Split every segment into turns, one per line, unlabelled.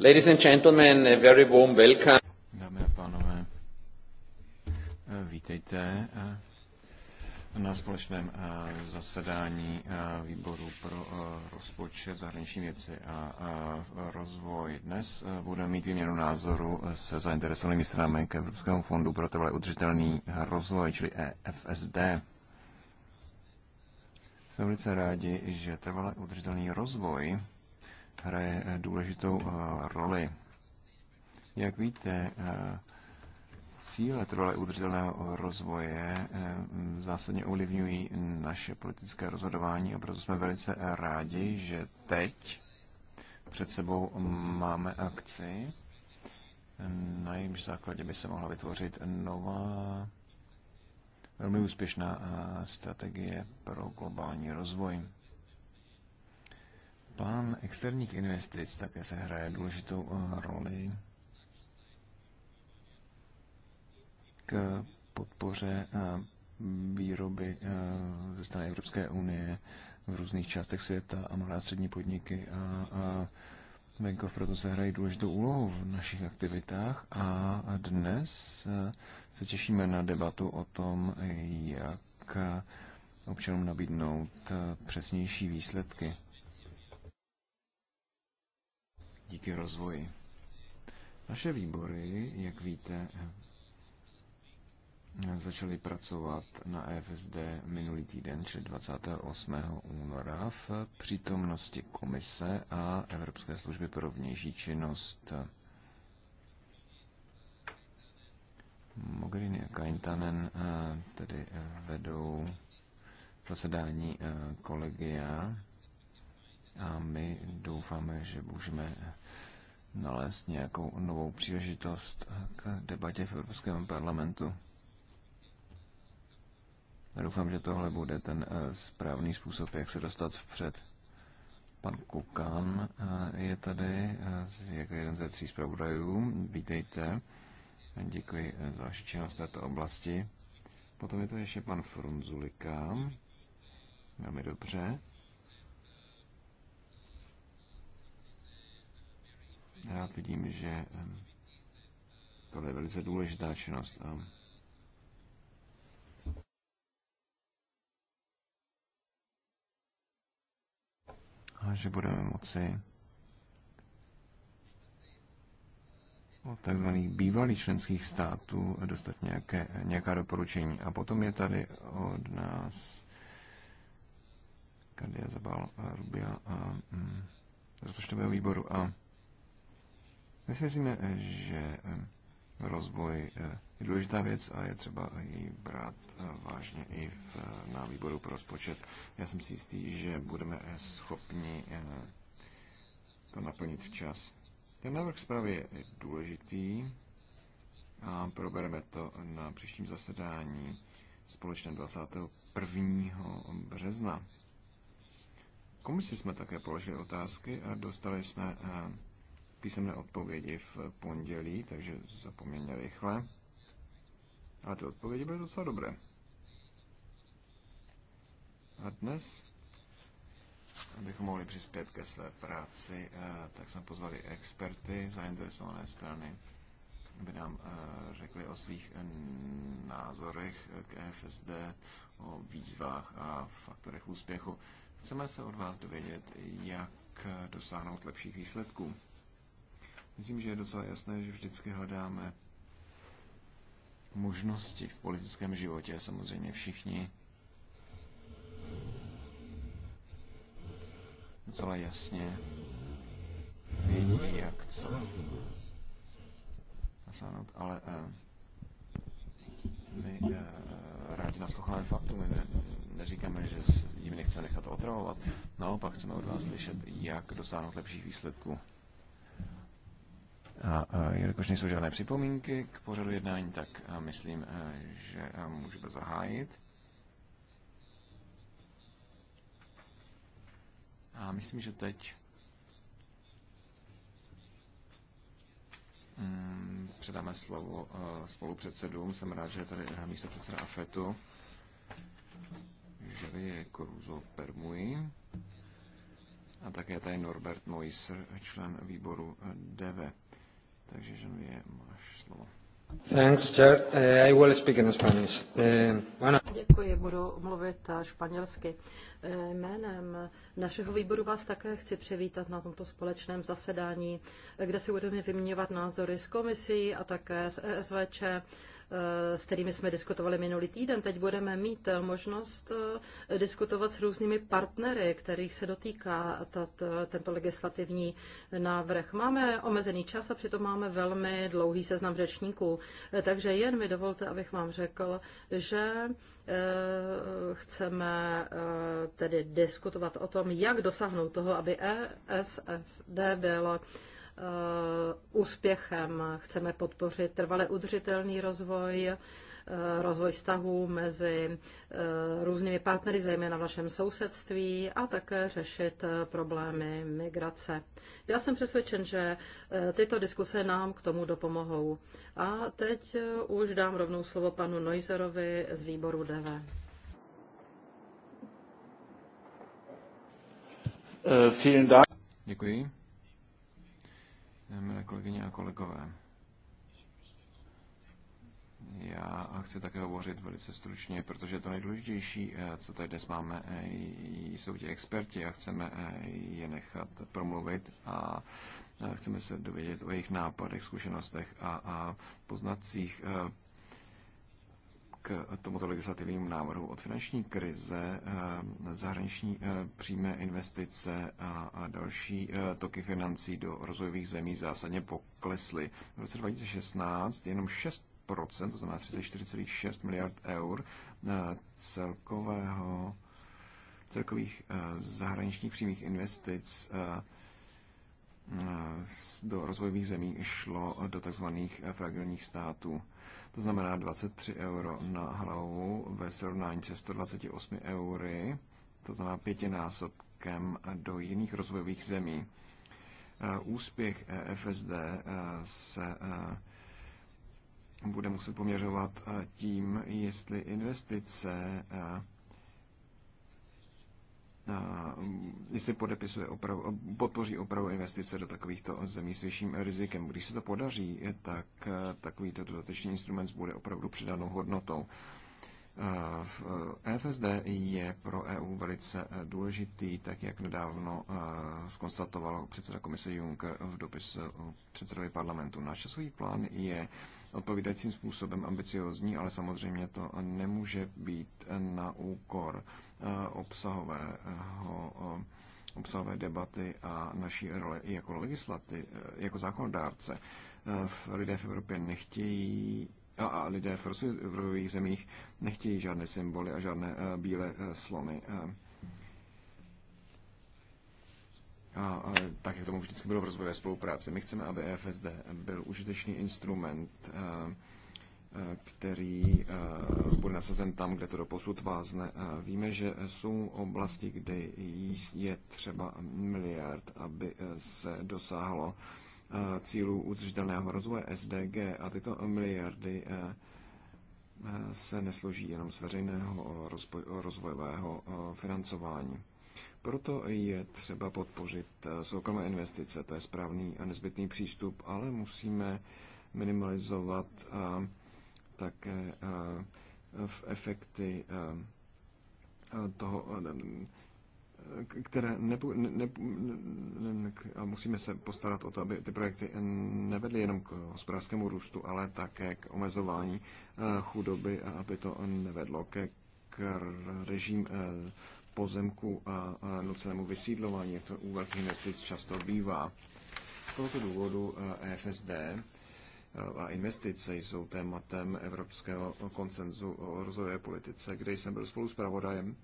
Ladies and gentlemen, a very warm welcome.
Dámy a pánové, vítejte eh, na společném eh, zasedání eh, výboru pro rozpočet, zahraniční věci a rozvoj. Dnes budeme mít výměnu názoru se zainteresovanými stranami k Evropskému fondu pro trvalý udržitelný rozvoj, čili EFSD. Jsme velice rádi, že trvalý udržitelný rozvoj hraje eh, důležitou eh, roli. Jak víte, eh, cíle trvalé udržitelného rozvoje zásadně ovlivňují naše politické rozhodování a proto jsme velice rádi, že teď před sebou máme akci, na jejímž základě by se mohla vytvořit nová velmi úspěšná strategie pro globální rozvoj. Plán externích investic také se hraje důležitou roli k podpoře výroby ze strany Evropské unie v různých částech světa a malé a střední podniky a, a Venkov proto se hrají důležitou úlohu v našich aktivitách a dnes eh, se těšíme na debatu o tom, jak eh, občanům nabídnout eh, přesnější výsledky díky rozvoji. Naše výbory, jak víte, začali pracovat na EFSD minulý týden, čili 28. února, v přítomnosti komise a Evropské služby pro vnější činnost. Mogherini a Kaintanen eh, tedy eh, vedou zasedání eh, kolegia a my doufáme, že můžeme nalézt nějakou novou příležitost k debatě v Evropském parlamentu. Já doufám, že tohle bude ten eh, správný způsob, jak se dostat vpřed. Pan Kukan eh, je tady eh, jako jeden ze tří zpravodajů. Vítejte. Děkuji za vaši činnost v této oblasti. Potom je to ještě pan Frunzulika. Velmi dobře. Rád vidím, že tohle je velice důležitá činnost. A a že budeme moci od tzv. bývalých členských států dostat nějaké, nějaká doporučení. A potom je tady od nás Kadia Zabal a Rubia a mm, rozpočtového výboru. A my si myslíme, že mm, rozvoj eh, je důležitá věc a je třeba ji brát eh, vážně i v, na výboru pro rozpočet. Já jsem si jistý, že budeme eh, schopni to naplnit včas. Ten návrh zprávy je důležitý a probereme to na příštím zasedání společně 21. března. Komisi jsme také položili otázky a dostali jsme písemné odpovědi v pondělí, takže zapomněně rychle. Ale ty odpovědi byly docela dobré. A dnes, abychom mohli přispět ke své práci, eh, tak jsme pozvali experty, zainteresované strany, aby nám eh, řekli o svých eh, názorech k FSD, o výzvách a faktorech úspěchu. Chceme se od vás dovědět, jak dosáhnout lepších výsledků. Myslím, že je docela jasné, že vždycky hledáme možnosti v politickém životě, samozřejmě všichni. Docela jasně vědí, jak co ale uh, my uh, rádi nasloucháme faktu, my ne, neříkáme, že jim nechceme nechat otravovat, naopak chceme od vás slyšet, jak dosáhnout lepších výsledků. A, jelikož nejsou žádné připomínky k pořadu jednání, tak myslím, že můžeme zahájit. A myslím, že teď mm, předáme slovo spolupředsedům. Jsem rád, že je tady místo předseda AFETu, že je Koruzo Permuji. A také tady Norbert Moiser, člen výboru DV. Takže Žanvě, máš slovo. Thanks, Chair. Eh, I will speak in Spanish. Eh,
Děkuji, budu mluvit eh, španělsky. Jménem našeho výboru vás také chci přivítat na tomto společném zasedání, kde si budeme vyměňovat názory s komisí a také s ESVČ Eh, s kterými jsme diskutovali minulý týden. Teď budeme mít eh, možnost eh, diskutovat s různými partnery, kterých se dotýká tato, tento legislativní návrh. Máme omezený čas a přitom máme velmi dlouhý seznam řečníků. Takže jen mi dovolte, abych vám řekl, že chceme tedy diskutovat o tom, jak dosáhnout toho, aby ESFD byla Eh, úspěchem. Chceme podpořit trvale udržitelný rozvoj, eh, rozvoj vztahů mezi eh, různými partnery, zejména v našem sousedství, a také řešit problémy migrace. Já jsem přesvědčen, že tyto diskuse nám k tomu dopomohou. A teď už dám rovnou slovo panu Noizerovi z výboru DV.
Děkuji. Eh, milé kolegyně a kolegové. Já chci také hovořit velice stručně, protože to nejdůležitější, eh, co tady dnes máme, eh, jsou ti experti a chceme je nechat promluvit a chceme se dovědět o jejich nápadech, zkušenostech a, a poznacích k tomuto legislativnímu návrhu. Od finanční krize, eh, zahraniční eh, přímé investice a další eh, toky financí do rozvojových zemí zásadně poklesly. V roce 2016 jenom 6 to znamená 34,6 miliard eur celkového, celkových zahraničních přímých investic do rozvojových zemí šlo do tzv. fragilních států to znamená 23 euro na hlavu ve srovnání se 128 eury, to znamená pětinásobkem do jiných rozvojových zemí. Eh, úspěch eh, FSD eh, se bude muset poměřovat tím, jestli investice Mm, jestli podepisuje opravu, podpoří opravu investice do takovýchto zemí s vyšším rizikem. Když se to podaří, tak e, takovýto dodatečný instrument bude opravdu přidanou hodnotou. EFSD je pro EU velice e, důležitý, tak jak nedávno skonstatoval e, předseda komise Juncker v dopise předsedovi parlamentu. Náš časový plán je odpovídajícím způsobem ambiciozní, ale samozřejmě to nemůže být na úkor Eh, obsahového eh, obsahové debaty a naší role i jako legislaty, eh, jako zákonodárce. Lidé v Evropě nechtějí a, lidé v rozvojových zemích nechtějí žádné symboly a žádné bílé slony. A, a tak, jak tomu vždycky bylo v rozvojové spolupráci. My chceme, aby EFSD byl užitečný instrument a, Eh, který eh, bude nasazen tam, kde to doposud vázne. Eh, víme, že jsou oblasti, kde je třeba miliard, aby se dosáhlo cílů udržitelného rozvoje SDG a tyto miliardy se nesloží jenom z veřejného rozvojového financování. Proto je třeba podpořit soukromé investice, to je správný a nezbytný přístup, ale musíme minimalizovat také eh, v efekty eh, toho, eh, které nepo, ne, ne, ne, musíme se postarat o to, aby ty projekty nevedly jenom k hospodářskému růstu, ale také k omezování chudoby a aby to nevedlo ke k režim pozemku a nucenému vysídlování, jak to u velkých investic často bývá. Z tohoto důvodu EFSD e a investice jsou tématem Evropského koncenzu o rozvojové politice, kde jsem byl spolu s pravodajem.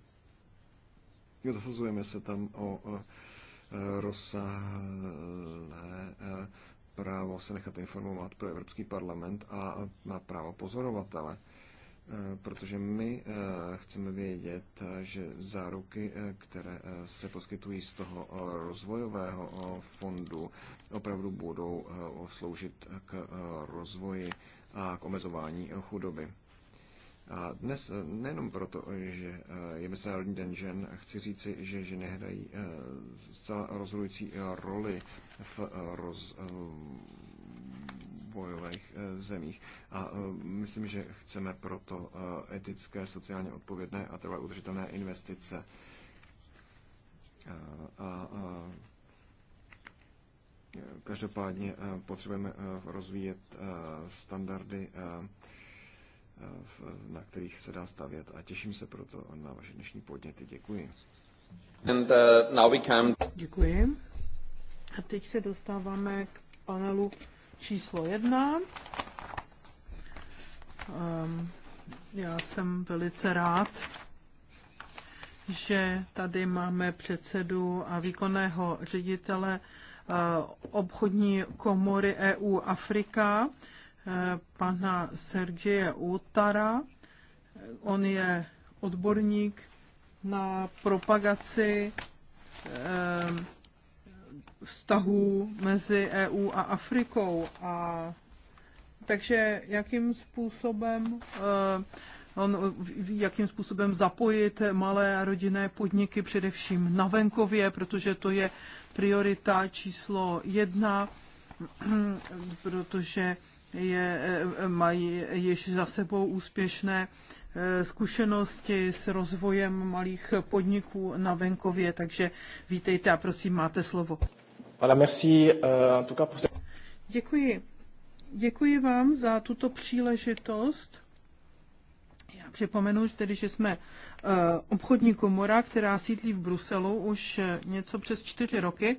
Zasazujeme se tam o e, rozsáhlé e, právo se nechat informovat pro Evropský parlament a na právo pozorovatele. Eh, protože my eh, chceme vědět, eh, že záruky, které se poskytují z toho rozvojového fondu, opravdu budou sloužit k rozvoji a k omezování chudoby. A dnes nejenom proto, že je Mezinárodní den žen, chci říci, že ženy hrají zcela rozhodující roli v, roz, rozvojových eh, zemích. A eh, myslím, že chceme proto eh, etické, sociálně odpovědné a trvalé udržitelné investice. A, a, každopádně potřebujeme rozvíjet standardy, na kterých se dá stavět a těším se proto na vaše dnešní podněty. Děkuji. And, uh, now we can...
Děkuji. A teď se dostáváme k panelu číslo jedna. Ehm, já jsem velice rád, že tady máme předsedu a výkonného ředitele eh, obchodní komory EU Afrika, eh, pana Sergeje Útara. On je odborník na propagaci ehm, vztahů mezi EU a Afrikou. A takže jakým způsobem eh, on, jakým způsobem zapojit malé rodinné podniky především na venkově, protože to je priorita číslo jedna, protože je, eh, mají již za sebou úspěšné eh, zkušenosti s rozvojem malých podniků na venkově, takže vítejte a prosím, máte slovo. Voilà, merci, euh, en tout cas pour... Děkuji. Děkuji vám za tuto příležitost. Já připomenu tedy, že jsme eh, obchodní komora, která sídlí v Bruselu už eh, něco přes čtyři roky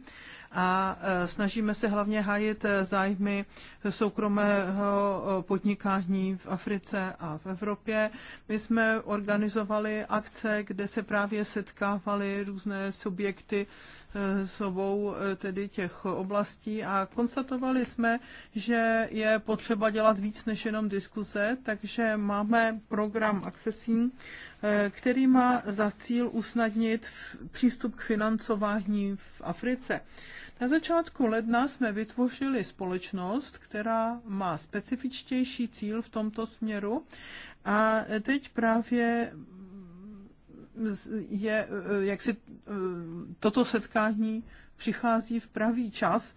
a e, snažíme se hlavně hájit e, zájmy soukromého e, podnikání v Africe a v Evropě. My jsme organizovali akce, kde se právě setkávaly různé subjekty s obou tedy těch oblastí a konstatovali jsme, že je potřeba dělat víc než jenom diskuse, takže máme program Accessing, který má za cíl usnadnit přístup k financování v Africe. Na začátku ledna jsme vytvořili společnost, která má specifičtější cíl v tomto směru a teď právě je, jak si toto setkání přichází v pravý čas.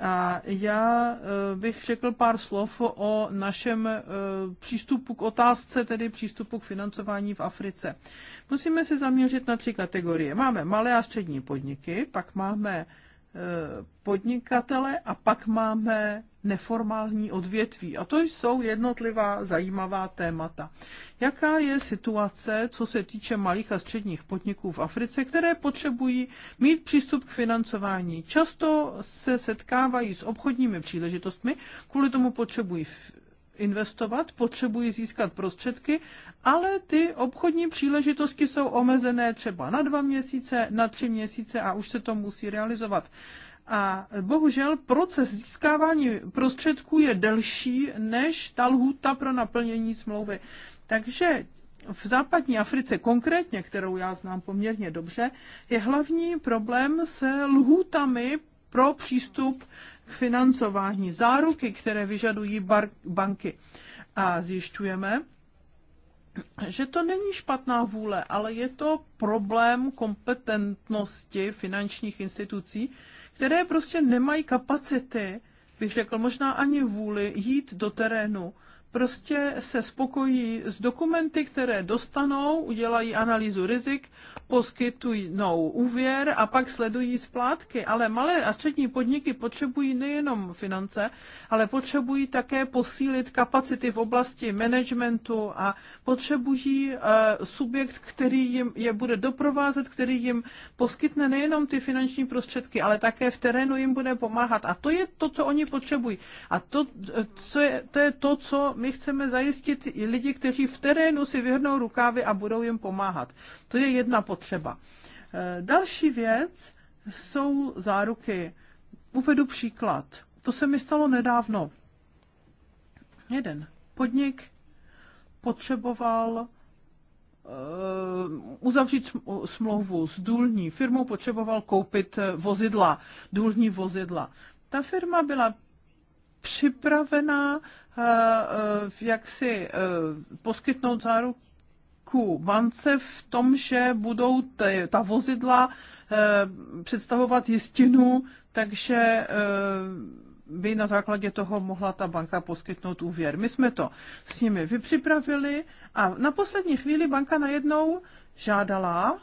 A já eh, bych řekl pár slov o našem eh, přístupu k otázce, tedy přístupu k financování v Africe. Musíme se zaměřit na tři kategorie. Máme malé a střední podniky, pak máme Eh, podnikatele a pak máme neformální odvětví. A to jsou jednotlivá zajímavá témata. Jaká je situace, co se týče malých a středních podniků v Africe, které potřebují mít přístup k financování? Často se setkávají s obchodními příležitostmi, kvůli tomu potřebují investovat, potřebují získat prostředky ale ty obchodní příležitosti jsou omezené třeba na dva měsíce, na tři měsíce a už se to musí realizovat. A bohužel proces získávání prostředků je delší než ta lhůta pro naplnění smlouvy. Takže v západní Africe konkrétně, kterou já znám poměrně dobře, je hlavní problém se lhůtami pro přístup k financování záruky, které vyžadují banky. A zjišťujeme, že to není špatná vůle, ale je to problém kompetentnosti finančních institucí, které prostě nemají kapacity, bych řekl, možná ani vůli jít do terénu prostě se spokojí s dokumenty, které dostanou, udělají analýzu rizik, poskytují úvěr a pak sledují splátky. Ale malé a střední podniky potřebují nejenom finance, ale potřebují také posílit kapacity v oblasti managementu a potřebují eh, subjekt, který jim je bude doprovázet, který jim poskytne nejenom ty finanční prostředky, ale také v terénu jim bude pomáhat. A to je to, co oni potřebují. A to, eh, co je, to je to, co my chceme zajistit i lidi, kteří v terénu si vyhrnou rukávy a budou jim pomáhat. To je jedna potřeba. E, další věc jsou záruky. Uvedu příklad. To se mi stalo nedávno. Jeden podnik potřeboval e, uzavřít smlouvu s důlní firmou, potřeboval koupit e, vozidla, důlní vozidla. Ta firma byla připravená jak si e, poskytnout záruku bance v tom, že budou ta vozidla e, představovat jistinu, takže e, by na základě toho mohla ta banka poskytnout úvěr. My jsme to s nimi vypřipravili a na poslední chvíli banka najednou žádala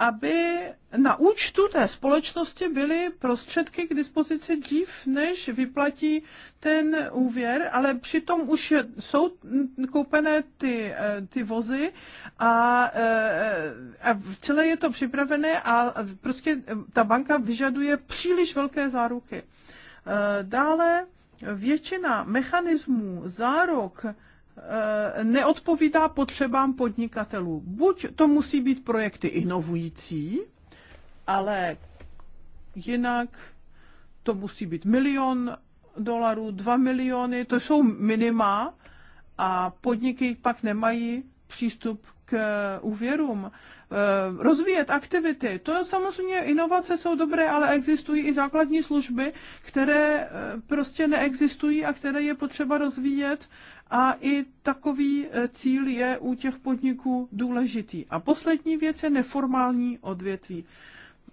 aby na účtu té společnosti byly prostředky k dispozici dřív, než vyplatí ten úvěr, ale přitom už jsou koupené ty, eh, ty vozy a, eh, a celé je to připravené a prostě ta banka vyžaduje příliš velké záruky. Eh, dále většina mechanismů zárok, Eh, neodpovídá potřebám podnikatelů. Buď to musí být projekty inovující, ale jinak to musí být milion dolarů, dva miliony, to jsou minima a podniky pak nemají přístup k eh, úvěrům, eh, rozvíjet aktivity. To samozřejmě inovace jsou dobré, ale existují i základní služby, které eh, prostě neexistují a které je potřeba rozvíjet a i takový cíl je u těch podniků důležitý. A poslední věc je neformální odvětví.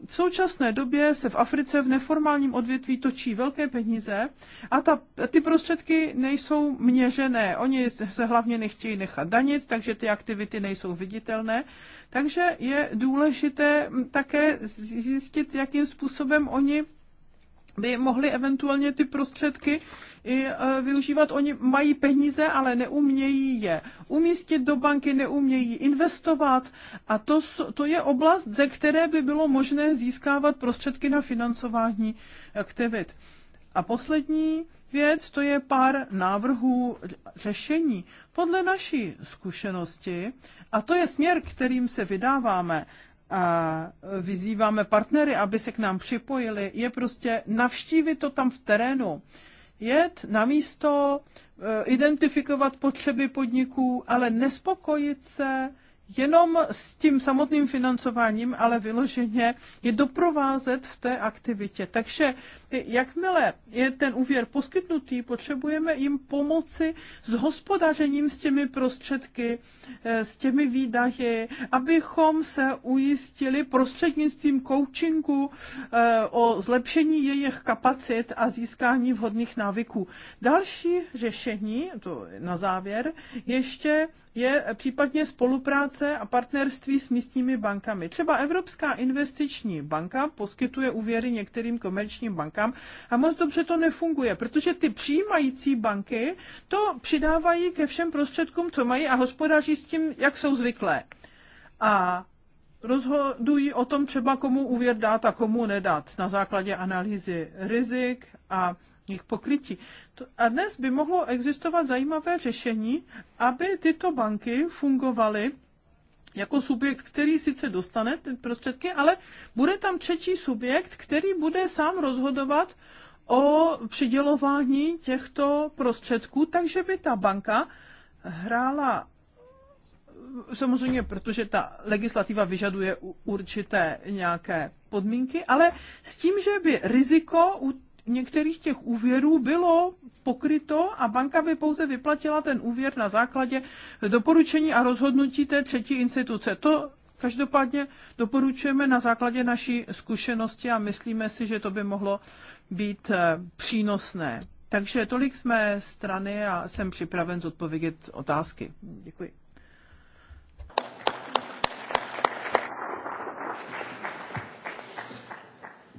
V současné době se v Africe v neformálním odvětví točí velké peníze a ta, ty prostředky nejsou měřené. Oni se hlavně nechtějí nechat danit, takže ty aktivity nejsou viditelné. Takže je důležité také zjistit, jakým způsobem oni by mohli eventuálně ty prostředky i e, využívat. Oni mají peníze, ale neumějí je umístit do banky, neumějí investovat. A to, to je oblast, ze které by bylo možné získávat prostředky na financování aktivit. A poslední věc, to je pár návrhů řešení. Podle naší zkušenosti, a to je směr, kterým se vydáváme, a e, vyzýváme partnery, aby se k nám připojili, je prostě navštívit to tam v terénu. Jet na místo, e, identifikovat potřeby podniků, ale nespokojit se jenom s tím samotným financováním, ale vyloženě je doprovázet v té aktivitě. Takže jakmile je ten úvěr poskytnutý, potřebujeme jim pomoci s hospodařením s těmi prostředky, eh, s těmi výdaji, abychom se ujistili prostřednictvím coachingu eh, o zlepšení jejich kapacit a získání vhodných návyků. Další řešení, to na závěr, ještě je eh, případně spolupráce a partnerství s místními bankami. Třeba Evropská investiční banka poskytuje úvěry některým komerčním bankám a moc dobře to nefunguje, protože ty přijímající banky to přidávají ke všem prostředkům, co mají a hospodaří s tím, jak jsou zvyklé. A rozhodují o tom třeba, komu úvěr dát a komu nedat na základě analýzy rizik a jejich pokrytí. A dnes by mohlo existovat zajímavé řešení, aby tyto banky fungovaly jako subjekt, který sice dostane ty prostředky, ale bude tam třetí subjekt, který bude sám rozhodovat o přidělování těchto prostředků, takže by ta banka hrála samozřejmě, protože ta legislativa vyžaduje určité nějaké podmínky, ale s tím, že by riziko u některých těch úvěrů bylo pokryto a banka by pouze vyplatila ten úvěr na základě doporučení a rozhodnutí té třetí instituce. To každopádně doporučujeme na základě naší zkušenosti a myslíme si, že to by mohlo být eh, přínosné. Takže tolik z mé strany a jsem připraven zodpovědět otázky. Děkuji.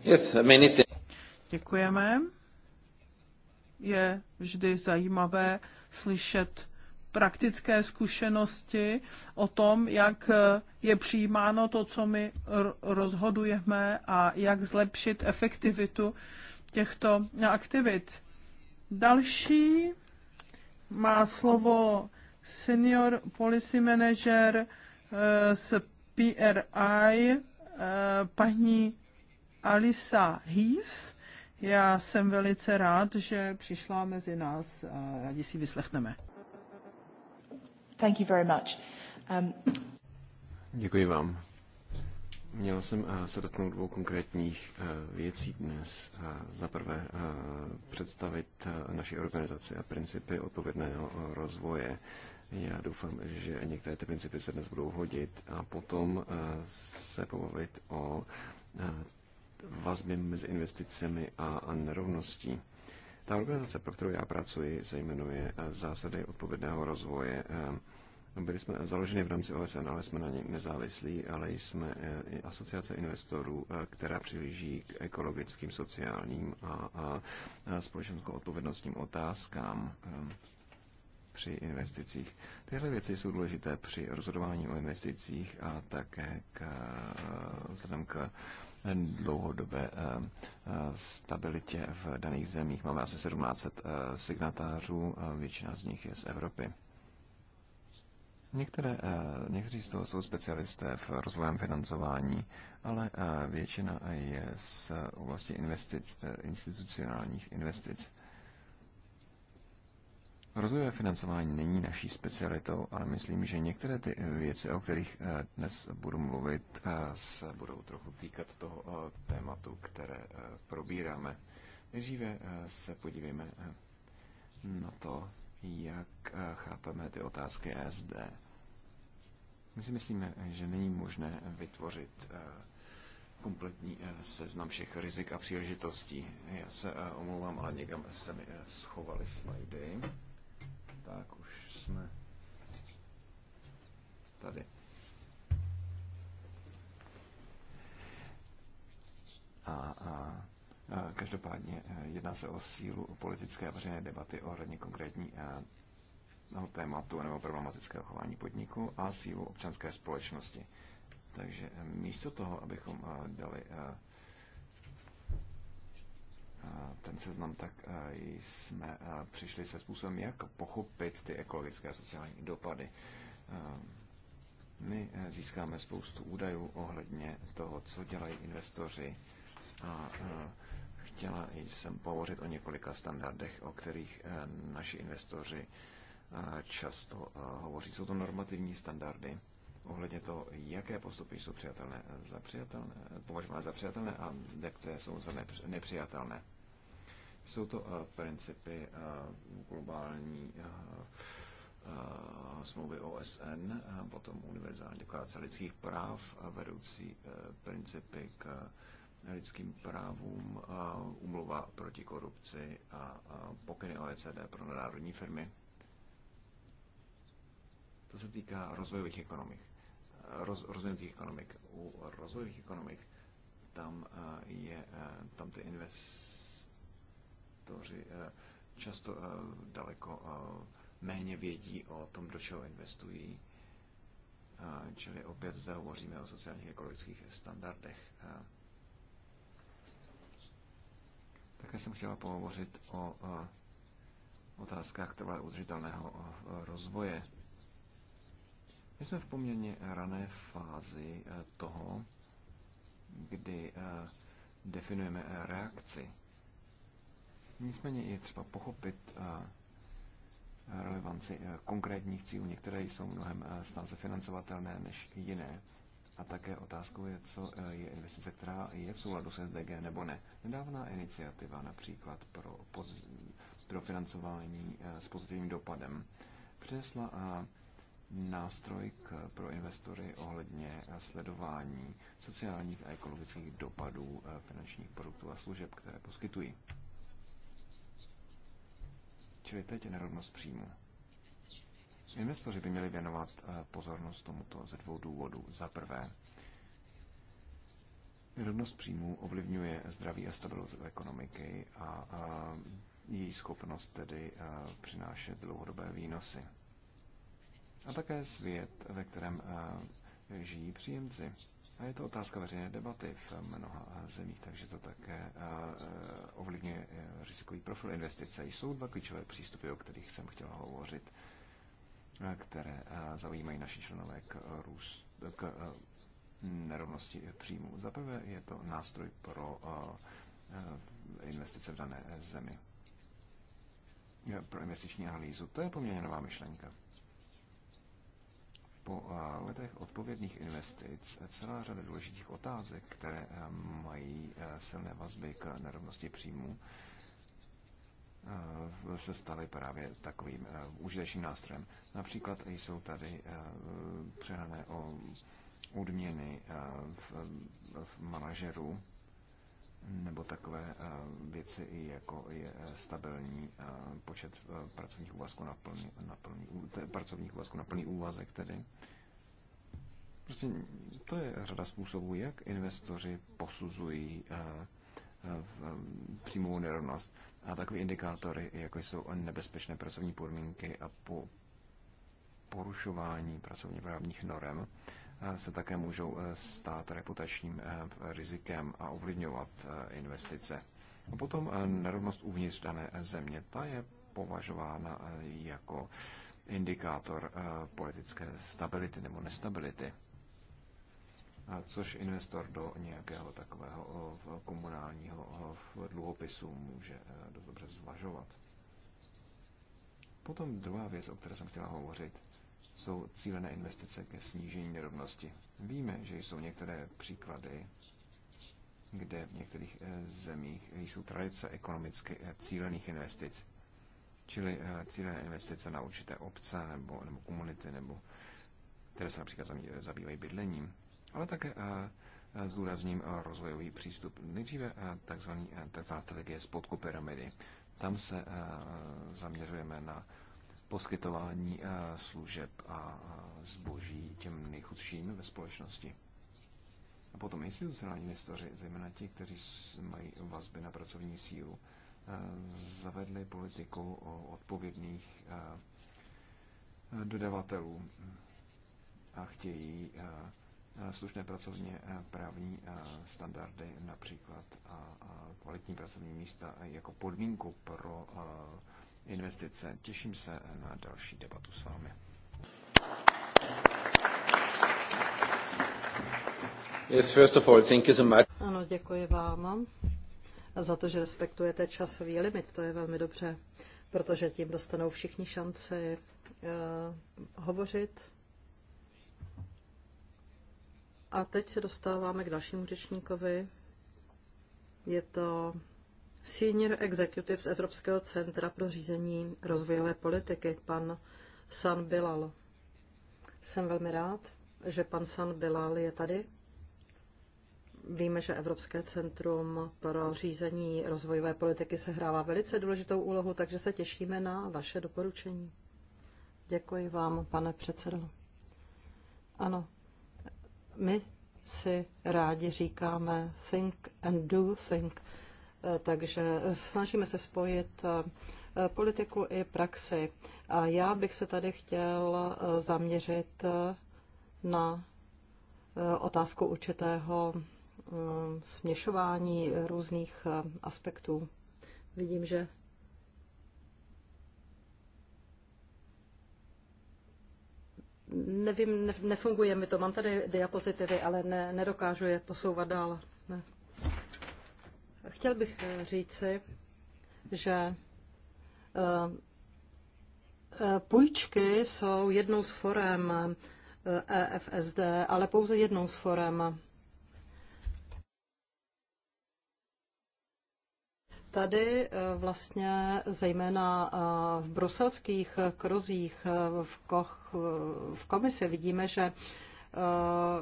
Yes, mean, Děkujeme. Je vždy zajímavé slyšet praktické zkušenosti o tom, jak je přijímáno to, co my rozhodujeme a jak zlepšit efektivitu těchto aktivit. Další má slovo senior policy manager eh, z PRI, eh, paní Alisa Heath já jsem velice rád, že přišla mezi nás a rádi si vyslechneme. Thank you very much.
Um... Děkuji vám. Měl jsem eh, se dotknout dvou konkrétních eh, věcí dnes. Eh, za prvé představit naší organizaci a principy odpovědného rozvoje. Já doufám, že některé ty principy se dnes budou hodit a potom se pobavit o vazby mezi investicemi a, a nerovností. Ta organizace, pro kterou já pracuji, se jmenuje eh, Zásady odpovědného rozvoje. Eh, byli jsme založeni v rámci OSN, ale jsme na ně nezávislí, ale jsme eh, asociace investorů, která přihlíží k ekologickým, sociálním a, a společenskou odpovědnostním otázkám při investicích. Tyhle věci jsou důležité při rozhodování o investicích a také k, vzhledem k dlouhodobé eh, eh, stabilitě v daných zemích. Máme asi 1700 eh, signatářů, většina z nich je z Evropy. Některé, někteří z toho jsou specialisté v rozvojem financování, ale většina je z oblasti investic, institucionálních investic. Rozvojové financování není naší specialitou, ale myslím, že některé ty věci, o kterých eh, dnes budu mluvit, eh, se budou trochu týkat toho eh, tématu, které probíráme. Nejdříve se podívejme na to, jak chápeme ty otázky SD. My si myslíme, že není možné vytvořit kompletní seznam všech rizik a příležitostí. Já se omlouvám, ale někam se mi schovaly slajdy tak už jsme tady. A, a, a každopádně e, jedná se o sílu politické a veřejné debaty hodně konkrétní a, e, no, tématu nebo problematického chování podniku a sílu občanské společnosti. Takže e, místo toho, abychom dali ten seznam, tak e, jsme e, přišli se způsobem, jak pochopit ty ekologické a sociální dopady. E, my získáme spoustu údajů ohledně toho, co dělají investoři a chtěla jsem pohovořit o několika standardech, o kterých naši investoři často hovoří. Jsou to normativní standardy ohledně toho, jaké postupy jsou přijatelné, za přijatelné, považované za přijatelné a kde jsou za nepřijatelné. Jsou to eh, principy eh, globální eh, smlouvy OSN, potom univerzální deklarace lidských práv, vedoucí principy k lidským právům, umluva proti korupci a pokyny OECD pro národní firmy. To se týká rozvojových ekonomik. Roz, rozvojových ekonomik. U rozvojových ekonomik tam je tam ty invest investoři eh, často eh, daleko eh, méně vědí o tom, do čeho investují. Čili opět zde hovoříme o sociálních ekologických standardech. Také jsem chtěla pohovořit o otázkách trvalé udržitelného rozvoje. My jsme v poměrně rané fázi toho, kdy definujeme reakci Nicméně je třeba pochopit eh, relevanci eh, konkrétních cílů. Některé jsou mnohem eh, snáze financovatelné než jiné. A také otázkou je, co je investice, která je v souladu se SDG nebo ne. Nedávná iniciativa například pro, poz, pro financování s pozitivním dopadem přinesla nástroj k, pro investory ohledně sledování sociálních a ekologických dopadů finančních produktů a služeb, které poskytují. Čili teď je nerovnost příjmu. Investoři by měli věnovat eh, pozornost tomuto ze dvou důvodů. Za prvé, nerovnost příjmů ovlivňuje zdraví a stabilitu ekonomiky a, a její schopnost tedy eh, přinášet dlouhodobé výnosy. A také svět, ve kterém eh, žijí příjemci. A je to otázka veřejné debaty v mnoha zemích, takže to také eh, eh, ovlivňuje eh, rizikový profil investice. Jsou dva klíčové přístupy, o kterých jsem chtěl hovořit, které zaujímají naši členové k, růst, k nerovnosti příjmů. Za prvé je to nástroj pro investice v dané zemi, pro investiční analýzu. To je poměrně nová myšlenka po eh, letech odpovědných investic celá řada důležitých otázek, které eh, mají eh, silné vazby k nerovnosti příjmů, se staly právě takovým užitečným nástrojem. Například jsou tady přehané o odměny v, v manažerů nebo takové eh, věci, jako je eh, stabilní eh, počet pracovních úvazků na plný, na plný, pracovních úvazků na plný úvazek tedy. Prostě to je řada způsobů, jak investoři posuzují v nerovnost. A takové indikátory, jako jsou nebezpečné pracovní podmínky a po porušování pracovně právních norem, Eh, se také můžou eh, stát reputačním eh, rizikem a ovlivňovat investice. A potom nerovnost uvnitř dané země, ta je považována jako indikátor politické stability nebo nestability. Což investor do nějakého takového komunálního dluhopisu může dost dobře zvažovat. Potom druhá věc, o které jsem chtěla hovořit, jsou cílené investice ke snížení nerovnosti. Víme, že jsou některé příklady, kde v některých eh, zemích jsou tradice ekonomicky eh, cílených investic, čili eh, cílené investice na určité obce nebo, nebo komunity, nebo které se například zabývají bydlením, ale také zdůrazním rozvojový přístup. Nejdříve takzvaná strategie spodku pyramidy. Tam se zaměřujeme na poskytování eh, služeb a zboží těm nejchudším ve společnosti. A potom sociální investoři, zejména ti, kteří mají vazby na pracovní sílu, eh, zavedli politiku o odpovědných eh, dodavatelů a chtějí slušné pracovně právní standardy například a kvalitní pracovní místa jako podmínku pro investice. Těším se na další debatu s vámi. Yes,
first of all, thank you so much.
Ano, děkuji vám za to, že respektujete časový limit. To je velmi dobře, protože tím dostanou všichni šanci uh, hovořit. A teď se dostáváme k dalšímu řečníkovi. Je to Senior Executive z Evropského centra pro řízení rozvojové politiky, pan San Bilal. Jsem velmi rád, že pan San Bilal je tady. Víme, že Evropské centrum pro řízení rozvojové politiky sehrává velice důležitou úlohu, takže se těšíme na vaše doporučení. Děkuji vám, pane předsedo. Ano, my si rádi říkáme think and do think takže snažíme se spojit eh, politiku i praxi. A já bych se tady chtěl eh, zaměřit eh, na otázku určitého směšování různých aspektů. Vidím, že nevím, nefunguje mi to. Mám tady diapozitivy, ale ne, nedokážu je posouvat dál. Ne. Chtěl bych eh, říci, že eh, eh, půjčky jsou jednou z forem EFSD, e ale pouze jednou z forem. Tady vlastně zejména v bruselských krozích v, koch, v komisi vidíme, že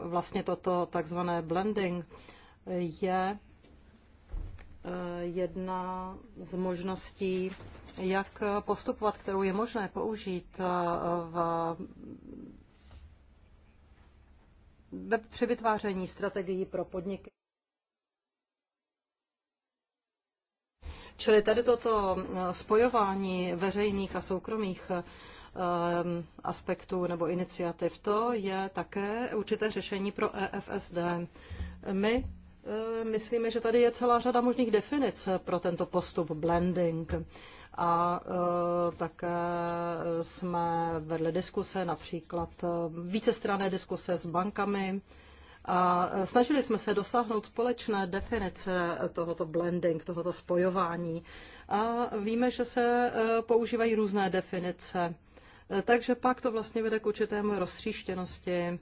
vlastně toto takzvané blending je Eh, jedna z možností, jak postupovat, kterou je možné použít eh, v, při vytváření strategií pro podniky. Čili tady toto eh, spojování veřejných a soukromých aspektů nebo iniciativ, to je také určité řešení pro EFSD. My Eh, myslíme, že tady je celá řada možných definic pro tento postup blending. A eh, také jsme vedli diskuse, například eh, vícestranné diskuse s bankami, a snažili jsme se dosáhnout společné definice tohoto blending, tohoto spojování. A víme, že se používají různé definice. Takže pak to vlastně vede k určitému roztříštěnosti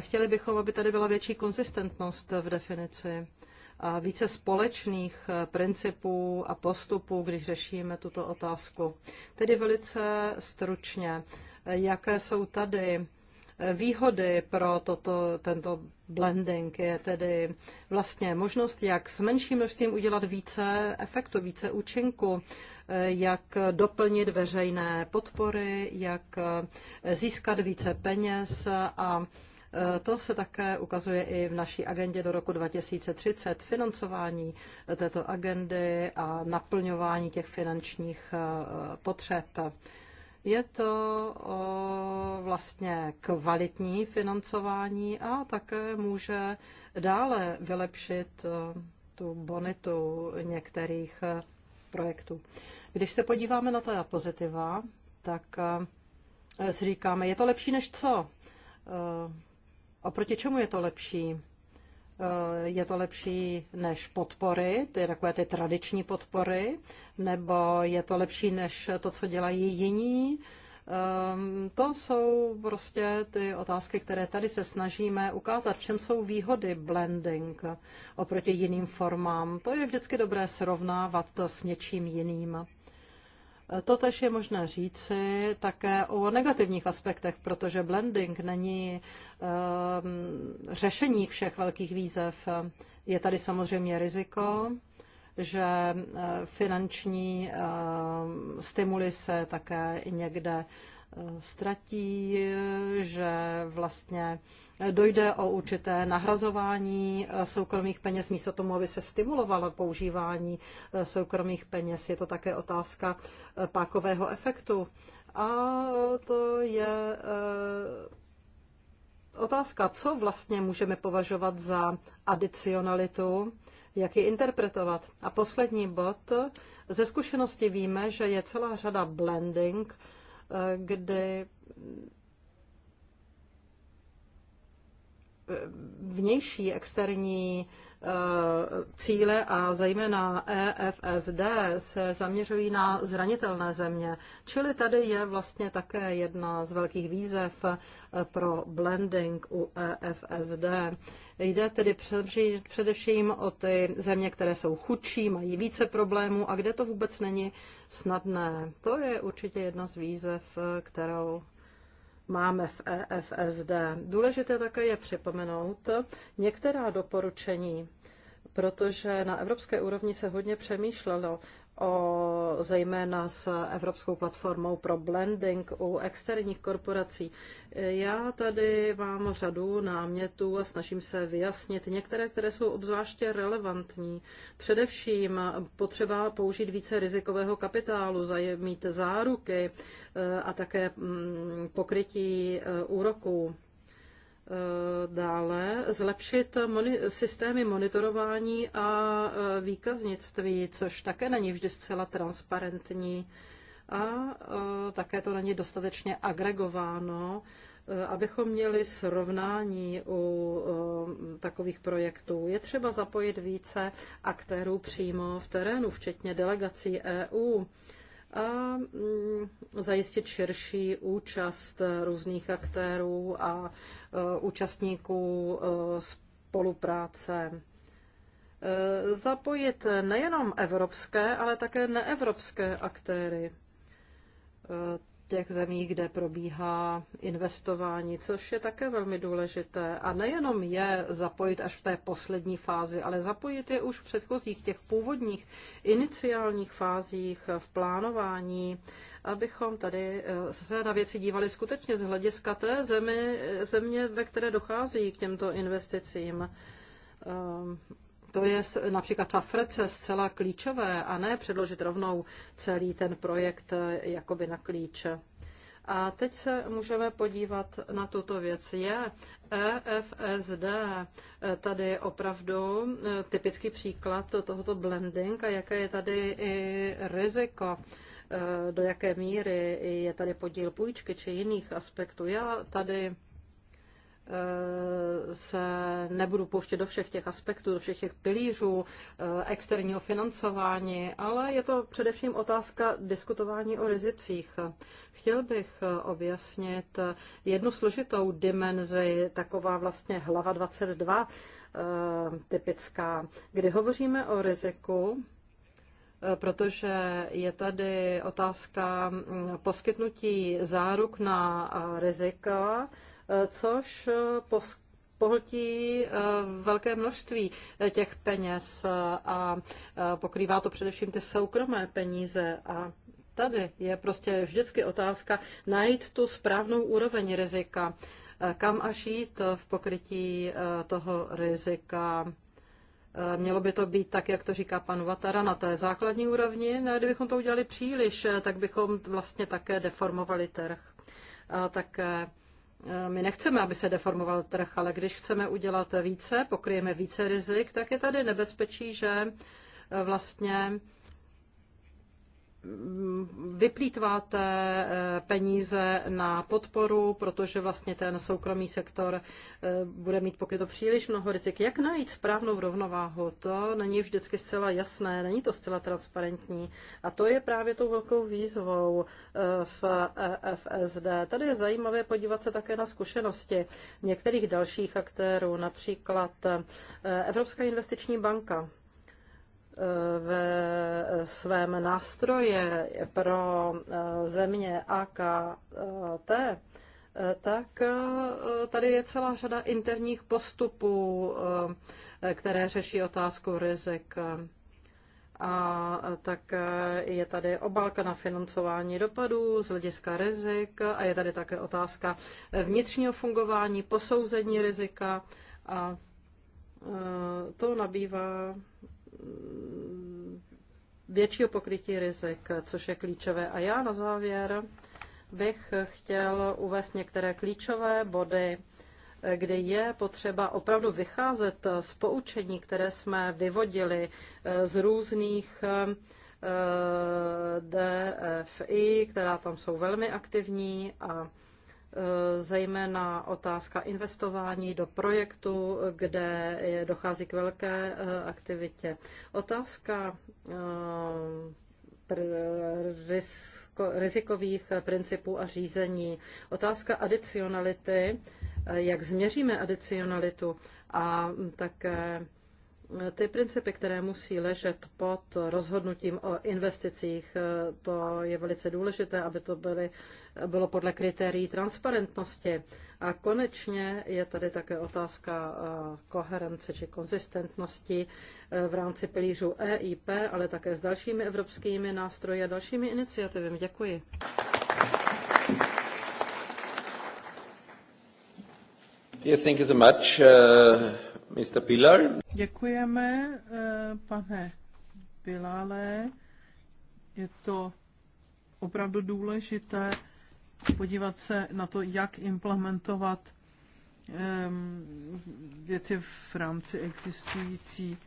Chtěli bychom, aby tady byla větší konzistentnost v definici a více společných eh, principů a postupů, když řešíme tuto otázku. Tedy velice stručně, jaké jsou tady eh, výhody pro toto, tento blending je tedy vlastně možnost, jak s menším množstvím udělat více efektu, více účinku, eh, jak doplnit veřejné podpory, jak získat více peněz a Eh, to se také ukazuje i v naší agendě do roku 2030, financování eh, této agendy a naplňování těch finančních eh, potřeb. Je to vlastně kvalitní financování a také může dále vylepšit tu bonitu některých projektů. Když se podíváme na ta pozitiva, tak si říkáme, je to lepší než co? Oproti čemu je to lepší? Eh, je to lepší než podpory, ty takové ty tradiční podpory, nebo je to lepší než to, co dělají jiní? Ehm, to jsou prostě ty otázky, které tady se snažíme ukázat, v čem jsou výhody blending oproti jiným formám. To je vždycky dobré srovnávat to s něčím jiným. Totež je možné říci také o negativních aspektech, protože blending není ehm, řešení všech velkých výzev. Je tady samozřejmě riziko, že eh, finanční ehm, stimuly se také někde ztratí, že vlastně dojde o určité nahrazování soukromých peněz místo tomu, aby se stimulovalo používání soukromých peněz. Je to také otázka pákového efektu. A to je eh, otázka, co vlastně můžeme považovat za adicionalitu, jak ji interpretovat. A poslední bod. Ze zkušenosti víme, že je celá řada blending, kdy eh, vnější externí Eh, cíle a zejména EFSD se zaměřují na zranitelné země. Čili tady je vlastně také jedna z velkých výzev eh, pro blending u EFSD. Jde tedy především o ty země, které jsou chudší, mají více problémů a kde to vůbec není snadné. To je určitě jedna z výzev, eh, kterou máme v EFSD. Důležité také je připomenout některá doporučení, protože na evropské úrovni se hodně přemýšlelo o, zejména s Evropskou platformou pro blending u externích korporací. Já tady mám řadu námětů a snažím se vyjasnit některé, které jsou obzvláště relevantní. Především potřeba použít více rizikového kapitálu, mít záruky e, a také mm, pokrytí e, úroků Eh, dále zlepšit moni- systémy monitorování a eh, výkaznictví, což také není vždy zcela transparentní a eh, také to není dostatečně agregováno, abychom měli srovnání u takových projektů. Je třeba zapojit více aktérů přímo v terénu, včetně delegací EU a mm, zajistit širší účast různých aktérů a e, účastníků e, spolupráce. E, zapojit nejenom evropské, ale také neevropské aktéry těch zemí, kde probíhá investování, což je také velmi důležité. A nejenom je zapojit až v té poslední fázi, ale zapojit je už v předchozích těch původních iniciálních fázích v plánování, abychom tady eh, se na věci dívali skutečně z hlediska té země, země, ve které dochází k těmto investicím ehm, to je například ta frece zcela klíčové a ne předložit rovnou celý ten projekt eh, jakoby na klíč. A teď se můžeme podívat na tuto věc. Je EFSD eh, tady opravdu eh, typický příklad tohoto blending a jaké je tady i riziko, do jaké míry je tady podíl půjčky či jiných aspektů. Já tady Eh, se nebudu pouštět do všech těch aspektů, do všech těch pilířů eh, externího financování, ale je to především otázka diskutování o rizicích. Chtěl bych eh, objasnit jednu složitou dimenzi, taková vlastně hlava 22 typická, kdy hovoříme o riziku, protože je tady otázka mm, poskytnutí záruk na rizika, což eh, pohltí eh, velké množství eh, těch peněz a pokrývá to především ty soukromé peníze a Tady je prostě vždycky otázka najít tu správnou úroveň rizika, kam až jít v pokrytí toho rizika. Mělo by to být tak, jak to říká pan Vatara, na té základní úrovni. No, kdybychom to udělali příliš, tak bychom vlastně také deformovali trh. A také Eh, my nechceme, aby se deformoval trh, ale když chceme udělat více, pokryjeme více rizik, tak je tady nebezpečí, že eh, vlastně vyplýtváte eh, peníze na podporu, protože vlastně ten soukromý sektor eh, bude mít pokryto příliš mnoho rizik. Jak najít správnou rovnováhu? To není vždycky zcela jasné, není to zcela transparentní. A to je právě tou velkou výzvou eh, v FSD. Tady je zajímavé podívat se také na zkušenosti některých dalších aktérů, například Evropská investiční banka ve svém nástroje pro e, země AKT, e, e, tak tady je celá řada interních postupů, které řeší otázku rizik. A tak je tady obálka na financování dopadů z hlediska rizik a je tady také otázka vnitřního fungování, posouzení rizika a to nabývá Mm, většího pokrytí rizik, což je klíčové. A já na závěr bych chtěl uvést některé klíčové body, kde je potřeba opravdu vycházet z poučení, které jsme vyvodili eh, z různých eh, eh, DFI, která tam jsou velmi aktivní a Eh, zejména otázka investování do projektu, kde dochází k velké eh, aktivitě. Otázka eh, rizikových principů a řízení. Otázka adicionality, jak změříme adicionalitu a také ty principy, které musí ležet pod rozhodnutím o investicích, eh, to je velice důležité, aby to byly, bylo podle kritérií transparentnosti. A konečně je tady také otázka eh, koherence či konzistentnosti eh, v rámci pilířů EIP, ale také s dalšími evropskými nástroji a dalšími iniciativami. Děkuji.
Yes, thank you so much. Uh... Mr. Pilar.
Děkujeme, eh, pane Pilále. Je to opravdu důležité podívat se na to, jak implementovat ehm, věci v rámci existující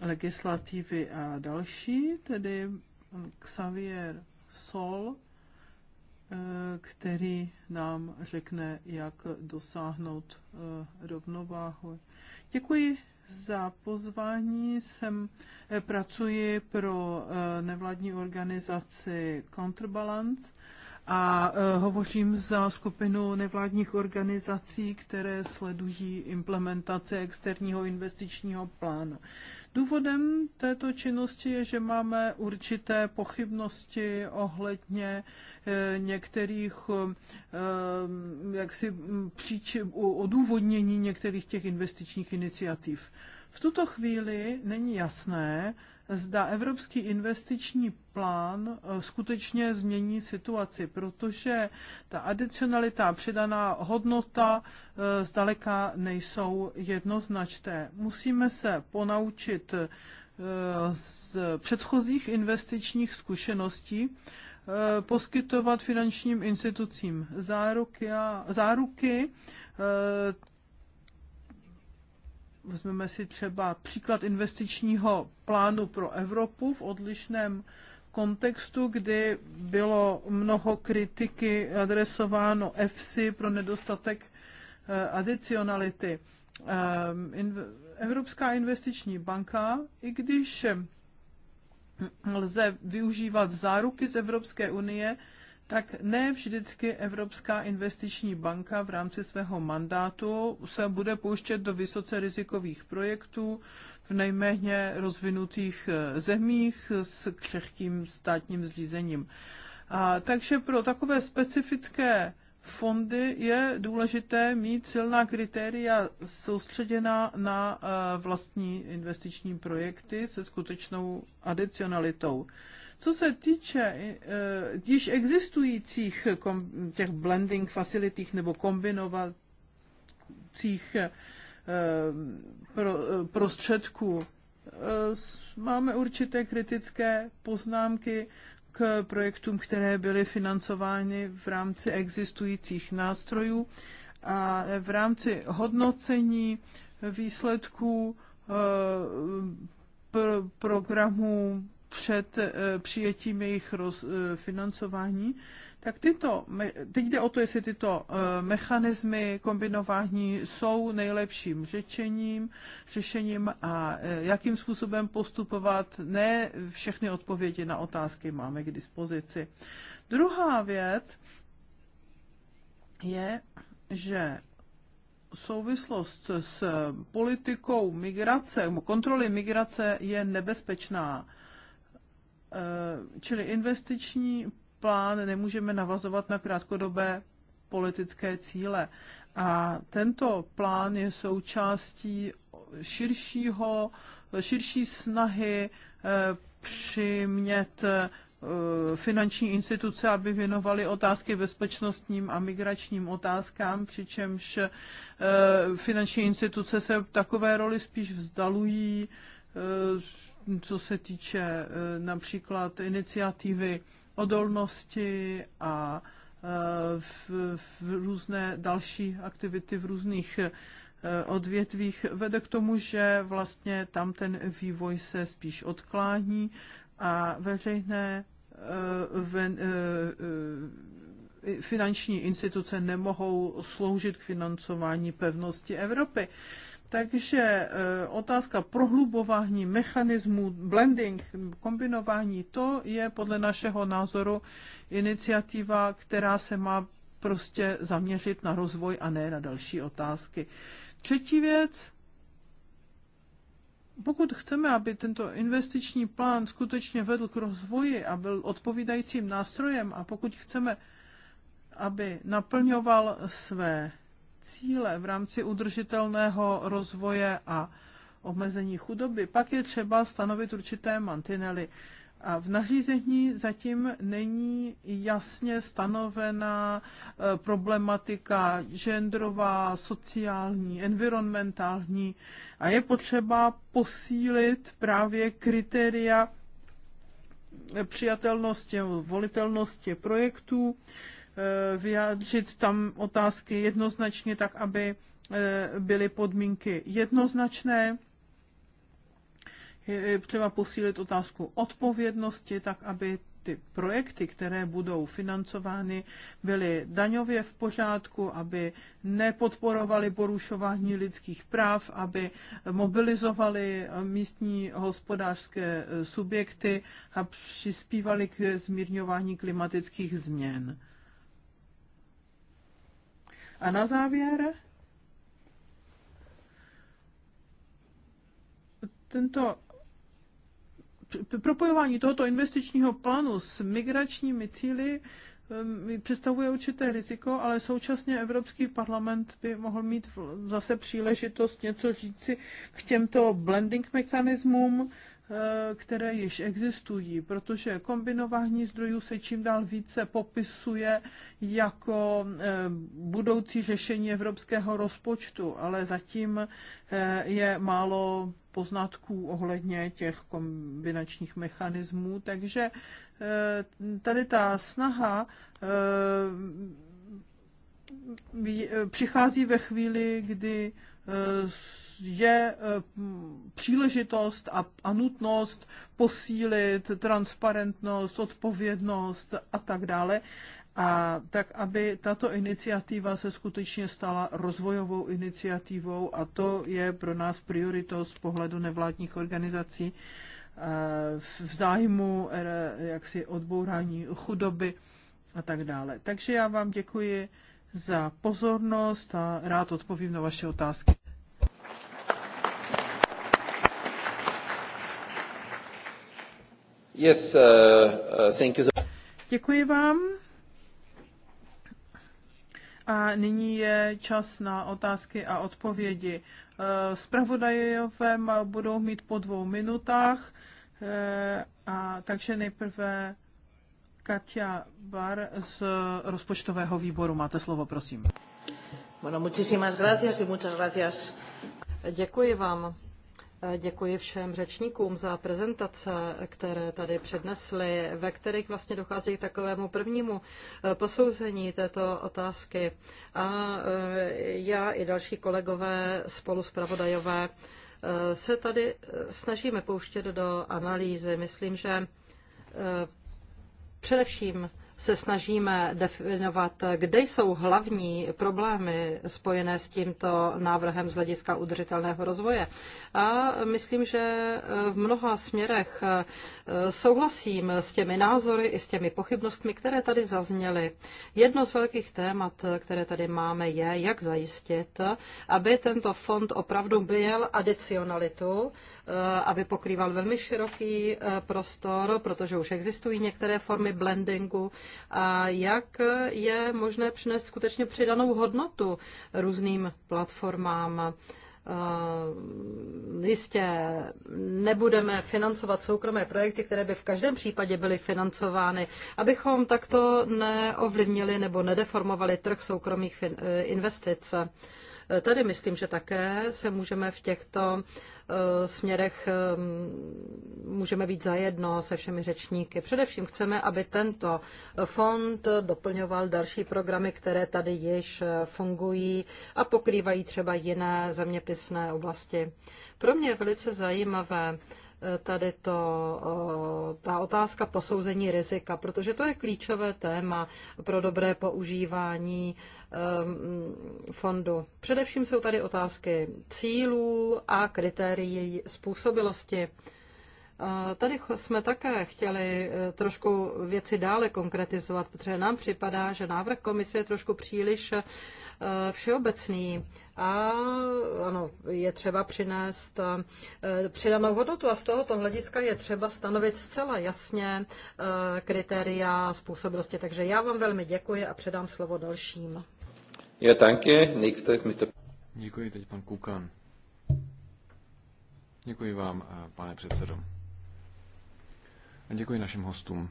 legislativy a další, tedy Xavier Sol, eh, který nám řekne, jak dosáhnout eh, rovnováhu Děkuji za pozvání. Jsem, eh, pracuji pro eh, nevládní organizaci Counterbalance a e, hovořím za skupinu nevládních organizací, které sledují implementaci externího investičního plánu. Důvodem této činnosti je, že máme určité pochybnosti ohledně e, některých e, jaksi příč, odůvodnění některých těch investičních iniciativ. V tuto chvíli není jasné, zda Evropský investiční plán eh, skutečně změní situaci, protože ta adicionalita přidaná hodnota eh, zdaleka nejsou jednoznačné. Musíme se ponaučit eh, z předchozích investičních zkušeností, poskytovat finančním institucím záruky, a, záruky Vezmeme si třeba příklad investičního plánu pro Evropu v odlišném kontextu, kdy bylo mnoho kritiky adresováno EFSI pro nedostatek eh, adicionality. Ehm, Evropská investiční banka, i když lze využívat záruky z Evropské unie, tak ne vždycky Evropská investiční banka v rámci svého mandátu se bude pouštět do vysoce rizikových projektů v nejméně rozvinutých eh, zemích s křehkým státním zřízením. A, takže pro takové specifické fondy je důležité mít silná kritéria soustředěná na eh, vlastní investiční projekty se skutečnou adicionalitou. Co se týče uh, již existujících kom, těch blending facilitích nebo kombinovacích eh, uh, pro, uh, prostředků, uh, máme určité kritické poznámky k projektům, které byly financovány v rámci existujících nástrojů a v rámci hodnocení výsledků programů před eh, přijetím jejich roz, eh, financování, tak tyto, teď jde o to, jestli tyto eh, mechanismy kombinování jsou nejlepším řečením, řešením a jakým způsobem postupovat. Ne všechny odpovědi na otázky máme k dispozici. Druhá věc je, že souvislost s politikou migrace, kontroly migrace je nebezpečná Eh, čili investiční plán nemůžeme navazovat na krátkodobé politické cíle. A tento plán je součástí širšího, širší snahy eh, přimět eh, finanční instituce, aby věnovaly otázky bezpečnostním a migračním otázkám, přičemž finanční instituce se takové roli spíš vzdalují co se týče eh, například iniciativy odolnosti a eh, v, v různé další aktivity v různých eh, odvětvích vede k tomu, že vlastně tam ten vývoj se spíš odklání a veřejné finanční instituce nemohou sloužit k financování pevnosti Evropy. Takže eh, otázka prohlubování mechanismů, blending, kombinování, to je podle našeho názoru iniciativa, která se má prostě zaměřit na rozvoj a ne na další otázky. Třetí věc, pokud chceme, aby tento investiční plán skutečně vedl k rozvoji a byl odpovídajícím nástrojem a pokud chceme, aby naplňoval své cíle v rámci udržitelného rozvoje a omezení chudoby, pak je třeba stanovit určité mantinely. A v nařízení zatím není jasně stanovená eh, problematika genderová, sociální, environmentální a je potřeba posílit právě kritéria eh, přijatelnosti, volitelnosti projektů Eh, vyjádřit tam otázky jednoznačně tak, aby eh, byly podmínky jednoznačné. Je třeba posílit otázku odpovědnosti, tak aby ty projekty, které budou financovány, byly daňově v pořádku, aby nepodporovaly porušování lidských práv, aby mobilizovaly místní hospodářské eh, subjekty a přispívaly k zmírňování klimatických změn. A na závěr tento propojování tohoto investičního plánu s migračními cíly ehm, představuje určité riziko, ale současně Evropský parlament by mohl mít zase příležitost něco říci k těmto blending mechanismům Eh, které již existují, protože kombinování zdrojů se čím dál více popisuje jako eh, budoucí řešení evropského rozpočtu, ale zatím eh, je málo poznatků ohledně těch kombinačních mechanismů, takže tady ta snaha přichází ve chvíli, kdy Eh, je eh, příležitost a, a nutnost posílit transparentnost, odpovědnost a tak dále. A tak, aby tato iniciativa se skutečně stala rozvojovou iniciativou a to je pro nás prioritou z pohledu nevládních organizací eh, v zájmu jaksi odbourání chudoby a tak dále. Takže já vám děkuji za pozornost a rád odpovím na vaše otázky.
Yes, uh, uh, thank you.
Děkuji vám. A nyní je čas na otázky a odpovědi. Spravodajové eh, budou mít po dvou minutách, eh, a takže nejprve Katia Bar z rozpočtového výboru. Máte slovo, prosím. Bueno, muchísimas gracias y
muchas
gracias. Děkuji vám. Děkuji všem řečníkům za prezentace, které tady přednesly, ve kterých vlastně dochází k takovému prvnímu eh, posouzení této otázky. A eh, já i další kolegové spolu pravodajové eh, se tady snažíme pouštět do analýzy. Myslím, že Především se snažíme definovat, kde jsou hlavní problémy spojené s tímto návrhem z hlediska udržitelného rozvoje. A myslím, že v mnoha směrech eh, souhlasím s těmi názory i s těmi pochybnostmi, které tady zazněly. Jedno z velkých témat, které tady máme, je, jak zajistit, aby tento fond opravdu byl adicionalitu, eh, aby pokrýval velmi široký eh, prostor, protože už existují některé formy blendingu, a jak je možné přinést skutečně přidanou hodnotu různým platformám. Jistě nebudeme financovat soukromé projekty, které by v každém případě byly financovány, abychom takto neovlivnili nebo nedeformovali trh soukromých investic. Tady myslím, že také se můžeme v těchto eh, směrech eh, můžeme být zajedno se všemi řečníky. Především chceme, aby tento fond doplňoval další programy, které tady již eh, fungují a pokrývají třeba jiné zeměpisné oblasti. Pro mě je velice zajímavé, tady to, eh, ta otázka posouzení rizika, protože to je klíčové téma pro dobré používání eh, fondu. Především jsou tady otázky cílů a kritérií způsobilosti. Eh, tady jsme také chtěli trošku věci dále konkretizovat, protože nám připadá, že návrh komise je trošku příliš Eh, všeobecný a ano, je třeba přinést eh, přidanou hodnotu a z tohoto hlediska je třeba stanovit zcela jasně eh, kritéria způsobilosti. Takže já vám velmi děkuji a předám slovo dalším.
Ja, danke.
Nächster ist Mr. Děkuji, teď pan Kukan. Děkuji vám, pane předsedo. A děkuji našim hostům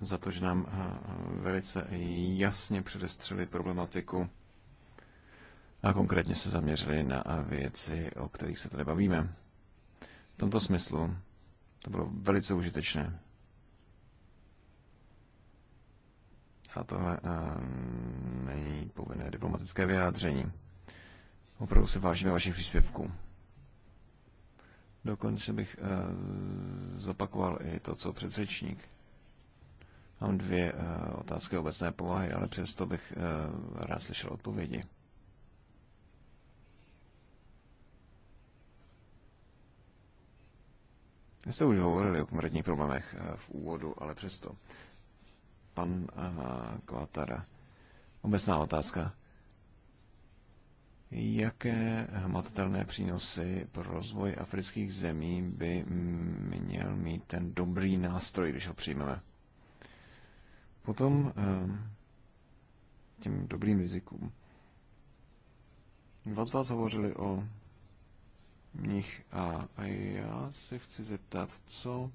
za to, že nám eh, velice jasně předestřeli problematiku a konkrétně se zaměřili na eh, věci, o kterých se tady bavíme. V tomto smyslu to bylo velice užitečné. A tohle eh, není povinné diplomatické vyjádření. Opravdu se vážíme vašich příspěvků. Dokonce bych zopakoval i to, co předřečník. Mám dvě eh, otázky obecné povahy, ale přesto bych eh, rád slyšel odpovědi. Já jste už hovorili o konkrétních problémech eh, v úvodu, ale přesto. Pan Kvatara, obecná otázka. Jaké hmatatelné přínosy pro rozvoj afrických zemí by měl mít ten dobrý nástroj, když ho přijmeme? potom ehm, těm dobrým rizikům. Dva z vás hovořili o nich a, a já se chci zeptat, co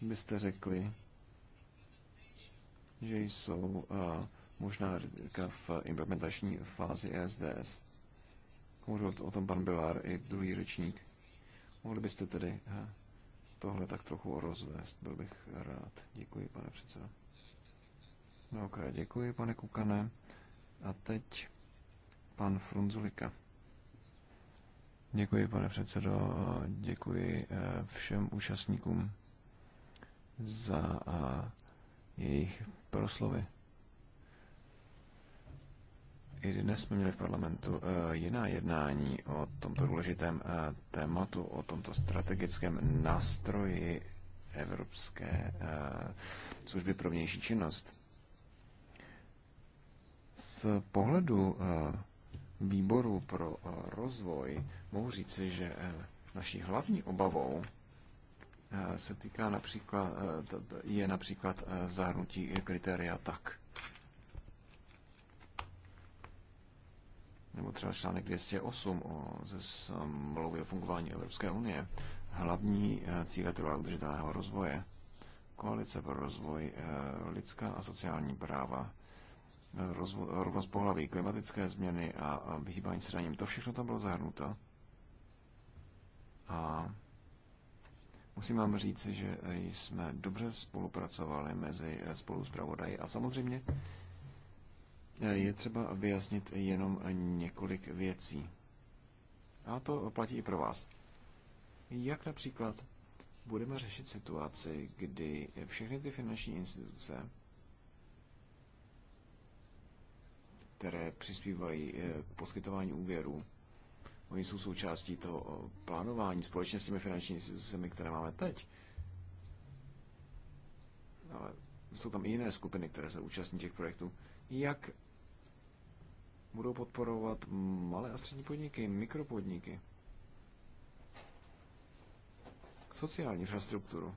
byste řekli, že jsou a, možná rizika v implementační fázi SDS. E Hovořil o tom pan Bilar i druhý řečník. Mohli byste tedy tohle tak trochu rozvést. Byl bych rád. Děkuji, pane předsedo. Mnohokrát děkuji, pane Kukane. A teď pan Frunzulika. Děkuji, pane předsedo. Děkuji eh, všem účastníkům za eh, jejich proslovy. I dnes jsme měli v parlamentu eh, jiná jednání o tomto důležitém eh, tématu, o tomto strategickém nástroji Evropské eh, služby pro vnější činnost. Z pohledu výboru pro rozvoj mohu říci, že naší hlavní obavou se týká například, je například zahrnutí kritéria tak, nebo třeba článek 208 o, ze smlouvy o fungování Evropské unie, hlavní eh, cíle trvalého udržitelného rozvoje, koalice pro rozvoj eh, lidská a sociální práva, eh, rovnost pohlaví, klimatické změny a, vyhýbání se daním. To všechno tam bylo zahrnuto. A musím vám říct, že jsme dobře spolupracovali mezi spolu a samozřejmě je třeba vyjasnit jenom několik věcí. A to platí i pro vás. Jak například budeme řešit situaci, kdy všechny ty finanční instituce, které přispívají eh, k poskytování úvěru, oni jsou součástí toho eh, plánování společně s těmi finančními institucemi, které máme teď. Ale jsou tam i jiné skupiny, které se účastní těch projektů. Jak budou podporovat malé a střední podniky, mikropodniky, sociální infrastrukturu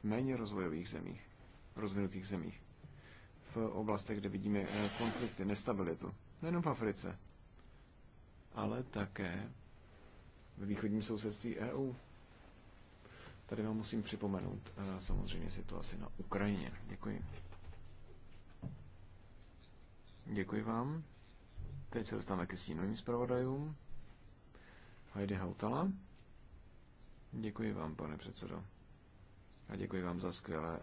v méně rozvojových zemích, rozvinutých zemích, v oblastech, kde vidíme eh, konflikty, nestabilitu, nejenom v Africe, ale také ve východním sousedství EU. Tady vám musím připomenout eh, samozřejmě situaci na Ukrajině. Děkuji. Děkuji vám. Teď se dostáváme ke stínovým zpravodajům. Heidi Hautala. Děkuji vám, pane předsedo. A děkuji vám za skvělé uh,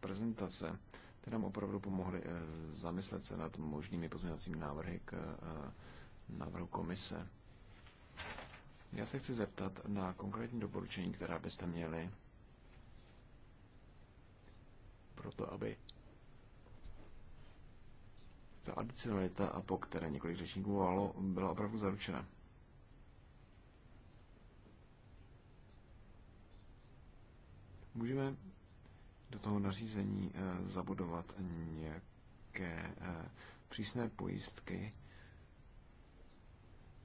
prezentace, které nám opravdu pomohly uh, zamyslet se nad možnými pozměňovacími návrhy k uh, návrhu komise. Já se chci zeptat na konkrétní doporučení, která byste měli pro to, aby ta adicionalita a po které několik řečníků volalo, byla opravdu zaručena. Můžeme do toho nařízení eh, zabudovat nějaké eh, přísné pojistky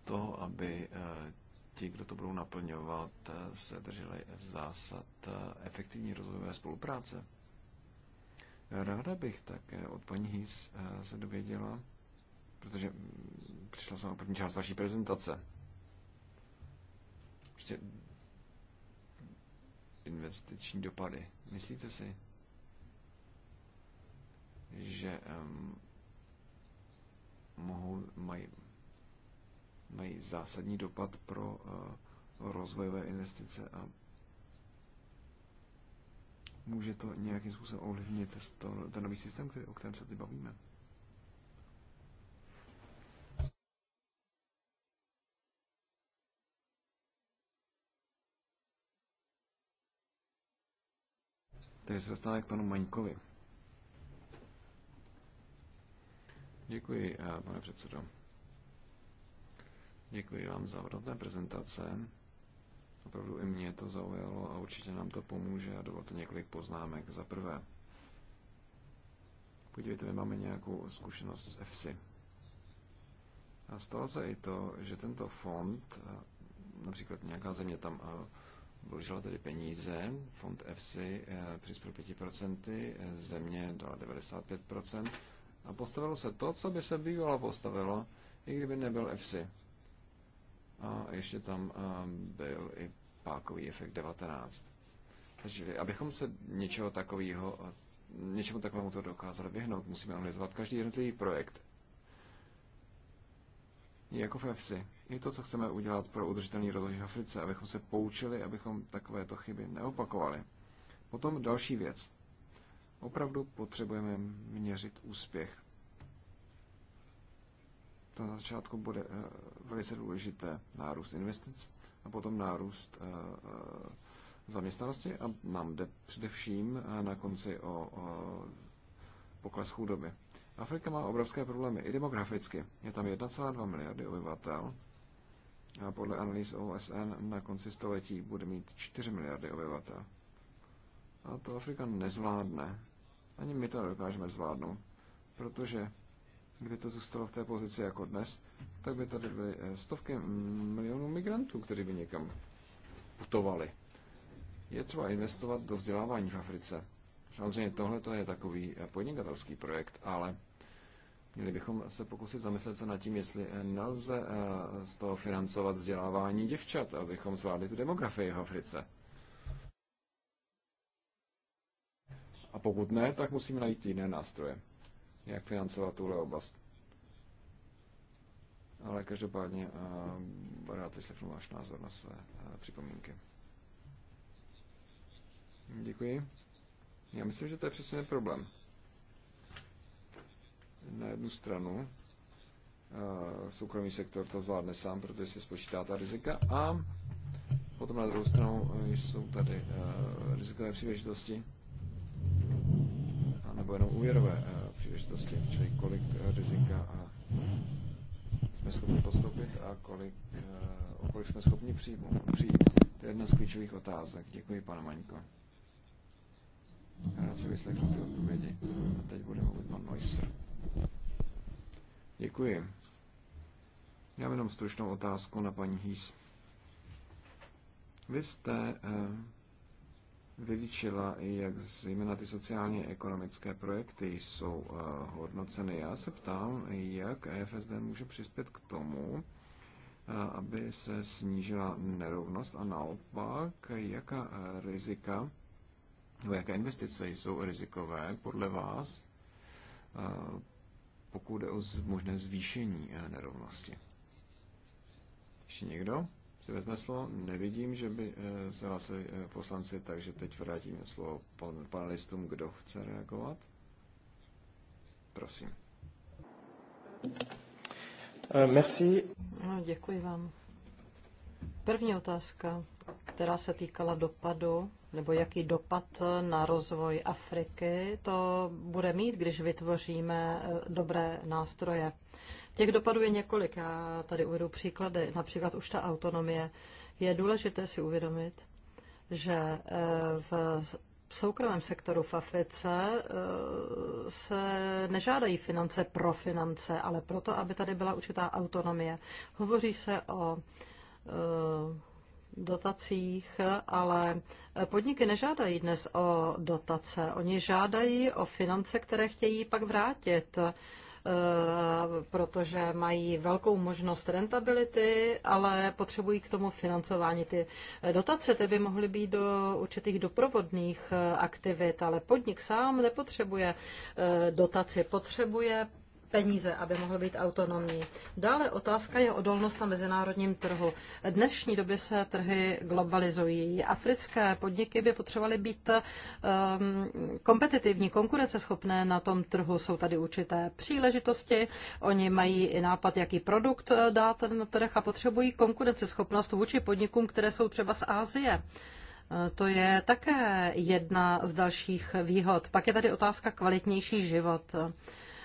toho, aby eh, ti, kdo to budou naplňovat, se drželi zásad efektivní rozvojové spolupráce. Ráda bych také od paní Hýs eh, se dověděla, protože mm, přišla jsem na první část vaší prezentace. Prostě investiční dopady. Myslíte si, že um, mohou, mají, mají zásadní dopad pro uh, rozvojové investice a Může to nějakým způsobem ovlivnit to, ten nový systém, který, o kterém se teď bavíme? Takže se dostáváme k panu Maňkovi. Děkuji, eh, pane předsedo. Děkuji vám za hodnotné prezentace. Opravdu i mě to zaujalo a určitě nám to pomůže a dovolte několik poznámek. Za prvé, podívejte, my máme nějakou zkušenost s EFSI. A stalo se i to, že tento fond, například nějaká země tam vložila tedy peníze, fond EFSI přispěl 5%, e, země dala 95% a postavilo se to, co by se bývalo postavilo, i kdyby nebyl EFSI a ještě tam eh, byl i pákový efekt 19. Takže abychom se něčeho takového, eh, něčemu takovému to dokázali vyhnout, musíme analyzovat každý jednotlivý projekt. Jako v EFSI. Je to, co chceme udělat pro udržitelný rozvoj v Africe, abychom se poučili, abychom takovéto chyby neopakovali. Potom další věc. Opravdu potřebujeme měřit úspěch to na začátku bude eh, velice důležité nárůst investic a potom nárůst eh, eh, zaměstnanosti a nám jde především na konci o, o pokles chudoby. Afrika má obrovské problémy i demograficky. Je tam 1,2 miliardy obyvatel a podle analýz OSN na konci století bude mít 4 miliardy obyvatel. A to Afrika nezvládne. Ani my to nedokážeme zvládnout, protože kdyby to zůstalo v té pozici jako dnes, tak by tady byly eh, stovky milionů migrantů, kteří by někam putovali. Je třeba investovat do vzdělávání v Africe. Samozřejmě tohle to je takový eh, podnikatelský projekt, ale měli bychom se pokusit zamyslet se nad tím, jestli eh, nelze z toho financovat vzdělávání děvčat, abychom zvládli tu demografii v Africe. A pokud ne, tak musíme najít jiné nástroje jak financovat tuhle oblast. Ale každopádně eh, rád vyslechnu váš názor na své eh, připomínky. Děkuji. Já myslím, že to je přesně problém. Na jednu stranu eh, soukromý sektor to zvládne sám, protože si spočítá ta rizika a potom na druhou stranu jsou tady rizikové příležitosti nebo jenom úvěrové eh, příležitosti, čili kolik eh, rizika a jsme schopni postoupit a kolik, eh, o kolik jsme schopni přijít. To je jedna z klíčových otázek. Děkuji, pane Maňko. Rád si vyslechnu ty odpovědi. A teď bude mluvit pan Neusser. Děkuji. Já mám jenom stručnou otázku na paní Hýs. Vy jste eh, vylíčila, jak zejména ty sociálně ekonomické projekty jsou eh, hodnoceny. Já se ptám, jak EFSD může přispět k tomu, eh, aby se snížila nerovnost a naopak, jaká eh, rizika nebo jaké investice jsou rizikové podle vás, pokud jde o možné zvýšení nerovnosti. Ještě někdo? si vezme slovo. Nevidím, že by eh, se hlasili eh, poslanci, takže teď vrátím slovo panelistům, kdo chce reagovat. Prosím. Eh, merci.
No, děkuji vám. První otázka, která se týkala dopadu, nebo jaký dopad na rozvoj Afriky to bude mít, když vytvoříme dobré nástroje. Těch dopadů je několik. Já tady uvedu příklady. Například už ta autonomie. Je důležité si uvědomit, že eh, v soukromém sektoru v Africe eh, se nežádají finance pro finance, ale proto, aby tady byla určitá autonomie. Hovoří se o eh, dotacích, ale podniky nežádají dnes o dotace. Oni žádají o finance, které chtějí pak vrátit Eh, protože mají velkou možnost rentability, ale potřebují k tomu financování. Ty eh, dotace ty by mohly být do určitých doprovodných eh, aktivit, ale podnik sám nepotřebuje dotaci, potřebuje peníze, aby mohl být autonomní. Dále otázka je odolnost na mezinárodním trhu. V dnešní době se trhy globalizují. Africké podniky by potřebovaly být um, kompetitivní, konkurenceschopné na tom trhu. Jsou tady určité příležitosti, oni mají i nápad, jaký produkt eh, dát na trh a potřebují konkurenceschopnost vůči podnikům, které jsou třeba z Ázie. Eh, to je také jedna z dalších výhod. Pak je tady otázka kvalitnější život.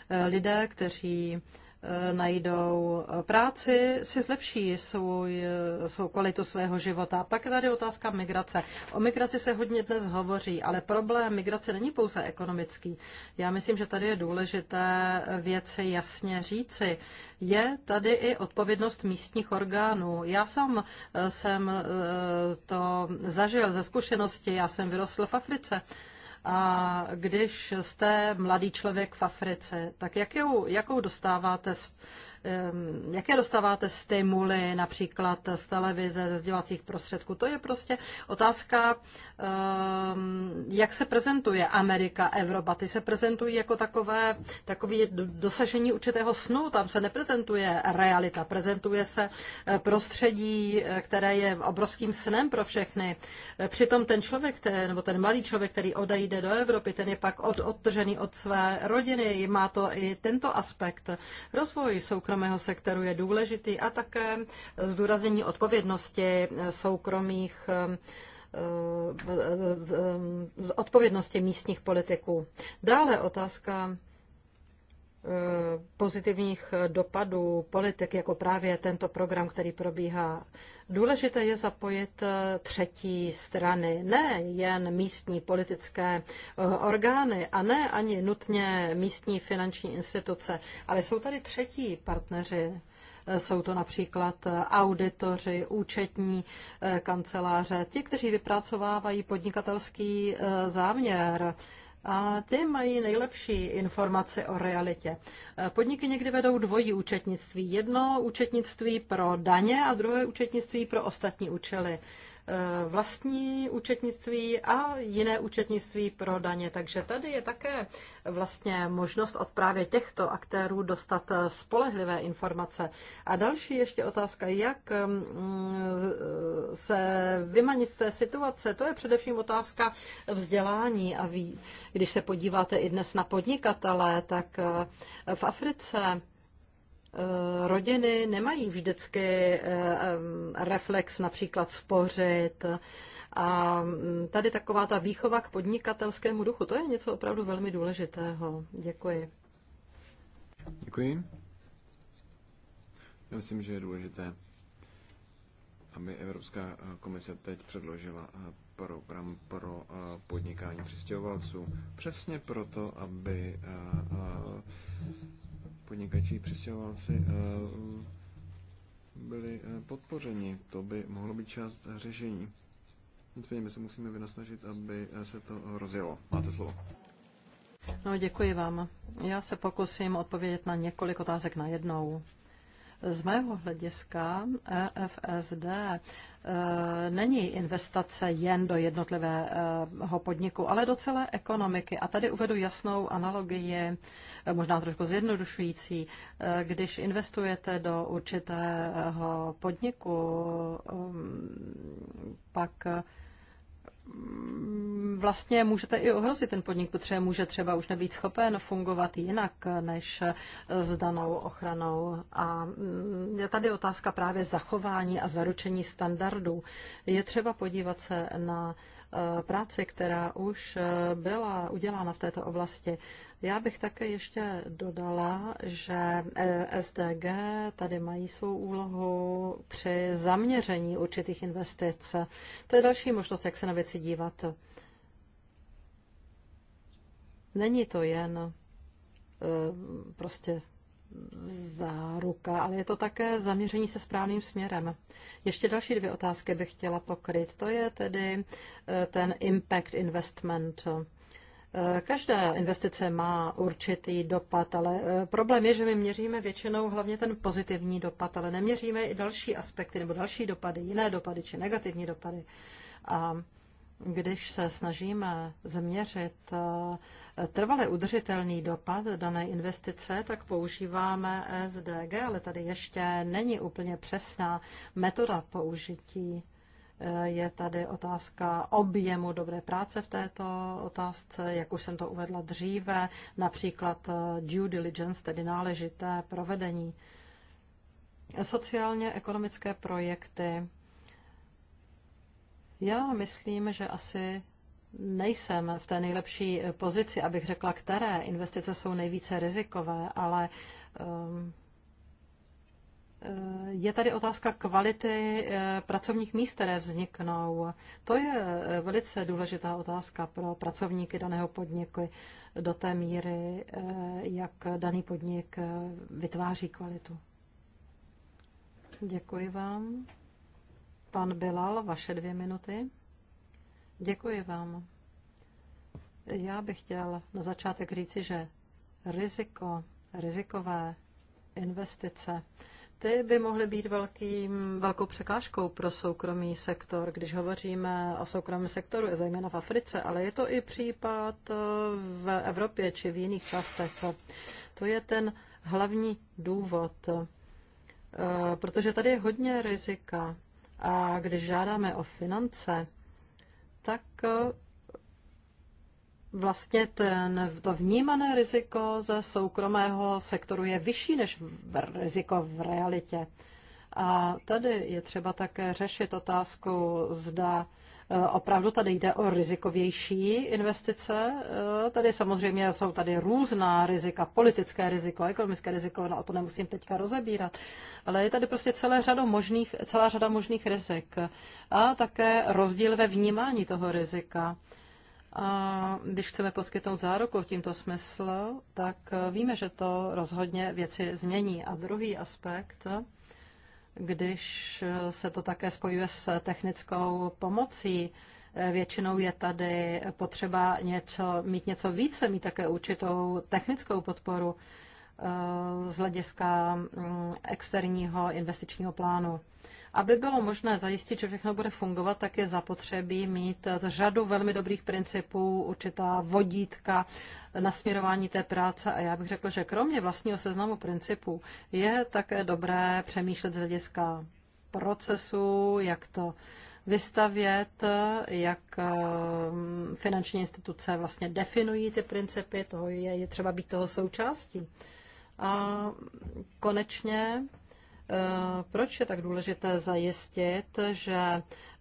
Eh, lidé, kteří eh, najdou eh, práci, si zlepší svůj, svou kvalitu svého života. Pak je tady otázka migrace. O migraci se hodně dnes hovoří, ale problém migrace není pouze ekonomický. Já myslím, že tady je důležité věci jasně říci. Je tady i odpovědnost místních orgánů. Já sám jsem to zažil ze zkušenosti, já jsem vyrostl v Africe. A když jste mladý člověk v Africe, tak jakou, jakou dostáváte Ehm, jaké dostáváte stimuly například z televize, ze sdělacích prostředků. To je prostě otázka, ehm, jak se prezentuje Amerika, Evropa. Ty se prezentují jako takové, takové dosažení určitého snu. Tam se neprezentuje realita, prezentuje se eh, prostředí, eh, které je obrovským snem pro všechny. Eh, přitom ten člověk, ten, nebo ten malý člověk, který odejde do Evropy, ten je pak od, odtržený od své rodiny. Má to i tento aspekt. Rozvoj soukromí soukromého sektoru je důležitý a také zdůraznění odpovědnosti eh, soukromých eh, eh, z odpovědnosti místních politiků. Dále otázka Eh, pozitivních dopadů politik, jako právě tento program, který probíhá. Důležité je zapojit eh, třetí strany, ne jen místní politické eh, orgány a ne ani nutně místní finanční instituce, ale jsou tady třetí partneři. Jsou to například auditoři, účetní kanceláře, ti, kteří vypracovávají podnikatelský záměr a ty mají nejlepší informace o realitě. E, podniky někdy vedou dvojí účetnictví. Jedno účetnictví pro daně a druhé účetnictví pro ostatní účely. Eh, vlastní účetnictví a jiné účetnictví pro daně. Takže tady je také vlastně možnost od právě těchto aktérů dostat eh, spolehlivé informace. A další ještě otázka, jak mm, eh, se vymanit z té situace, to je především otázka vzdělání a ví. Když se podíváte i dnes na podnikatele, tak v Africe Eh, rodiny nemají vždycky eh, reflex například spořit. A mm, tady taková ta výchova k podnikatelskému duchu, to je něco opravdu velmi důležitého. Děkuji.
Děkuji. Já myslím, že je důležité, aby Evropská eh, komise teď předložila program pro podnikání přistěhovalců. Přesně proto, aby podnikající přistěhovalci eh, byli eh, podpořeni. To by mohlo být část řešení. Nicméně my se musíme vynasnažit, aby eh, se to rozjelo. Máte slovo.
No, děkuji vám. Já se pokusím odpovědět na několik otázek na jednou. Z mého hlediska EFSD eh, není investace jen do jednotlivého podniku, ale do celé ekonomiky. A tady uvedu jasnou analogii, eh, možná trošku zjednodušující. Eh, když investujete do určitého podniku, pak Mm, vlastně můžete i ohrozit ten podnik, protože může třeba už nebýt schopen fungovat jinak než eh, s danou ochranou. A mm, je tady otázka právě zachování a zaručení standardů. Je třeba podívat se na eh, práci, která už eh, byla udělána v této oblasti. Já bych také ještě dodala, že eh, SDG tady mají svou úlohu při zaměření určitých investic. To je další možnost, jak se na věci dívat. Není to jen eh, prostě záruka, ale je to také zaměření se správným směrem. Ještě další dvě otázky bych chtěla pokryt. To je tedy eh, ten impact investment. Každá investice má určitý dopad, ale eh, problém je, že my měříme většinou hlavně ten pozitivní dopad, ale neměříme i další aspekty nebo další dopady, jiné dopady či negativní dopady. A když se snažíme změřit eh, trvale udržitelný dopad dané investice, tak používáme SDG, ale tady ještě není úplně přesná metoda použití Eh, je tady otázka objemu dobré práce v této otázce, jak už jsem to uvedla dříve, například eh, due diligence, tedy náležité provedení. Sociálně-ekonomické projekty. Já myslím, že asi nejsem v té nejlepší eh, pozici, abych řekla, které investice jsou nejvíce rizikové, ale um, Eh, je tady otázka kvality eh, pracovních míst, které vzniknou. To je eh, velice důležitá otázka pro pracovníky daného podniku do té míry, jak daný podnik vytváří kvalitu. Děkuji vám. Pan Bilal, vaše dvě minuty. Děkuji vám. Já bych chtěl na začátek říci, že riziko, rizikové investice, ty by mohly být velkým, velkou překážkou pro soukromý sektor, když hovoříme o soukromém sektoru, zejména v Africe, ale je to i případ eh, v Evropě či v jiných částech. To je ten hlavní důvod, eh, protože tady je hodně rizika a když žádáme o finance, tak eh, vlastně ten, to vnímané riziko ze soukromého sektoru je vyšší než v, riziko v realitě. A tady je třeba také řešit otázku, zda e, opravdu tady jde o rizikovější investice. E, tady samozřejmě jsou tady různá rizika, politické riziko, ekonomické riziko, no, to nemusím teďka rozebírat, ale je tady prostě celé řada možných, celá řada možných rizik a také rozdíl ve vnímání toho rizika. A když chceme poskytnout záruku v tímto smyslu, tak e, víme, že to rozhodně věci změní. A druhý aspekt, když e, se to také spojuje s technickou pomocí, e, většinou je tady potřeba něco, mít něco více, mít také určitou technickou podporu z hlediska mm, externího investičního plánu. Aby bylo možné zajistit, že všechno bude fungovat, tak je zapotřebí mít řadu velmi dobrých principů, určitá vodítka nasměrování té práce. A já bych řekl, že kromě vlastního seznamu principů je také dobré přemýšlet z hlediska procesu, jak to vystavět, jak ehm, finanční instituce vlastně definují ty principy, toho je, je třeba být toho součástí. A konečně Eh, proč je tak důležité zajistit, že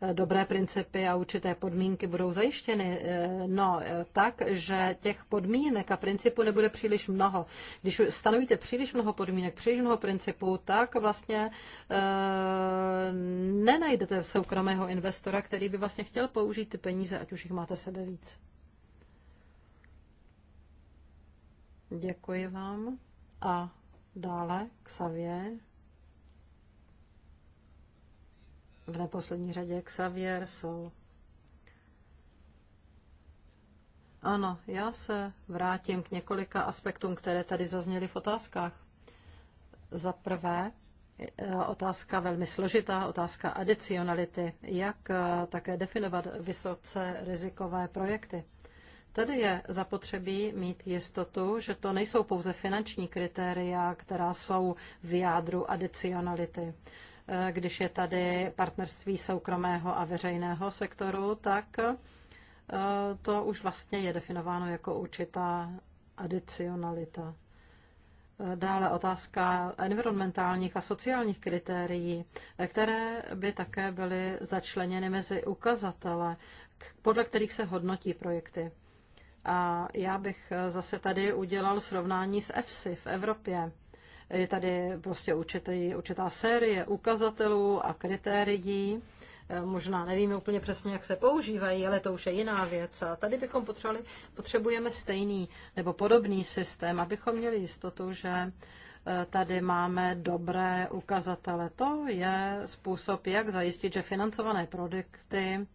eh, dobré principy a určité podmínky budou zajištěny? Eh, no, tak, že těch podmínek a principů nebude příliš mnoho. Když stanovíte příliš mnoho podmínek, příliš mnoho principů, tak vlastně e, nenajdete soukromého investora, který by vlastně chtěl použít ty peníze, ať už jich máte sebe víc. Děkuji vám. A dále Xavier. v neposlední řadě Xavier Sol. Ano, já se vrátím k několika aspektům, které tady zazněly v otázkách. Za prvé, eh, otázka velmi složitá, otázka adicionality, jak eh, také definovat vysoce rizikové projekty. Tady je zapotřebí mít jistotu, že to nejsou pouze finanční kritéria, která jsou v jádru adicionality když je tady partnerství soukromého a veřejného sektoru, tak eh, to už vlastně je definováno jako určitá adicionalita. Eh, dále otázka environmentálních a sociálních kritérií, eh, které by také byly začleněny mezi ukazatele, podle kterých se hodnotí projekty. A já bych zase tady udělal srovnání s EFSI v Evropě. Je tady prostě určitý, určitá série ukazatelů a kritérií. Eh, možná nevíme úplně přesně, jak se používají, ale to už je jiná věc. A tady bychom potřebovali, potřebujeme stejný nebo podobný systém, abychom měli jistotu, že eh, tady máme dobré ukazatele. To je způsob, jak zajistit, že financované produkty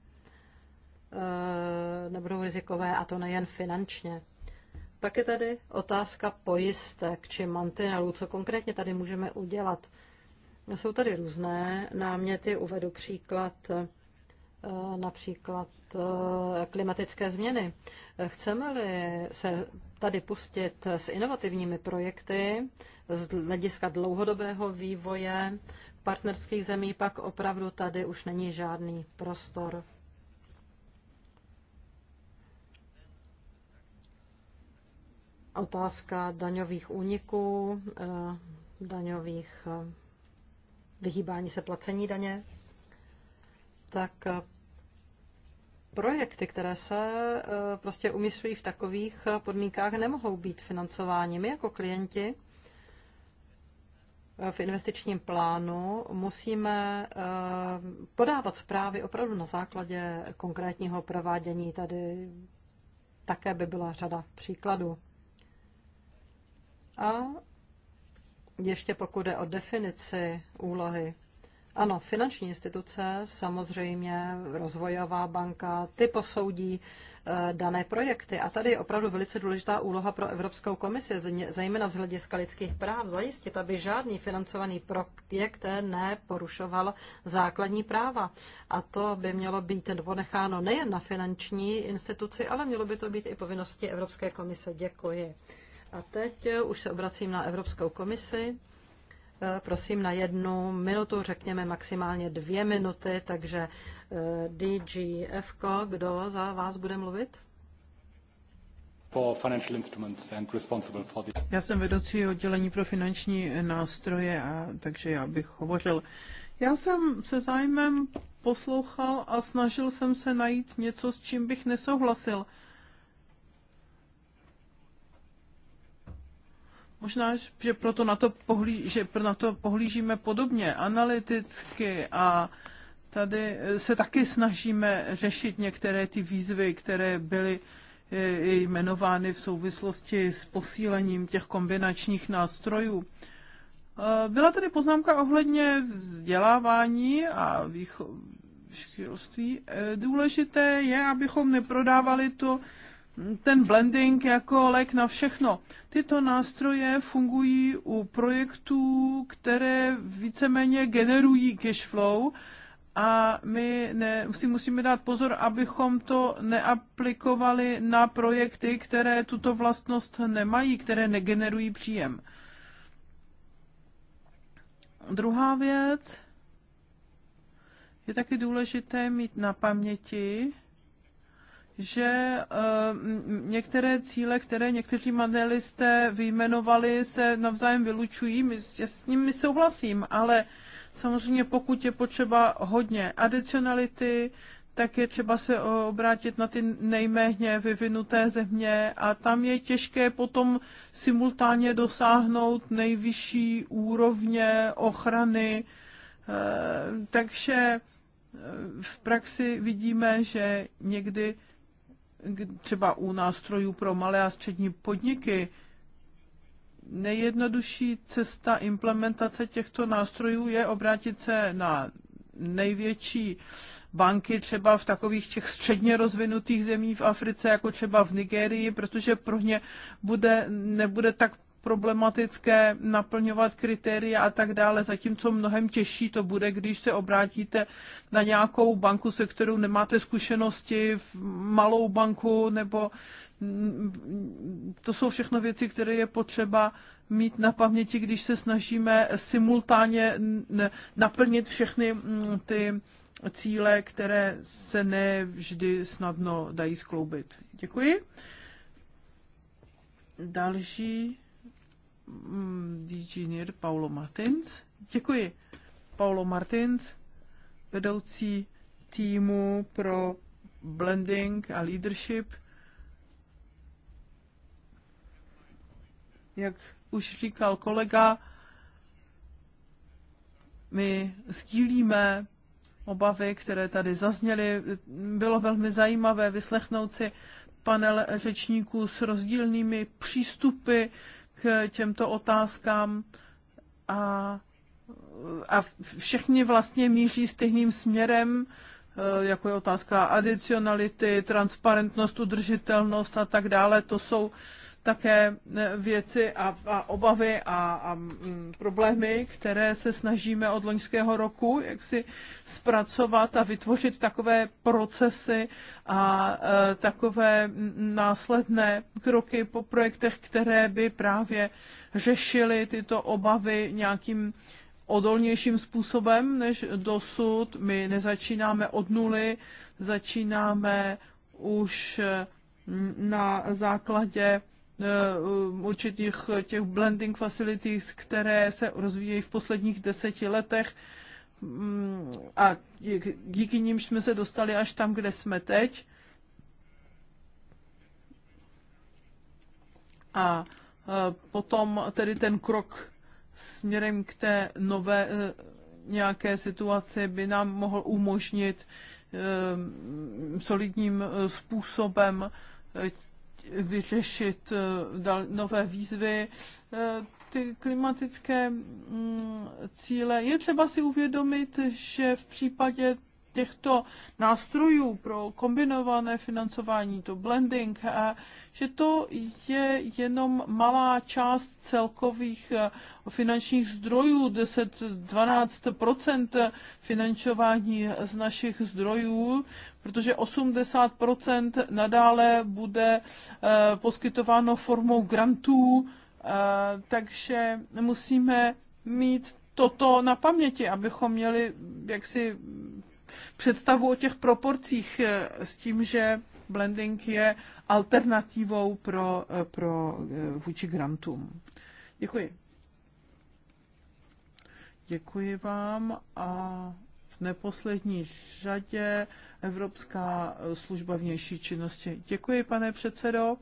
eh, nebudou rizikové, a to nejen finančně. Pak je tady otázka pojistek či mantinelů. Co konkrétně tady můžeme udělat? Jsou tady různé náměty, uvedu příklad eh, například eh, klimatické změny. Chceme-li se tady pustit s inovativními projekty z hlediska dlouhodobého vývoje partnerských zemí, pak opravdu tady už není žádný prostor. Otázka daňových úniků, eh, daňových eh, vyhýbání se placení daně. Tak eh, projekty, které se prostě umyslují v takových podmínkách, nemohou být financovány. My jako klienti v investičním plánu musíme podávat zprávy opravdu na základě konkrétního provádění. Tady také by byla řada příkladů. A ještě pokud jde o definici úlohy. Ano, finanční instituce, samozřejmě rozvojová banka, ty posoudí eh, dané projekty. A tady je opravdu velice důležitá úloha pro Evropskou komisi, zejména z hlediska lidských práv, zajistit, aby žádný financovaný projekt neporušoval základní práva. A to by mělo být ponecháno nejen na finanční instituci, ale mělo by to být i povinnosti Evropské komise. Děkuji. A teď eh, už se obracím na Evropskou komisi. Eh, prosím na jednu minutu, řekněme maximálně dvě minuty, takže eh, DGF, kdo za vás bude mluvit?
Já jsem vedoucí oddělení pro finanční nástroje, a, takže já bych hovořil. Já jsem se zájmem poslouchal a snažil jsem se najít něco, s čím bych nesouhlasil. Možná, že proto na to, pohlí, že na to pohlížíme podobně, analyticky a tady se taky snažíme řešit některé ty výzvy, které byly eh, jmenovány v souvislosti s posílením těch kombinačních nástrojů. Eh, byla tady poznámka ohledně vzdělávání a výchovy školství. Eh, důležité je, abychom neprodávali to ten blending jako lék na všechno. Tyto nástroje fungují u projektů, které víceméně generují cash flow a my ne, si musíme dát pozor, abychom to neaplikovali na projekty, které tuto vlastnost nemají, které negenerují příjem. Druhá věc je taky důležité mít na paměti, že eh, některé cíle, které někteří manelisté vyjmenovali, se navzájem vylučují. My, já s nimi souhlasím, ale samozřejmě pokud je potřeba hodně adicionality, tak je třeba se obrátit na ty nejméně vyvinuté země a tam je těžké potom simultánně dosáhnout nejvyšší úrovně ochrany. Eh, takže eh, v praxi vidíme, že někdy třeba u nástrojů pro malé a střední podniky, nejjednodušší cesta implementace těchto nástrojů je obrátit se na největší banky třeba v takových těch středně rozvinutých zemích v Africe, jako třeba v Nigérii, protože pro ně bude, nebude tak problematické naplňovat kritéria a tak dále, zatímco mnohem těžší to bude, když se obrátíte na nějakou banku, se kterou nemáte zkušenosti, v malou banku, nebo to jsou všechno věci, které je potřeba mít na paměti, když se snažíme simultánně naplnit všechny mm, ty cíle, které se nevždy snadno dají skloubit. Děkuji. Další inženýr Paulo Martins. Děkuji. Paulo Martins, vedoucí týmu pro blending a leadership. Jak už říkal kolega, my sdílíme obavy, které tady zazněly. Bylo velmi zajímavé vyslechnout si panel řečníků s rozdílnými přístupy k těmto otázkám a, a všechny vlastně míří stejným směrem, e, jako je otázka adicionality, transparentnost, udržitelnost a tak dále. To jsou také eh, věci a, a obavy a, a mm, problémy, které se snažíme od loňského roku, jak si zpracovat a vytvořit takové procesy a e, takové mm, následné kroky po projektech, které by právě řešily tyto obavy nějakým odolnějším způsobem než dosud. My nezačínáme od nuly, začínáme už eh, na základě Eh, určitých těch blending facilities, které se rozvíjejí v posledních deseti letech mm, a díky nim jsme se dostali až tam, kde jsme teď. A eh, potom tedy ten krok směrem k té nové eh, nějaké situaci by nám mohl umožnit solidním způsobem vyřešit eh, dal, nové výzvy, eh, ty klimatické mm, cíle. Je třeba si uvědomit, že v případě těchto nástrojů pro kombinované financování, to blending, eh, že to je jenom malá část celkových eh, finančních zdrojů, 10-12 financování z našich zdrojů, protože 80 nadále bude eh, poskytováno formou grantů, takže musíme mít toto na paměti, abychom měli jaksi představu o těch proporcích eh, s tím, že blending je alternativou pro, eh, pro eh, vůči grantům. Děkuji. Děkuji vám a v neposlední řadě Evropská služba vnější činnosti. Děkuji, pane předsedo.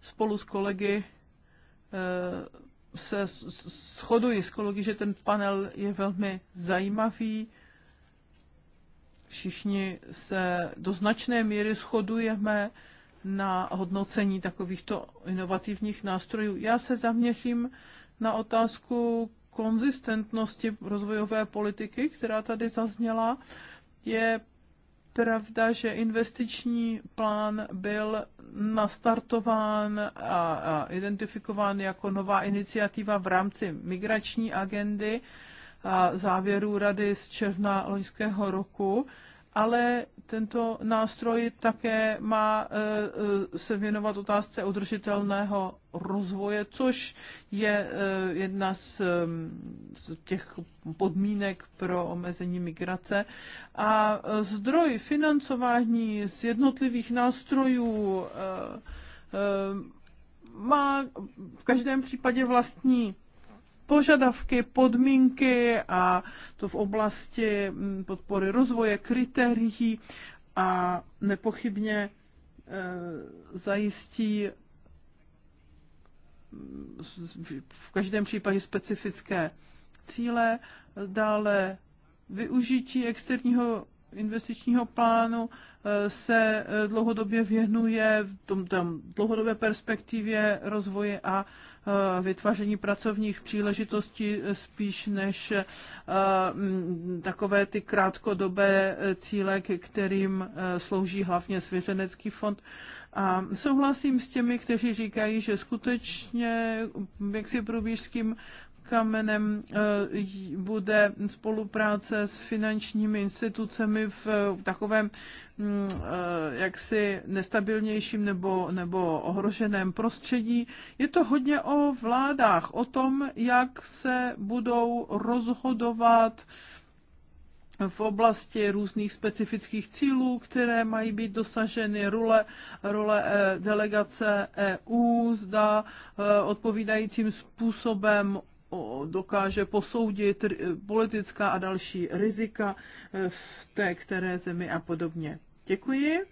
Spolu s kolegy se shoduji s kolegy, že ten panel je velmi zajímavý. Všichni se do značné míry shodujeme na hodnocení takovýchto inovativních nástrojů. Já se zaměřím na otázku konzistentnosti rozvojové politiky, která tady zazněla. Je pravda, že investiční plán byl nastartován a, a identifikován jako nová iniciativa v rámci migrační agendy a závěrů rady z června loňského roku, ale tento nástroj také má e, e, se věnovat otázce udržitelného rozvoje, což je e, jedna z, těch podmínek pro omezení migrace. A zdroj financování z jednotlivých nástrojů má v každém případě vlastní požadavky, podmínky a to v oblasti mm, podpory rozvoje, kritérií a nepochybně e, zajistí mm, v každém případě specifické cíle, dále využití externího investičního plánu eh, se eh, dlouhodobě věnuje v tom, tom dlouhodobé perspektivě rozvoje a eh, vytváření pracovních příležitostí spíš než mm, takové ty krátkodobé cíle, ke kterým slouží hlavně svěřenecký fond. A souhlasím s těmi, kteří říkají, že skutečně mm, jaksi průbířským kamenem eh, bude spolupráce s finančními institucemi v eh, takovém mm, eh, jaksi nestabilnějším nebo, nebo ohroženém prostředí. Je to hodně o vládách, o tom, jak se budou rozhodovat v oblasti různých specifických cílů, které mají být dosaženy role, role delegace EU, zda odpovídajícím způsobem dokáže posoudit politická a další rizika e, v té které zemi a podobně. Děkuji.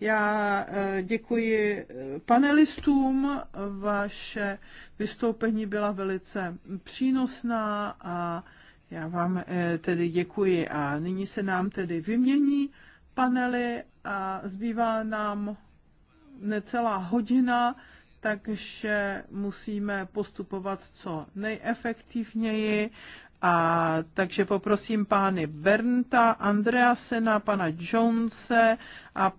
Já e, děkuji e, panelistům. Vaše vystoupení byla velice přínosná a já vám tedy děkuji. A nyní se nám tedy vymění panely a zbývá nám necelá hodina takže musíme postupovat co nejefektivněji. A takže poprosím pány Bernta, Andreasena, pana Jonese a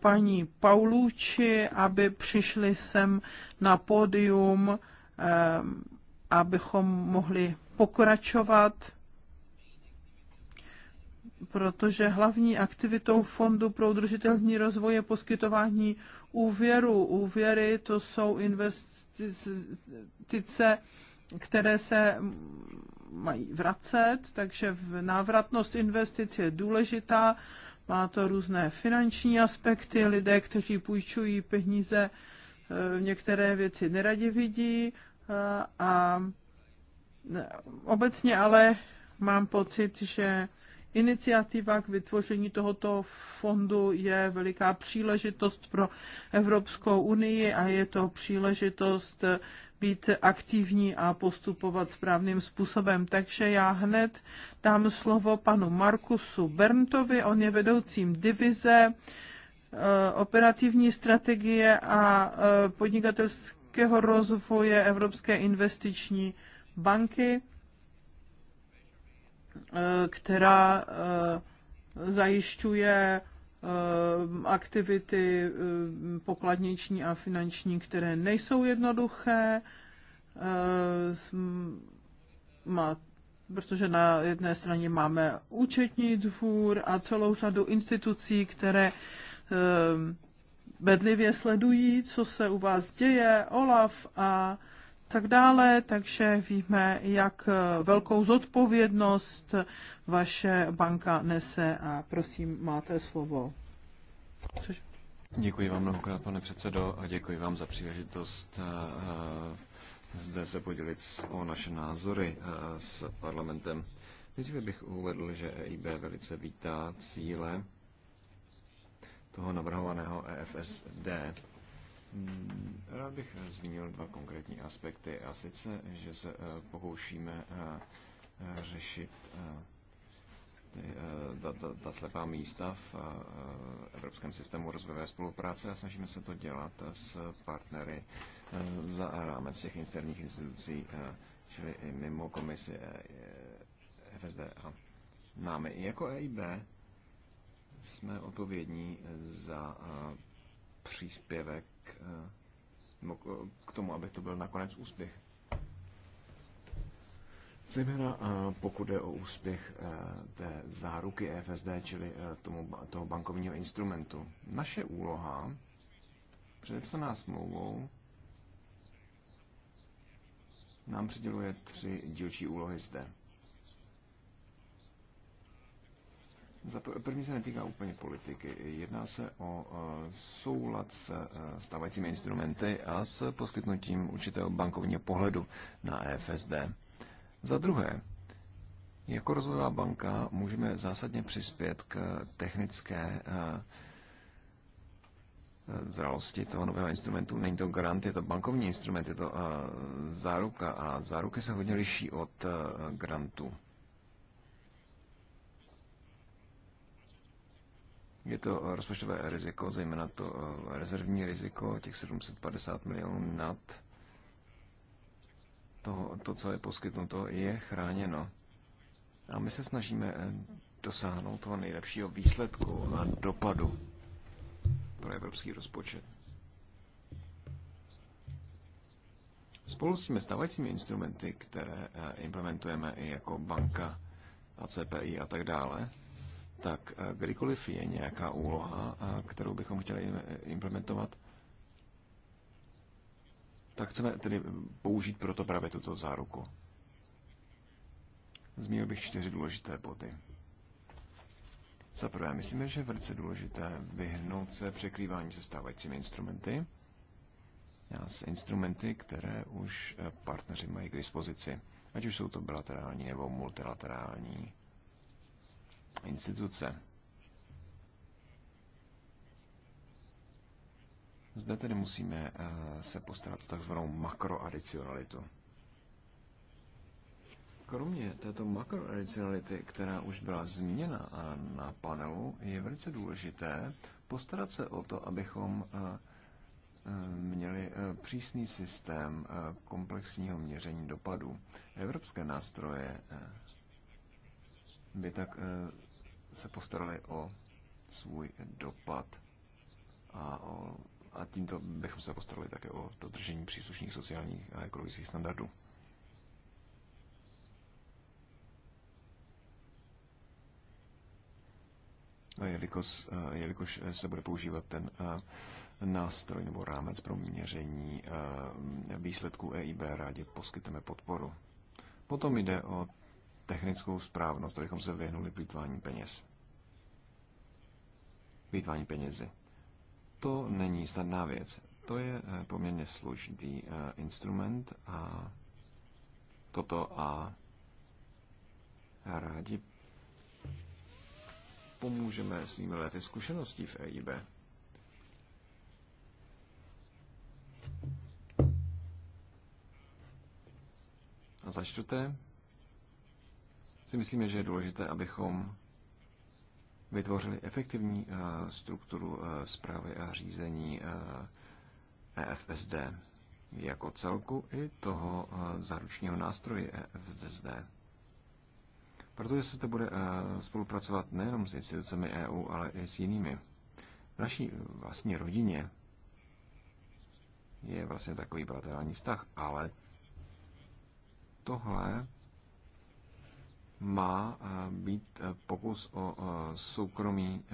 paní Paulucci, aby přišli sem na pódium, ehm, abychom mohli pokračovat, protože hlavní aktivitou Fondu pro udržitelný rozvoj je poskytování úvěru. Úvěry to jsou investice, které se mají vracet, takže návratnost investic je důležitá. Má to různé finanční aspekty. Lidé, kteří půjčují peníze, eh, některé věci neradi vidí eh, a obecně ale mám pocit, že iniciativa k vytvoření tohoto fondu je veliká příležitost pro Evropskou unii a je to příležitost být aktivní a postupovat správným způsobem. Takže já hned dám slovo panu Markusu Berntovi, on je vedoucím divize eh, operativní strategie a eh, podnikatelského rozvoje Evropské investiční banky Eh, která eh, zajišťuje eh, aktivity pokladniční a finanční, které nejsou jednoduché. protože na jedné straně máme účetní dvůr a celou řadu institucí, které bedlivě sledují, co se u vás děje, OLAF a tak dále, takže víme, jak eh, velkou zodpovědnost vaše banka nese a prosím, máte slovo.
Což... Děkuji vám mnohokrát, pane předsedo, a děkuji vám za příležitost eh, eh, zde se podělit o naše názory s parlamentem. Nejdříve bych uvedl, že EIB velice vítá cíle toho navrhovaného EFSD Hmm, rád bych eh, zmínil dva konkrétní aspekty, a sice, že se eh, pokoušíme eh, řešit ta, ta, ta slepá místa v Evropském systému rozvojové spolupráce a snažíme se to dělat s partnery za rámec těch interních institucí, čili i mimo komisi FSD a námi. I jako EIB jsme odpovědní za příspěvek Eh, k tomu, aby to byl nakonec úspěch. Zejména eh, pokud je o úspěch eh, té záruky EFSD, čili tomu, toho bankovního instrumentu. Naše úloha, předepsaná smlouvou, nám přiděluje tři dílčí úlohy zde. Za první se netýká úplně politiky. Jedná se o e, soulad s e, stávajícími instrumenty a s poskytnutím určitého bankovního pohledu na EFSD. Za druhé, jako rozvojová banka můžeme zásadně přispět k technické e, zralosti toho nového instrumentu. Není to grant, je to bankovní instrument, je to záruka a záruky se hodně liší od grantu. Je to rozpočtové riziko, zejména to eh, rezervní riziko, těch 750 milionů nad to, to, co je poskytnuto, je chráněno. A my se snažíme eh, dosáhnout toho nejlepšího výsledku a dopadu pro evropský rozpočet. Spolu s těmi stávajícími instrumenty, které eh, implementujeme i jako banka a CPI a tak dále, tak eh, kdykoliv je nějaká úloha, eh, kterou bychom chtěli implementovat, tak chceme tedy použít proto právě tuto záruku. Zmínil bych čtyři důležité body. Za prvé, myslíme, že je velice důležité vyhnout se překrývání se stávajícími instrumenty s instrumenty, které už eh, partneři mají k dispozici, ať už jsou to bilaterální nebo multilaterální instituce. Zde tedy musíme eh, se postarat o takzvanou makroadicionalitu. Kromě této makroadicionality, která už byla zmíněna eh, na panelu, je velice důležité postarat se o to, abychom eh, měli přísný systém komplexního měření dopadů. Evropské nástroje by tak eh, se postarali o svůj dopad a, o, a tímto bychom se postarali také o dodržení příslušných sociálních a ekologických standardů. A jelikož, eh, jelikož se bude používat ten eh, nástroj nebo rámec pro měření výsledků EIB, rádi poskytneme podporu. Potom jde o technickou správnost, abychom se vyhnuli plýtvání peněz. Plýtvání penězi. To není snadná věc. To je eh, poměrně složitý eh, instrument a toto a rádi pomůžeme svými lety zkušeností v EIB. A za čtvrté, si myslíme, že je důležité, abychom vytvořili efektivní eh, strukturu eh, zprávy a řízení EFSD eh, e jako celku i toho záručního nástroje EFSD. Protože se to bude spolupracovat nejenom s institucemi EU, ale i s jinými. V naší vlastní rodině je vlastně takový bilaterální vztah, ale tohle má eh, být eh, pokus o eh, soukromí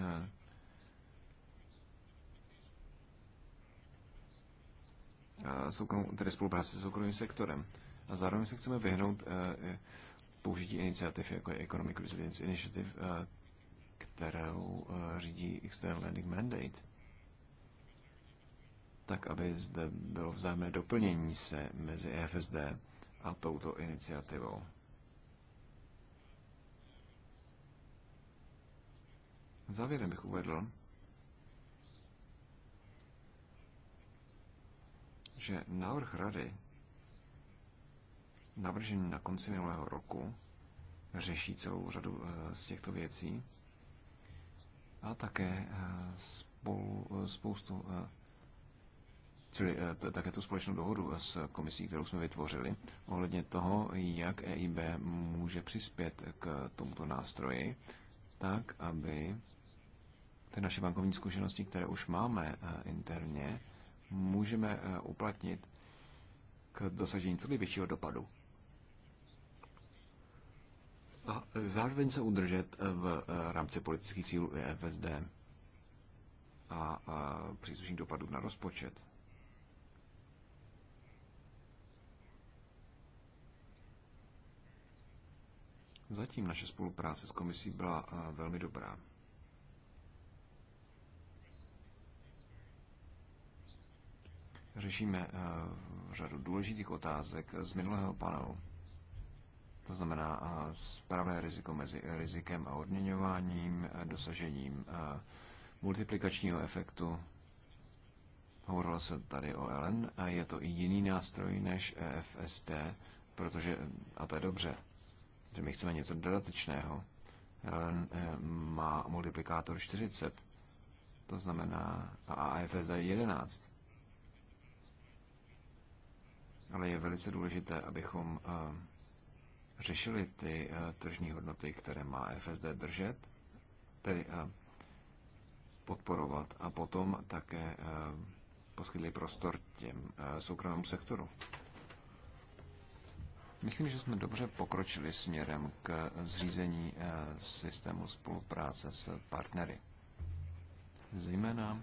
soukromou, tedy spolupráci s soukromým sektorem. A zároveň se chceme vyhnout použití iniciativ, jako je Economic Resilience Initiative, kterou řídí External Lending Mandate, tak aby zde bylo vzájemné doplnění se mezi e FSD a touto iniciativou. Závěrem bych uvedl, že návrh rady navržený na konci minulého roku řeší celou řadu eh, z těchto věcí a také eh, spolu, eh, spoustu, čili také tu společnou dohodu s komisí, kterou jsme vytvořili, ohledně toho, jak EIB může přispět k tomuto nástroji, tak, aby ty naše bankovní zkušenosti, které už máme eh, interně, můžeme eh, uplatnit k dosažení co největšího dopadu. A zároveň se udržet eh, v rámci politických cílů FSD a příslušných dopadů na rozpočet. Zatím naše spolupráce s komisí byla velmi dobrá. řešíme eh, řadu důležitých otázek z minulého panelu. To znamená eh, správné riziko mezi rizikem a odměňováním, eh, dosažením multiplikačního efektu. Hovořilo se tady o LN a je to i jiný nástroj než e FSD, protože, a to je dobře, že my chceme něco dodatečného. LN má multiplikátor 40, to znamená a AFSD 11 ale je velice důležité, abychom eh, řešili ty eh, tržní hodnoty, které má FSD držet, tedy eh, podporovat a potom také poskytli prostor těm soukromému sektoru. Myslím, že jsme dobře pokročili směrem k zřízení systému spolupráce s partnery. Zejména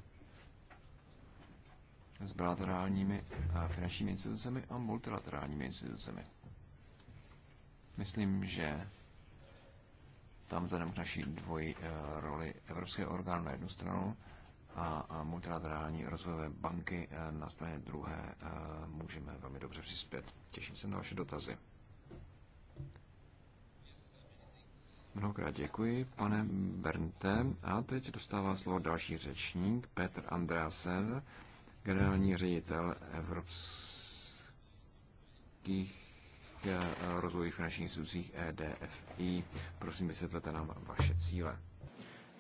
s bilaterálními a finančními institucemi a multilaterálními institucemi. Myslím, že tam vzhledem k naší dvojí e, roli Evropského orgánu na jednu stranu a multilaterální rozvojové banky e, na straně druhé e, můžeme velmi dobře přispět. Těším se na vaše dotazy. Mnohokrát děkuji, pane Bernte. A teď dostává slovo další řečník, Petr Andrásen generální ředitel Evropských eh, rozvojových finančních institucích EDFI. Prosím, vysvětlete nám vaše cíle.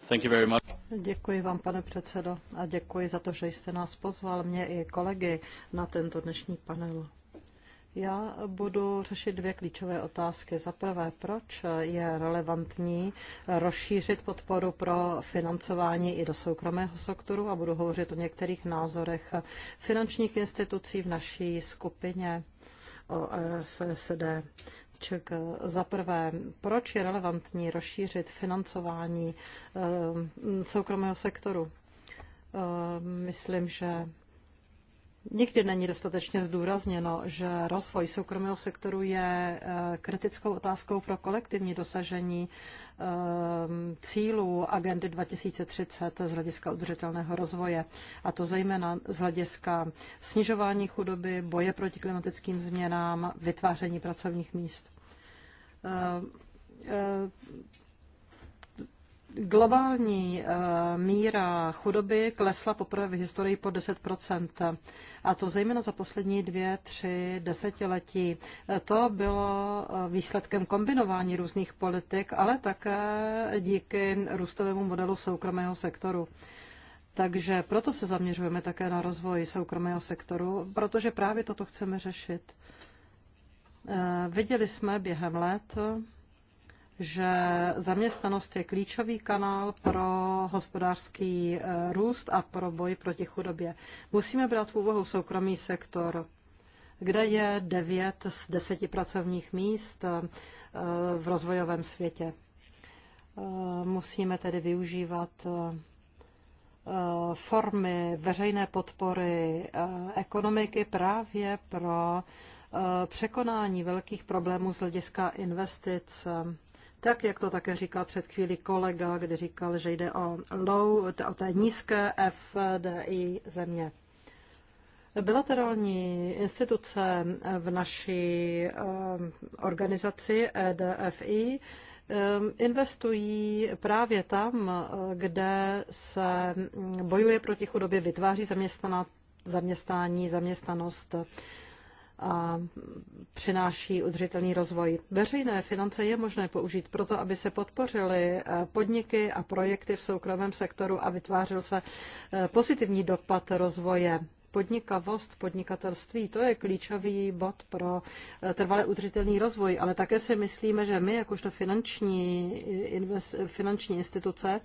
Thank you very much.
Děkuji vám, pane předsedo, a děkuji za to, že jste nás pozval, mě i kolegy, na tento dnešní panel. Já budu řešit dvě klíčové otázky. Za prvé, proč je relevantní rozšířit podporu pro financování i do soukromého sektoru a budu hovořit o některých názorech finančních institucí v naší skupině o FSD. Ček, za prvé, proč je relevantní rozšířit financování eh, soukromého sektoru? Eh, myslím, že Nikdy není dostatečně zdůrazněno, že rozvoj soukromého sektoru je eh, kritickou otázkou pro kolektivní dosažení eh, cílů agendy 2030 z hlediska udržitelného rozvoje, a to zejména z hlediska snižování chudoby, boje proti klimatickým změnám, vytváření pracovních míst eh, Globální eh, míra chudoby klesla poprvé v historii po 10 a to zejména za poslední dvě, tři desetiletí. Eh, to bylo eh, výsledkem kombinování různých politik, ale také díky růstovému modelu soukromého sektoru. Takže proto se zaměřujeme také na rozvoj soukromého sektoru, protože právě toto chceme řešit. Viděli jsme během let, že zaměstnanost je klíčový kanál pro hospodářský eh, růst a pro boj proti chudobě. Musíme brát v úvahu soukromý sektor, kde je 9 z 10 pracovních míst eh, v rozvojovém světě. Eh, musíme tedy využívat formy veřejné podpory ekonomiky právě pro překonání velkých problémů z hlediska investic tak jak to také říkal před chvíli kolega, kdy říkal, že jde o low, o té nízké FDI země. Bilaterální instituce v naší eh, organizaci EDFI eh, investují právě tam, eh, kde se mm, bojuje proti chudobě, vytváří zaměstnání, zaměstnanost a přináší udržitelný rozvoj. Veřejné finance je možné použít proto, aby se podpořily eh, podniky a projekty v soukromém sektoru a vytvářel se eh, pozitivní dopad rozvoje. Podnikavost, podnikatelství, to je klíčový bod pro eh, trvalé udržitelný rozvoj, ale také si myslíme, že my, jakožto finanční, finanční instituce,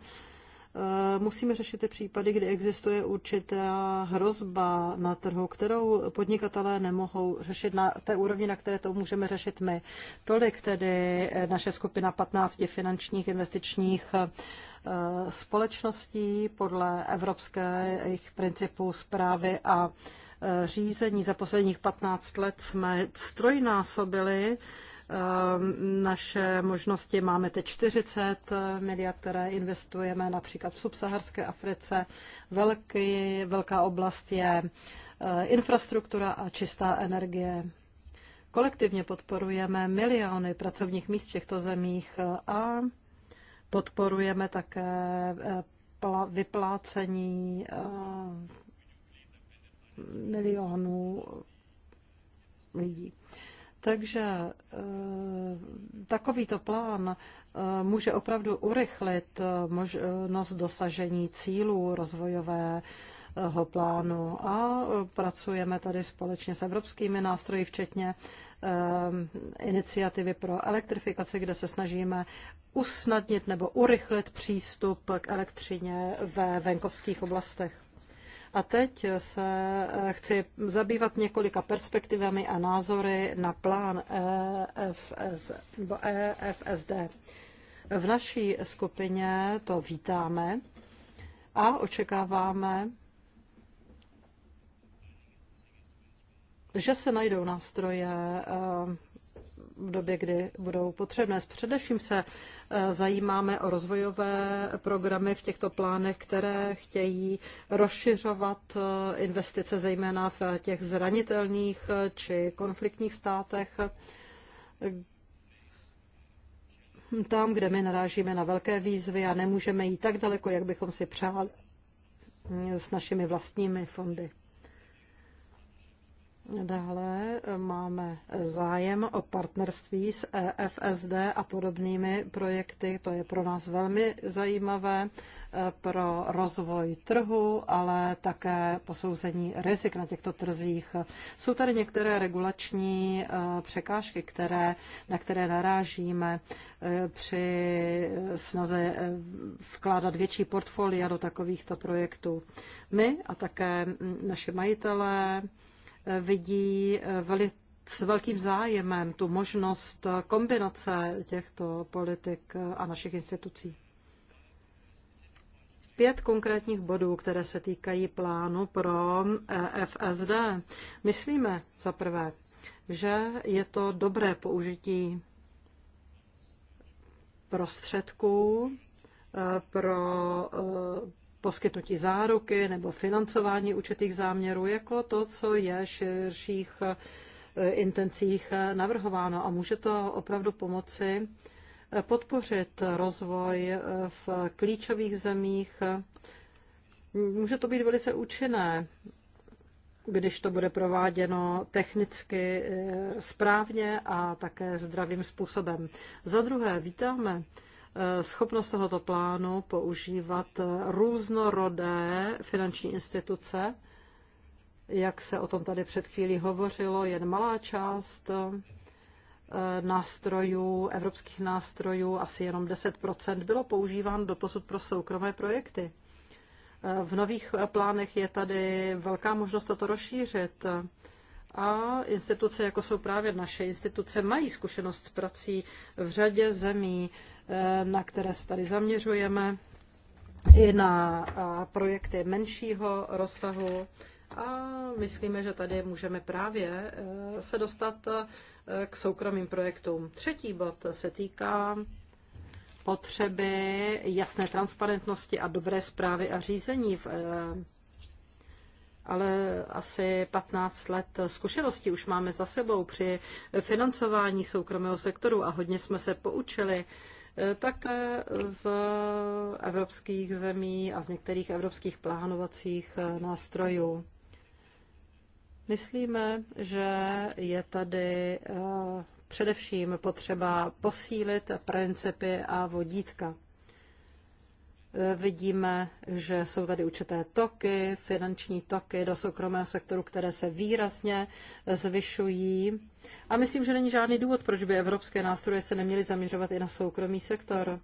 Eh, musíme řešit ty případy, kdy existuje určitá hrozba na trhu, kterou podnikatelé nemohou řešit na té úrovni, na které to můžeme řešit my. Tolik tedy eh, naše skupina 15 finančních investičních eh, společností podle evropských principů zprávy a řízení. Za posledních 15 let jsme strojnásobili Ehm, naše možnosti. Máme teď 40 miliard, které investujeme například v subsaharské Africe. Velký, velká oblast je eh, infrastruktura a čistá energie. Kolektivně podporujeme miliony pracovních míst v těchto zemích eh, a podporujeme také eh, vyplácení milionů lidí. Takže eh, takovýto plán eh, může opravdu urychlit eh, možnost dosažení cílů rozvojové plánu a pracujeme tady společně s evropskými nástroji, včetně iniciativy pro elektrifikaci, kde se snažíme usnadnit nebo urychlit přístup k elektřině ve venkovských oblastech. A teď se eh, chci zabývat několika perspektivami a názory na plán EFS, EFSD. E v naší skupině to vítáme a očekáváme, že se najdou nástroje eh, v době, kdy budou potřebné. Především se eh, zajímáme o rozvojové programy v těchto plánech, které chtějí rozšiřovat eh, investice zejména v těch zranitelných eh, či konfliktních státech, tam, kde my narážíme na velké výzvy a nemůžeme jít tak daleko, jak bychom si přáli s našimi vlastními fondy. Dále eh, máme zájem o partnerství s EFSD a podobnými projekty. To je pro nás velmi zajímavé eh, pro rozvoj trhu, ale také posouzení rizik na těchto trzích. Jsou tady některé regulační eh, překážky, které, na které narážíme při snaze vkládat větší portfolia do takovýchto projektů. My a také mm, naše majitelé, vidí eh, s velkým zájemem tu možnost kombinace těchto politik eh, a našich institucí. Pět konkrétních bodů, které se týkají plánu pro eh, FSD. Myslíme za prvé, že je to dobré použití prostředků pro poskytnutí záruky nebo financování určitých záměrů, jako to, co je širších eh, intencích eh, navrhováno. A může to opravdu pomoci eh, podpořit rozvoj v klíčových zemích. Může to být velice účinné, když to bude prováděno technicky správně a také zdravým způsobem. Za druhé, vítáme Eh, schopnost tohoto plánu používat různorodé finanční instituce, jak se o tom tady před chvílí hovořilo, jen malá část eh, nástrojů, evropských nástrojů, asi jenom 10%, bylo používán doposud pro soukromé projekty. Eh, v nových plánech je tady velká možnost toto rozšířit. A instituce, jako jsou právě naše instituce, mají zkušenost s prací v řadě zemí, eh, na které se tady zaměřujeme, i na projekty menšího rozsahu. A myslíme, že tady můžeme právě eh, se dostat eh, k soukromým projektům. Třetí bod se týká potřeby jasné transparentnosti a dobré zprávy a řízení v ale asi 15 let zkušeností už máme za sebou při financování soukromého sektoru a hodně jsme se poučili eh, také z evropských zemí a z některých evropských plánovacích eh, nástrojů. Myslíme, že je tady eh, především potřeba posílit principy a vodítka. Vidíme, že jsou tady určité toky, finanční toky do soukromého sektoru, které se výrazně zvyšují. A myslím, že není žádný důvod, proč by evropské nástroje se neměly zaměřovat i na soukromý sektor.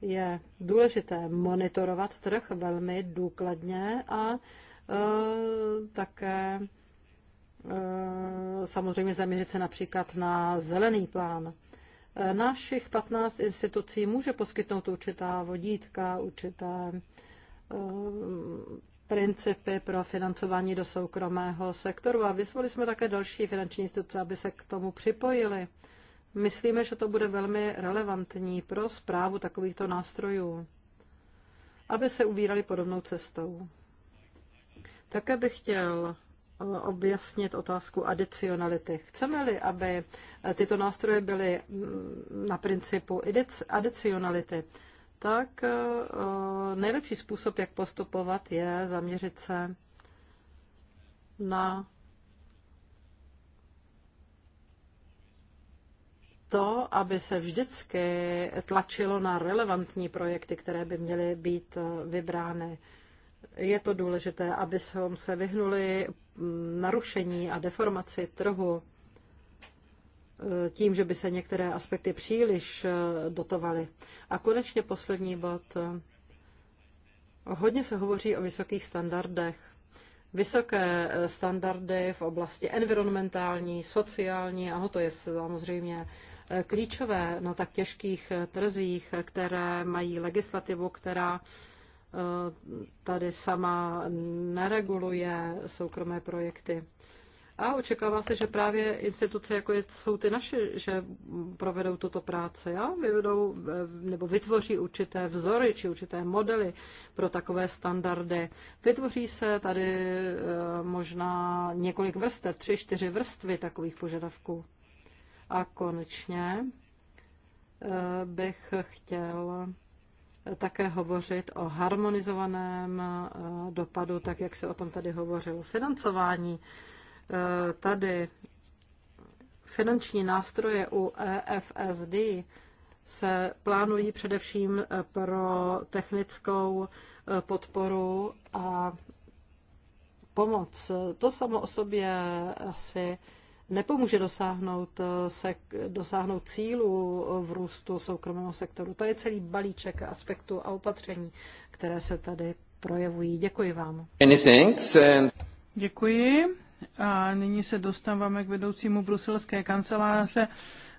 Je důležité monitorovat trh velmi důkladně a e, také e, samozřejmě zaměřit se například na zelený plán našich 15 institucí může poskytnout určitá vodítka, určité eh, principy pro financování do soukromého sektoru a vyzvali jsme také další finanční instituce, aby se k tomu připojili. Myslíme, že to bude velmi relevantní pro zprávu takovýchto nástrojů, aby se ubírali podobnou cestou. Také bych chtěl objasnit otázku adicionality. Chceme-li, aby tyto nástroje byly mm, na principu adicionality, tak eh, nejlepší způsob, jak postupovat, je zaměřit se na to, aby se vždycky tlačilo na relevantní projekty, které by měly být eh, vybrány. Je to důležité, aby se vyhnuli narušení a deformaci trhu e, tím, že by se některé aspekty příliš e, dotovaly. A konečně poslední bod. Hodně se hovoří o vysokých standardech. Vysoké e, standardy v oblasti environmentální, sociální, ano, to je samozřejmě klíčové na tak těžkých trzích, které mají legislativu, která tady sama nereguluje soukromé projekty. A očekává se, že právě instituce, jako jsou ty naše, že provedou tuto práci a vyvedou nebo vytvoří určité vzory či určité modely pro takové standardy. Vytvoří se tady eh, možná několik vrstev, tři, čtyři vrstvy takových požadavků. A konečně eh, bych chtěl také hovořit o harmonizovaném eh, dopadu, tak jak se o tom tady hovořilo. Financování eh, tady finanční nástroje u EFSD se plánují především eh, pro technickou podporu a pomoc. To samo o sobě asi nepomůže dosáhnout, eh, sek, dosáhnout cílu v růstu soukromého sektoru. To je celý balíček aspektů a opatření, které se
tady projevují. Děkuji vám. Děkuji. A nyní se dostáváme k vedoucímu bruselské kanceláře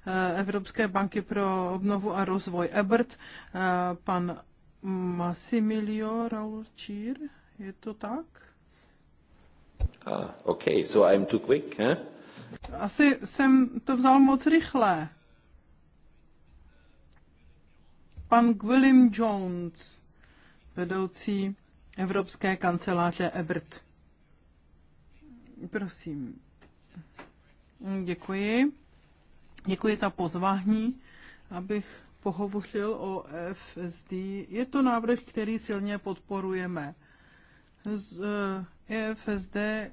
eh, Evropské banky pro obnovu a rozvoj Ebert. Eh, pan Massimilio Raulčír. Je to tak?
Ah, okay, so
I'm too quick, huh? Asi jsem to vzal moc rychle. Pan Gwilym Jones, vedoucí Evropské kanceláře Ebert. Prosím. Děkuji. Děkuji za pozvání, abych pohovořil o FSD. Je to návrh, který silně podporujeme. Z, eh, EFSD e,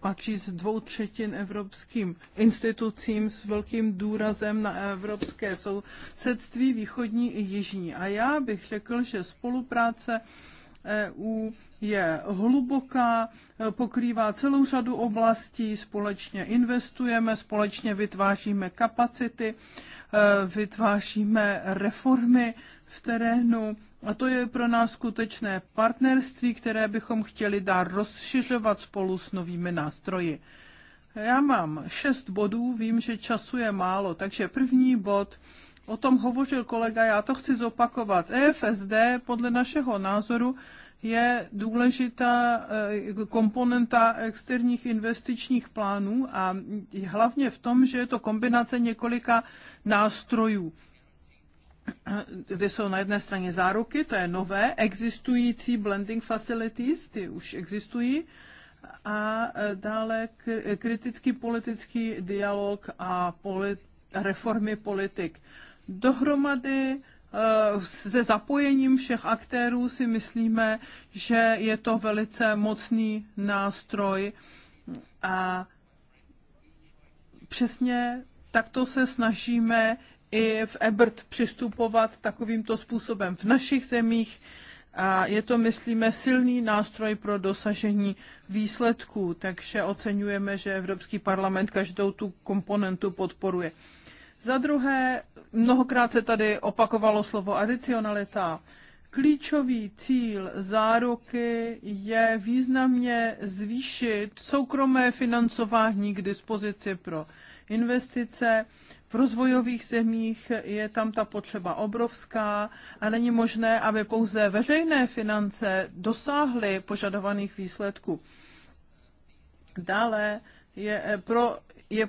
patří z dvou třetin evropským institucím s velkým důrazem na evropské sousedství východní i jižní. A já bych řekl, že spolupráce EU je hluboká, pokrývá celou řadu oblastí, společně investujeme, společně vytváříme kapacity, e, vytváříme reformy v terénu a to je pro nás skutečné partnerství, které bychom chtěli dát rozšiřovat spolu s novými nástroji. Já mám šest bodů, vím, že času je málo, takže první bod, o tom hovořil kolega, já to chci zopakovat. EFSD podle našeho názoru je důležitá eh, komponenta externích investičních plánů a hlavně v tom, že je to kombinace několika nástrojů kde jsou na jedné straně záruky, to je nové, existující blending facilities, ty už existují, a e, dále e, kritický politický dialog a polit, reformy politik. Dohromady e, se zapojením všech aktérů si myslíme, že je to velice mocný nástroj a přesně takto se snažíme i v EBRT přistupovat takovýmto způsobem v našich zemích a je to, myslíme, silný nástroj pro dosažení výsledků, takže oceňujeme, že Evropský parlament každou tu komponentu podporuje. Za druhé, mnohokrát se tady opakovalo slovo adicionalita. Klíčový cíl záruky je významně zvýšit soukromé financování k dispozici pro investice. V rozvojových zemích je tam ta potřeba obrovská a není možné, aby pouze veřejné finance dosáhly požadovaných výsledků. Dále je, eh, pro, je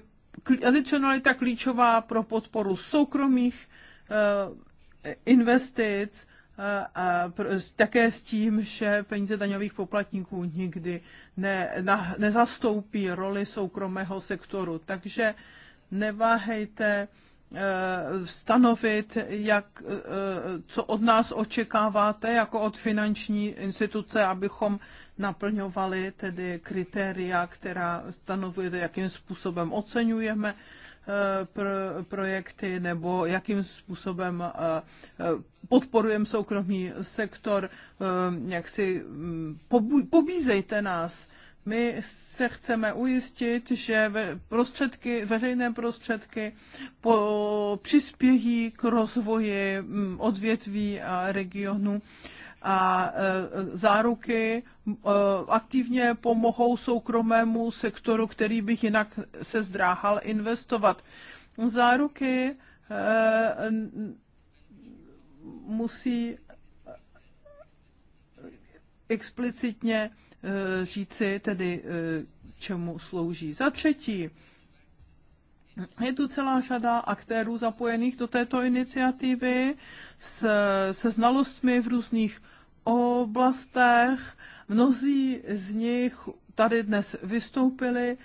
adicionalita klíčová pro podporu soukromých eh, investic a také s tím, že peníze daňových poplatníků nikdy ne, na, nezastoupí roli soukromého sektoru. Takže neváhejte e, stanovit, jak, e, co od nás očekáváte jako od finanční instituce, abychom naplňovali tedy kritéria, která stanovuje, jakým způsobem oceňujeme Eh, projekty nebo jakým způsobem eh, eh, podporujeme soukromý sektor, jak si mm, pobízejte nás. My se chceme ujistit, že prostředky, veřejné prostředky po, přispějí k rozvoji mm, odvětví a regionu a e, záruky e, aktivně pomohou soukromému sektoru, který bych jinak se zdráhal investovat. Záruky e, musí explicitně říci tedy, čemu slouží. Za třetí, je tu celá řada aktérů zapojených do této iniciativy s, se znalostmi v různých oblastech. Mnozí z nich tady dnes vystoupili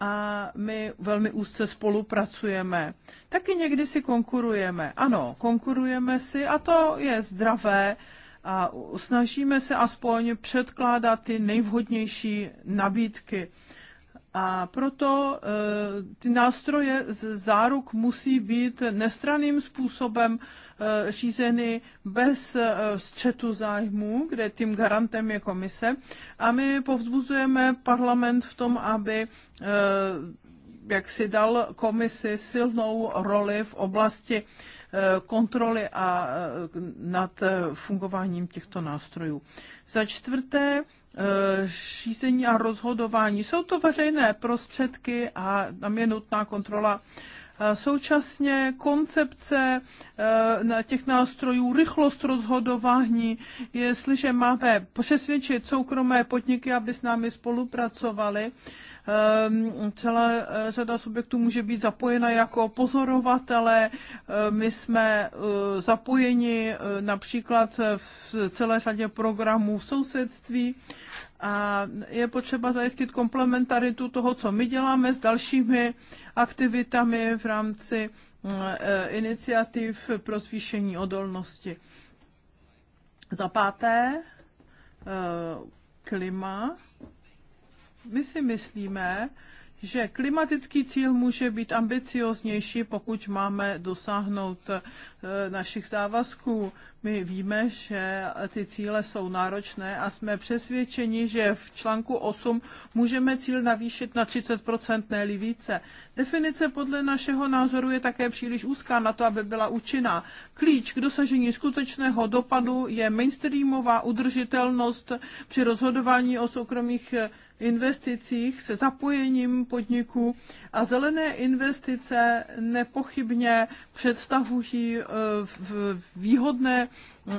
a my velmi úzce spolupracujeme. Taky někdy si konkurujeme. Ano, konkurujeme si a to je zdravé a snažíme se aspoň předkládat ty nejvhodnější nabídky. A proto eh, ty nástroje z záruk musí být nestraným způsobem eh, řízeny bez eh, střetu zájmů, kde tím garantem je komise. A my povzbuzujeme parlament v tom, aby jak si dal komisi silnou roli v oblasti kontroly a nad fungováním těchto nástrojů. Za čtvrté, Eh, řízení a rozhodování. Jsou to veřejné prostředky a tam je nutná kontrola. Eh, současně koncepce eh, těch nástrojů, rychlost rozhodování, jestliže máme přesvědčit soukromé podniky, aby s námi spolupracovali, Ehm, celá eh, řada subjektů může být zapojena jako pozorovatele. Ehm, my jsme eh, zapojeni eh, například v celé řadě programů v sousedství a je potřeba zajistit komplementaritu toho, co my děláme s dalšími aktivitami v rámci iniciativ pro zvýšení odolnosti. Za páté, klima my si myslíme, že klimatický cíl může být ambicioznější, pokud máme dosáhnout eh, našich závazků. My víme, že ty cíle jsou náročné a jsme přesvědčeni, že v článku 8 můžeme cíl navýšit na 30%, ne více. Definice podle našeho názoru je také příliš úzká na to, aby byla účinná. Klíč k dosažení skutečného dopadu je mainstreamová udržitelnost při rozhodování o soukromých eh, investicích se zapojením podniků a zelené investice nepochybně představují eh, výhodné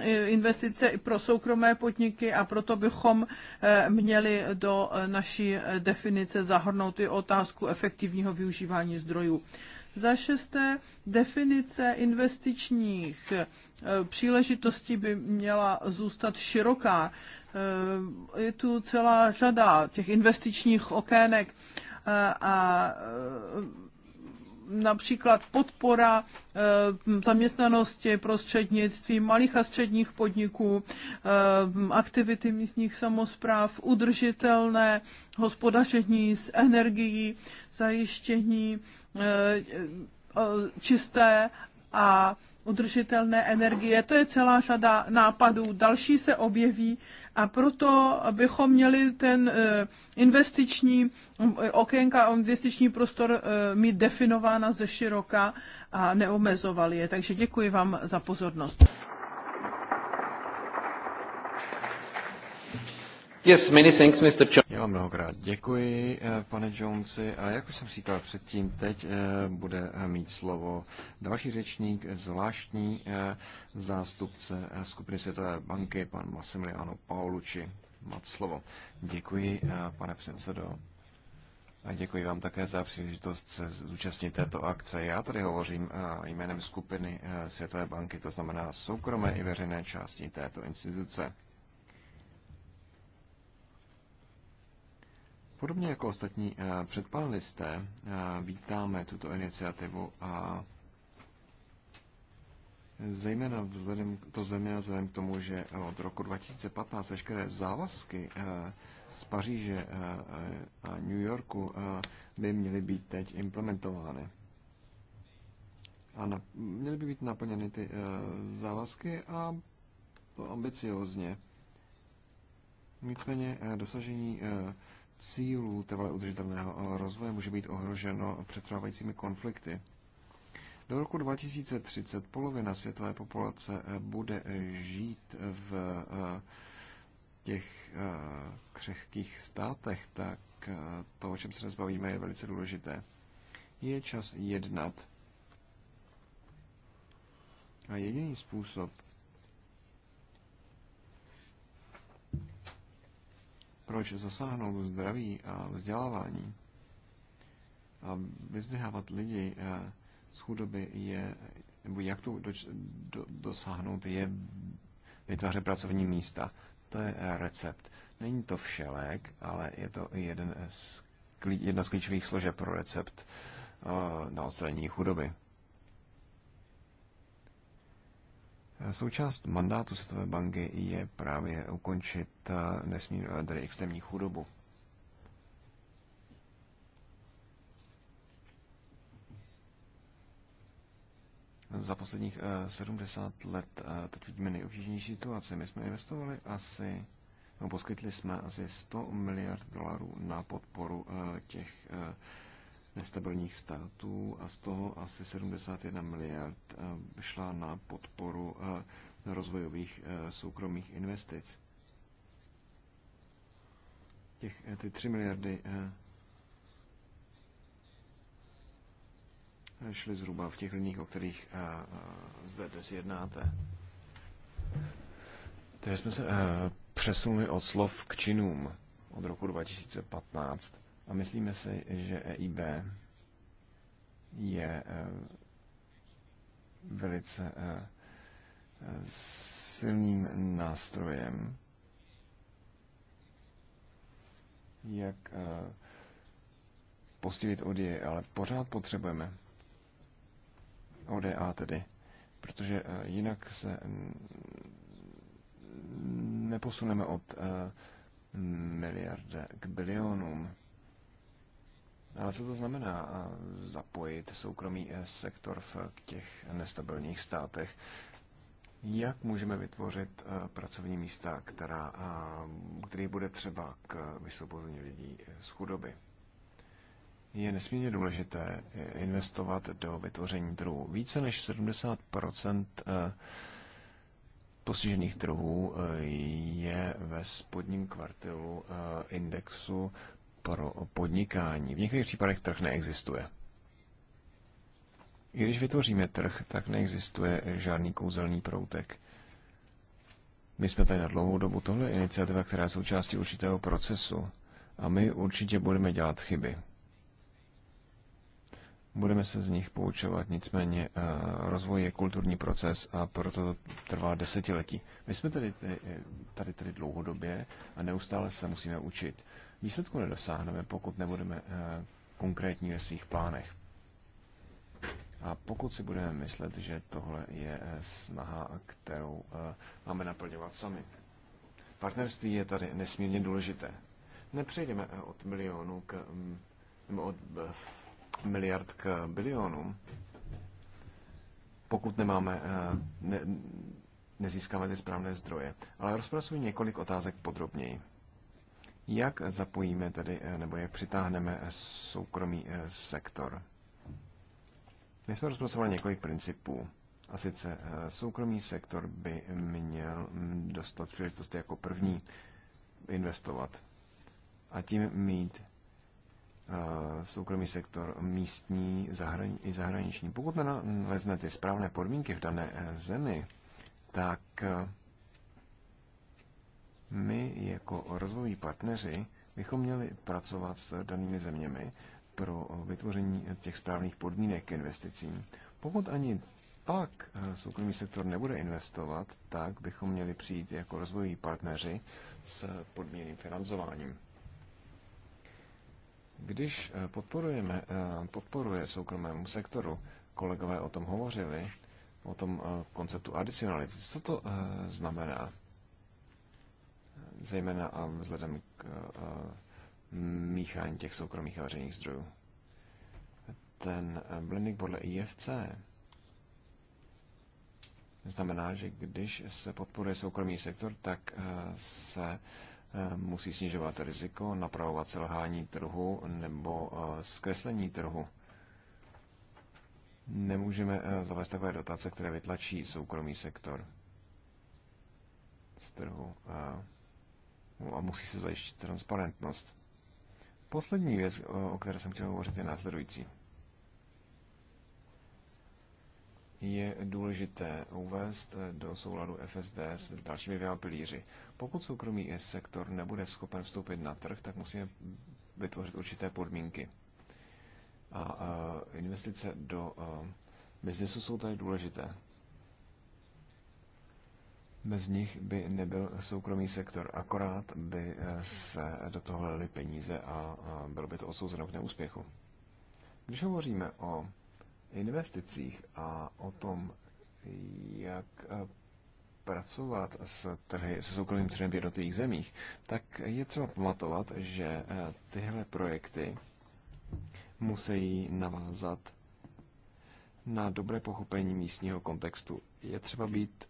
eh, investice i pro soukromé podniky a proto bychom eh, měli do naší definice zahrnout i otázku efektivního využívání zdrojů. Za šesté, definice investičních příležitostí by měla zůstat široká. Eh, je tu celá řada těch investičních okének eh, a eh, například podpora zaměstnanosti prostřednictvím malých a středních podniků, aktivity místních samozpráv, udržitelné hospodaření s energií, zajištění čisté a udržitelné energie. To je celá řada nápadů. Další se objeví a proto bychom měli ten eh, investiční mm, eh, okénka a investiční prostor eh, mít definována ze široka a neomezovali je. Takže děkuji vám za pozornost. Yes, many thanks, Mr.
Jones. Já vám mnohokrát děkuji, eh, pane Jonesi. A jak už jsem říkal předtím, teď eh, bude eh, mít slovo další řečník, zvláštní zástupce skupiny Světové banky, pan Massimiliano Paolucci. Máte slovo. Děkuji, pane předsedo. A děkuji vám také za příležitost se zúčastnit této akce. Já tady hovořím jménem skupiny Světové banky, to znamená soukromé i veřejné části této instituce. Podobně jako ostatní eh, předpanelisté eh, vítáme tuto iniciativu a Zejména vzhledem, to zejména vzhledem k tomu, že od roku 2015 veškeré závazky eh, z Paříže a New Yorku by měly být teď implementovány. A na, měly by být naplněny ty závazky a to ambiciozně. Nicméně dosažení cílů trvale udržitelného rozvoje může být ohroženo přetrvávajícími konflikty. Do roku 2030 polovina světové populace eh, bude eh, žít v eh, těch křehkých státech, tak to, o čem se dnes bavíme, je velice důležité. Je čas jednat. A jediný způsob, proč zasáhnout zdraví a vzdělávání a vyzdvihávat lidi eh, z chudoby je, nebo jak to do, do, dosáhnout, je vytvářet pracovní místa. To je eh, recept. Není to všelek, ale je to jeden z, jedna z klíčových složek pro recept eh, na odstranění chudoby. Součást mandátu Světové banky je právě ukončit eh, nesmír, eh, tedy extrémní chudobu. Za posledních 70 eh, let teď vidíme nejobtížnější situaci. My jsme investovali asi, no poskytli jsme asi 100 miliard dolarů na podporu těch nestabilních států a z toho asi 71 miliard eh, šla na podporu eh, rozvojových eh, soukromých investic. Těch, ty 3 miliardy šly zhruba v těch liních, o kterých zde dnes jednáte. Teď jsme se přesunuli od slov k činům od roku 2015. A myslíme si, že EIB je eh, velice eh, silným nástrojem, jak eh, posílit ODA, ale pořád potřebujeme ODA tedy, protože jinak se neposuneme od miliarde k bilionům. Ale co to znamená zapojit soukromý eh, sektor v těch nestabilních státech? Jak můžeme vytvořit eh, pracovní místa, která, který bude třeba k vysvobození lidí eh, z chudoby? Je nesmírně důležité investovat do vytvoření trhu. Více než 70 postižených trhů je ve spodním kvartilu indexu pro podnikání. V některých případech trh neexistuje. I když vytvoříme trh, tak neexistuje žádný kouzelný proutek. My jsme tady na dlouhou dobu. Tohle je iniciativa, která je součástí určitého procesu a my určitě budeme dělat chyby. Budeme se z nich poučovat, nicméně eh, rozvoj je kulturní proces a proto to trvá desetiletí. My jsme tady, eh, tady, tady dlouhodobě a neustále se musíme učit výsledku nedosáhneme, pokud nebudeme eh, konkrétní ve svých plánech. A pokud si budeme myslet, že tohle je eh, snaha, kterou eh, máme naplňovat sami. Partnerství je tady nesmírně důležité. Nepřejdeme od milionu k, mm, nebo od miliard k bilionům, pokud nemáme, ne, nezískáme ty správné zdroje. Ale rozpracuji několik otázek podrobněji. Jak zapojíme tedy, eh, nebo jak přitáhneme eh, soukromý eh, sektor? My jsme rozpracovali několik principů. A sice soukromý sektor by měl mm, dostat příležitost jako první investovat a tím mít soukromý sektor místní i zahraniční. Pokud nenalezne ty správné podmínky v dané zemi, tak my jako rozvojí partneři bychom měli pracovat s danými zeměmi pro vytvoření těch správných podmínek k investicím. Pokud ani pak eh, soukromý sektor nebude investovat, tak bychom měli přijít jako rozvojoví partneři s podmíněným financováním. Když eh, podporujeme, eh, podporuje soukromému sektoru, kolegové o tom hovořili, o tom konceptu adicionality, co to znamená? zejména a um, vzhledem k uh, míchání těch soukromých a veřejných zdrojů. Ten uh, blending podle IFC znamená, že když se podporuje soukromý sektor, tak uh, se musí snižovat riziko, napravovat selhání trhu nebo zkreslení trhu. Nemůžeme zavést takové dotace, které vytlačí soukromý sektor z trhu a musí se zajistit transparentnost. Poslední věc, o které jsem chtěl hovořit, je následující. Je důležité uvést eh, do souladu FSD s dalšími dvěma pilíři. Pokud soukromý sektor nebude schopen vstoupit na trh, tak musíme vytvořit určité podmínky. A eh, investice do eh, biznesu jsou tady důležité bez nich by nebyl soukromý sektor, akorát by eh, se do toho lily peníze a bylo by to odsouzeno k neúspěchu. Když hovoříme o investicích a o tom, jak eh, pracovat s trhy, se soukromým trhem v jednotlivých zemích, tak je třeba pamatovat, že eh, tyhle projekty musí navázat na dobré pochopení místního kontextu. Je třeba být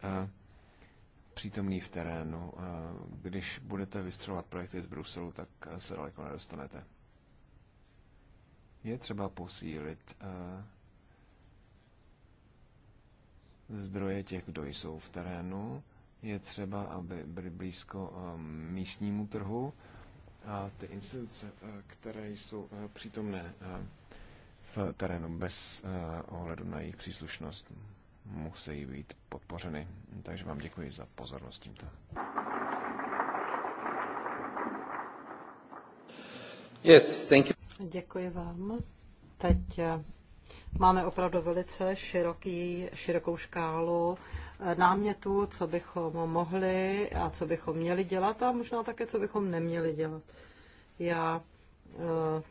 přítomný v terénu. Když budete vystřelovat projekty z Bruselu, tak se daleko nedostanete. Je třeba posílit eh, zdroje těch, kdo jsou v terénu. Je třeba, aby byli blízko eh, místnímu trhu a ty instituce, eh, které jsou přítomné v terénu bez ohledu na jejich příslušnost, musí být podpořeny. Takže vám děkuji za pozornost tímto. Yes, thank you.
Děkuji vám. Teď eh, máme opravdu velice široký, širokou škálu eh, námětů, co bychom mohli a co bychom měli dělat a možná také, co bychom neměli dělat. Já eh,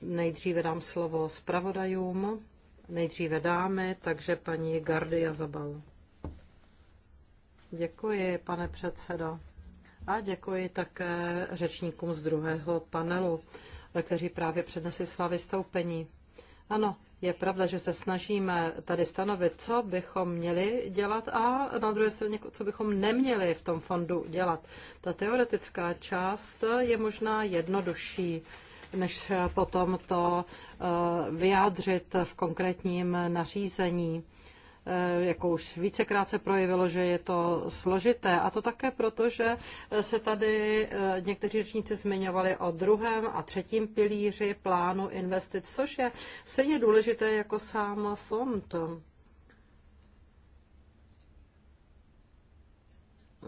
nejdříve dám slovo zpravodajům nejdříve dáme, takže paní Gardia Jazabal. Děkuji, pane předsedo. A děkuji také řečníkům z druhého panelu, kteří právě přednesli svá vystoupení. Ano, je pravda, že se snažíme tady stanovit, co bychom měli dělat a na druhé straně, co bychom neměli v tom fondu dělat. Ta teoretická část je možná jednodušší než potom to eh, vyjádřit v konkrétním nařízení eh, jako už vícekrát se projevilo, že je to složité. A to také proto, že se tady eh, někteří řečníci zmiňovali o druhém a třetím pilíři plánu investic, což je stejně důležité jako sám fond.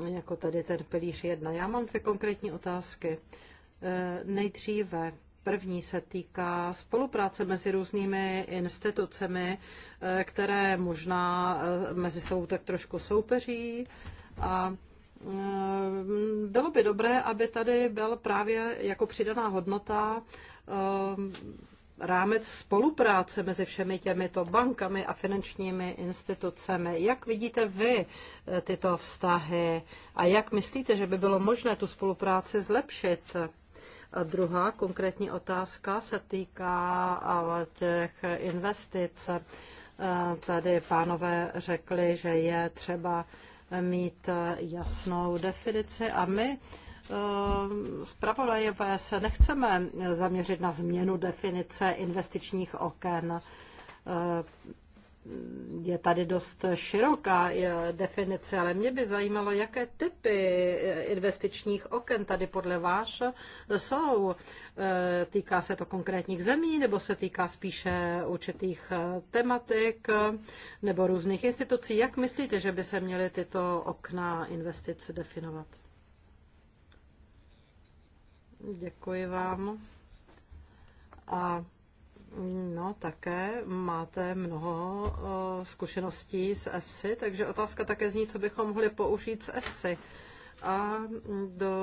Jako tady ten pilíř jedna. Já mám dvě konkrétní otázky. Nejdříve První se týká spolupráce mezi různými institucemi, eh, které možná eh, mezi sebou tak trošku soupeří. A eh, bylo by dobré, aby tady byl právě jako přidaná hodnota rámec spolupráce mezi všemi těmito bankami a finančními institucemi. Jak vidíte vy tyto vztahy a jak myslíte, že by bylo možné tu spolupráci zlepšit? A druhá konkrétní otázka se týká těch investic. Eh, tady pánové řekli, že je třeba mít jasnou definici a my eh, zpravodajové se nechceme zaměřit na změnu definice investičních oken. Eh, je tady dost široká definice, ale mě by zajímalo, jaké typy eh, investičních oken tady podle vás jsou. Eh, týká se to konkrétních zemí, nebo se týká spíše určitých eh, tematik, nebo různých institucí. Jak myslíte, že by se měly tyto okna investic definovat? Děkuji vám. A No, také máte mnoho eh, zkušeností s EFSI, takže otázka také zní, co bychom mohli použít s EFSI a do,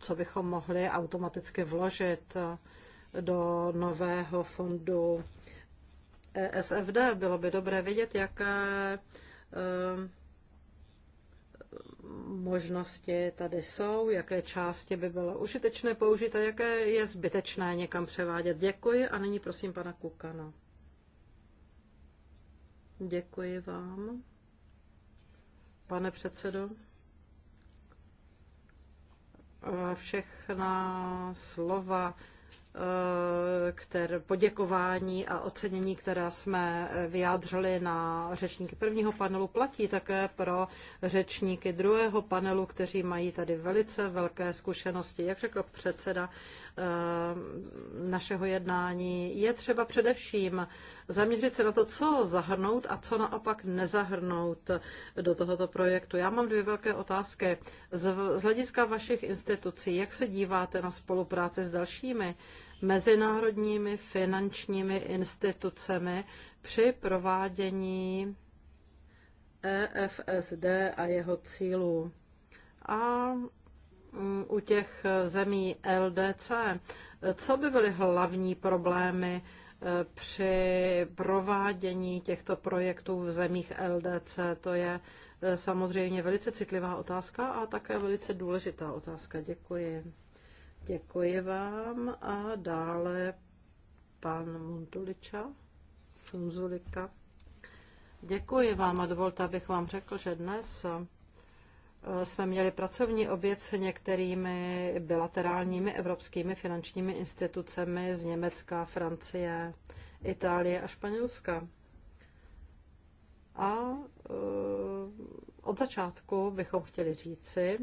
co bychom mohli automaticky vložit eh, do nového fondu ESFD. Bylo by dobré vidět, jaké eh, možnosti tady jsou, jaké části by bylo užitečné použít a jaké je zbytečné někam převádět. Děkuji a nyní prosím pana Kukana. Děkuji vám, pane předsedo. Všechna slova Eh, které, poděkování a ocenění, která jsme eh, vyjádřili na řečníky prvního panelu, platí také pro řečníky druhého panelu, kteří mají tady velice velké zkušenosti. Jak řekl předseda eh, našeho jednání, je třeba především zaměřit se na to, co zahrnout a co naopak nezahrnout do tohoto projektu. Já mám dvě velké otázky. Z hlediska vašich institucí, jak se díváte na spolupráci s dalšími mezinárodními finančními institucemi při provádění EFSD a jeho cílů. A mm, u těch zemí LDC, co by byly hlavní problémy e, při provádění těchto projektů v zemích LDC? To je e, samozřejmě velice citlivá otázka a také velice důležitá otázka. Děkuji. Děkuji vám a dále pan Muntuliča, Funzulika. Děkuji vám a dovolte, abych vám řekl, že dnes eh, jsme měli pracovní oběd s některými bilaterálními evropskými finančními institucemi z Německa, Francie, Itálie a Španělska. A eh, od začátku bychom chtěli říci,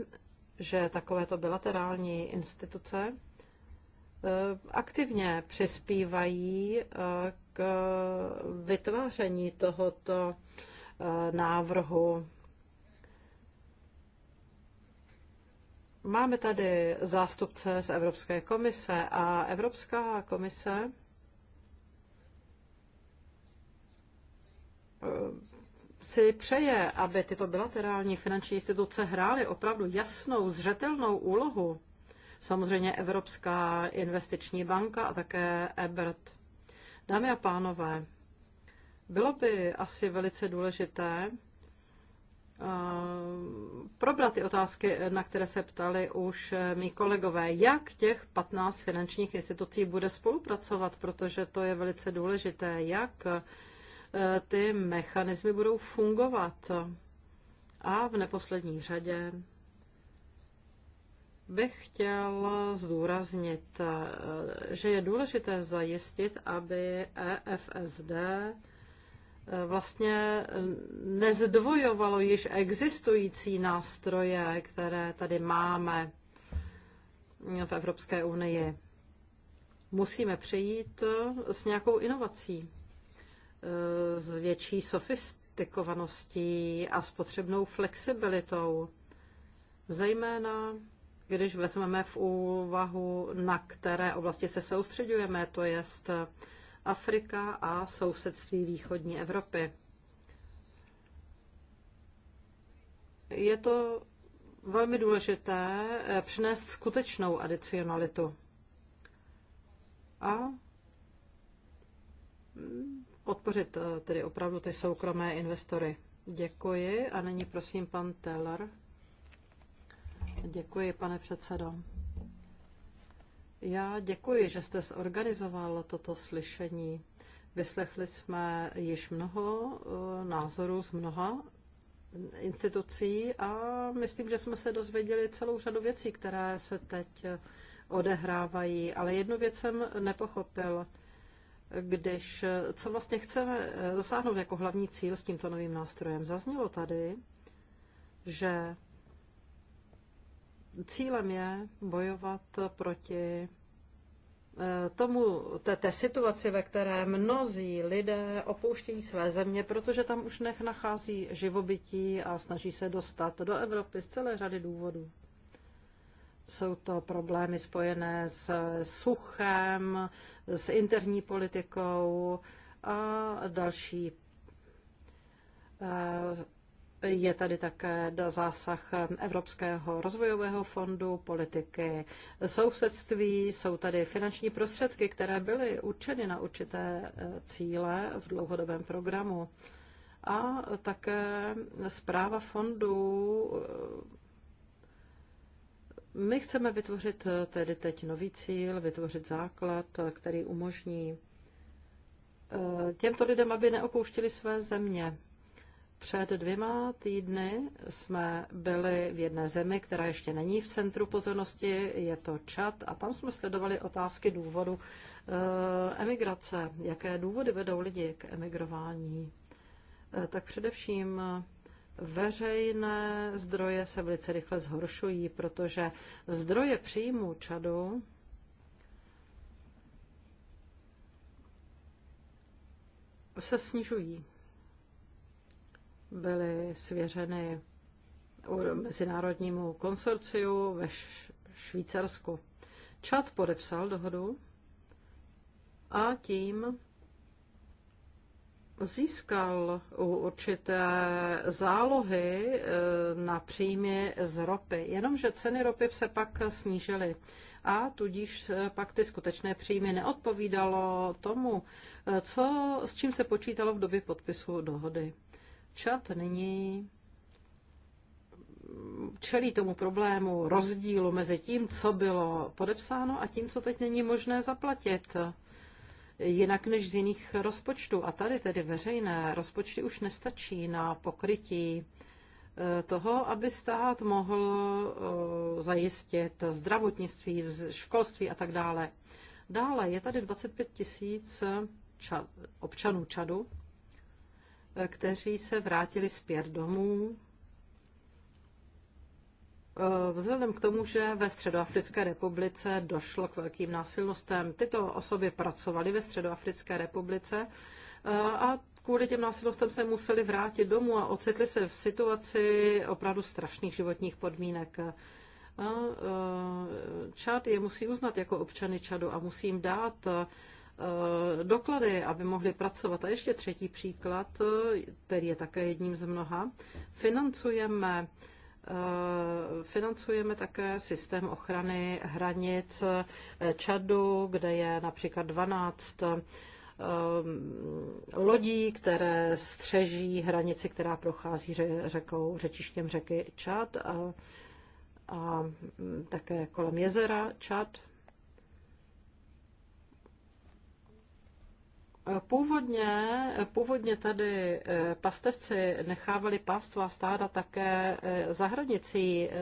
že takovéto bilaterální instituce eh, aktivně přispívají eh, k vytváření tohoto eh, návrhu. Máme tady zástupce z Evropské komise a Evropská komise si přeje, aby tyto bilaterální finanční instituce hrály opravdu jasnou, zřetelnou úlohu. Samozřejmě Evropská investiční banka a také EBRD. Dámy a pánové, bylo by asi velice důležité eh, probrat ty otázky, na které se ptali už eh, mý kolegové. Jak těch 15 finančních institucí bude spolupracovat, protože to je velice důležité, jak eh, E, ty mechanismy budou fungovat. A v neposlední řadě bych chtěl zdůraznit, e, že je důležité zajistit, aby EFSD e, vlastně nezdvojovalo již existující nástroje, které tady máme v Evropské unii. Musíme přejít s nějakou inovací s větší sofistikovaností a s potřebnou flexibilitou. Zejména když vezmeme v úvahu, na které oblasti se soustředujeme, to je Afrika a sousedství východní Evropy. Je to velmi důležité eh, přinést skutečnou adicionalitu. A podpořit eh, tedy opravdu ty soukromé investory. Děkuji a nyní prosím pan Teller. Děkuji, pane předsedo. Já děkuji, že jste zorganizoval toto slyšení. Vyslechli jsme již mnoho eh, názorů z mnoha institucí a myslím, že jsme se dozvěděli celou řadu věcí, které se teď eh, odehrávají. Ale jednu věc jsem nepochopil když co vlastně chceme eh, dosáhnout jako hlavní cíl s tímto novým nástrojem. Zaznělo tady, že cílem je bojovat proti eh, tomu, té, té situaci, ve které mnozí lidé opouštějí své země, protože tam už nech nachází živobytí a snaží se dostat do Evropy z celé řady důvodů. Jsou to problémy spojené s suchem, s interní politikou a další. Eh, je tady také zásah Evropského rozvojového fondu, politiky sousedství, jsou tady finanční prostředky, které byly určeny na určité eh, cíle v dlouhodobém programu. A také zpráva fondů eh, my chceme vytvořit eh, tedy teď nový cíl, vytvořit základ, eh, který umožní eh, těmto lidem, aby neopouštili své země. Před dvěma týdny jsme byli v jedné zemi, která ještě není v centru pozornosti, je to Čad, a tam jsme sledovali otázky důvodu emigrace. Jaké důvody vedou lidi k emigrování? Tak především Veřejné zdroje se velice rychle zhoršují, protože zdroje příjmu Čadu se snižují. Byly svěřeny mezinárodnímu konsorciu ve Švýcarsku. Čad podepsal dohodu a tím získal určité zálohy e, na příjmy z ropy, jenomže ceny ropy se pak snížily a tudíž e, pak ty skutečné příjmy neodpovídalo tomu, e, co, s čím se počítalo v době podpisu dohody. Čat nyní čelí tomu problému rozdílu mezi tím, co bylo podepsáno a tím, co teď není možné zaplatit jinak než z jiných rozpočtů. A tady tedy veřejné rozpočty už nestačí na pokrytí eh, toho, aby stát mohl eh, zajistit zdravotnictví, školství a tak dále. Dále je tady 25 tisíc eh, občanů Čadu, kteří se vrátili zpět domů Eh, vzhledem k tomu, že ve Středoafrické republice došlo k velkým násilnostem, tyto osoby pracovaly ve Středoafrické republice eh, a kvůli těm násilnostem se museli vrátit domů a ocitli se v situaci opravdu strašných životních podmínek. A eh, Čad je musí uznat jako občany Čadu a musí jim dát doklady, aby mohli pracovat. A ještě třetí příklad, který je také jedním z mnoha. Financujeme Eh, financujeme také systém ochrany hranic eh, Čadu, kde je například 12 eh, lodí, které střeží hranici, která prochází řekou, řečištěm řeky Čad a, a mm, také kolem jezera Čad. Původně, původně tady eh, pastevci nechávali pastva stáda také eh, za hranicí eh,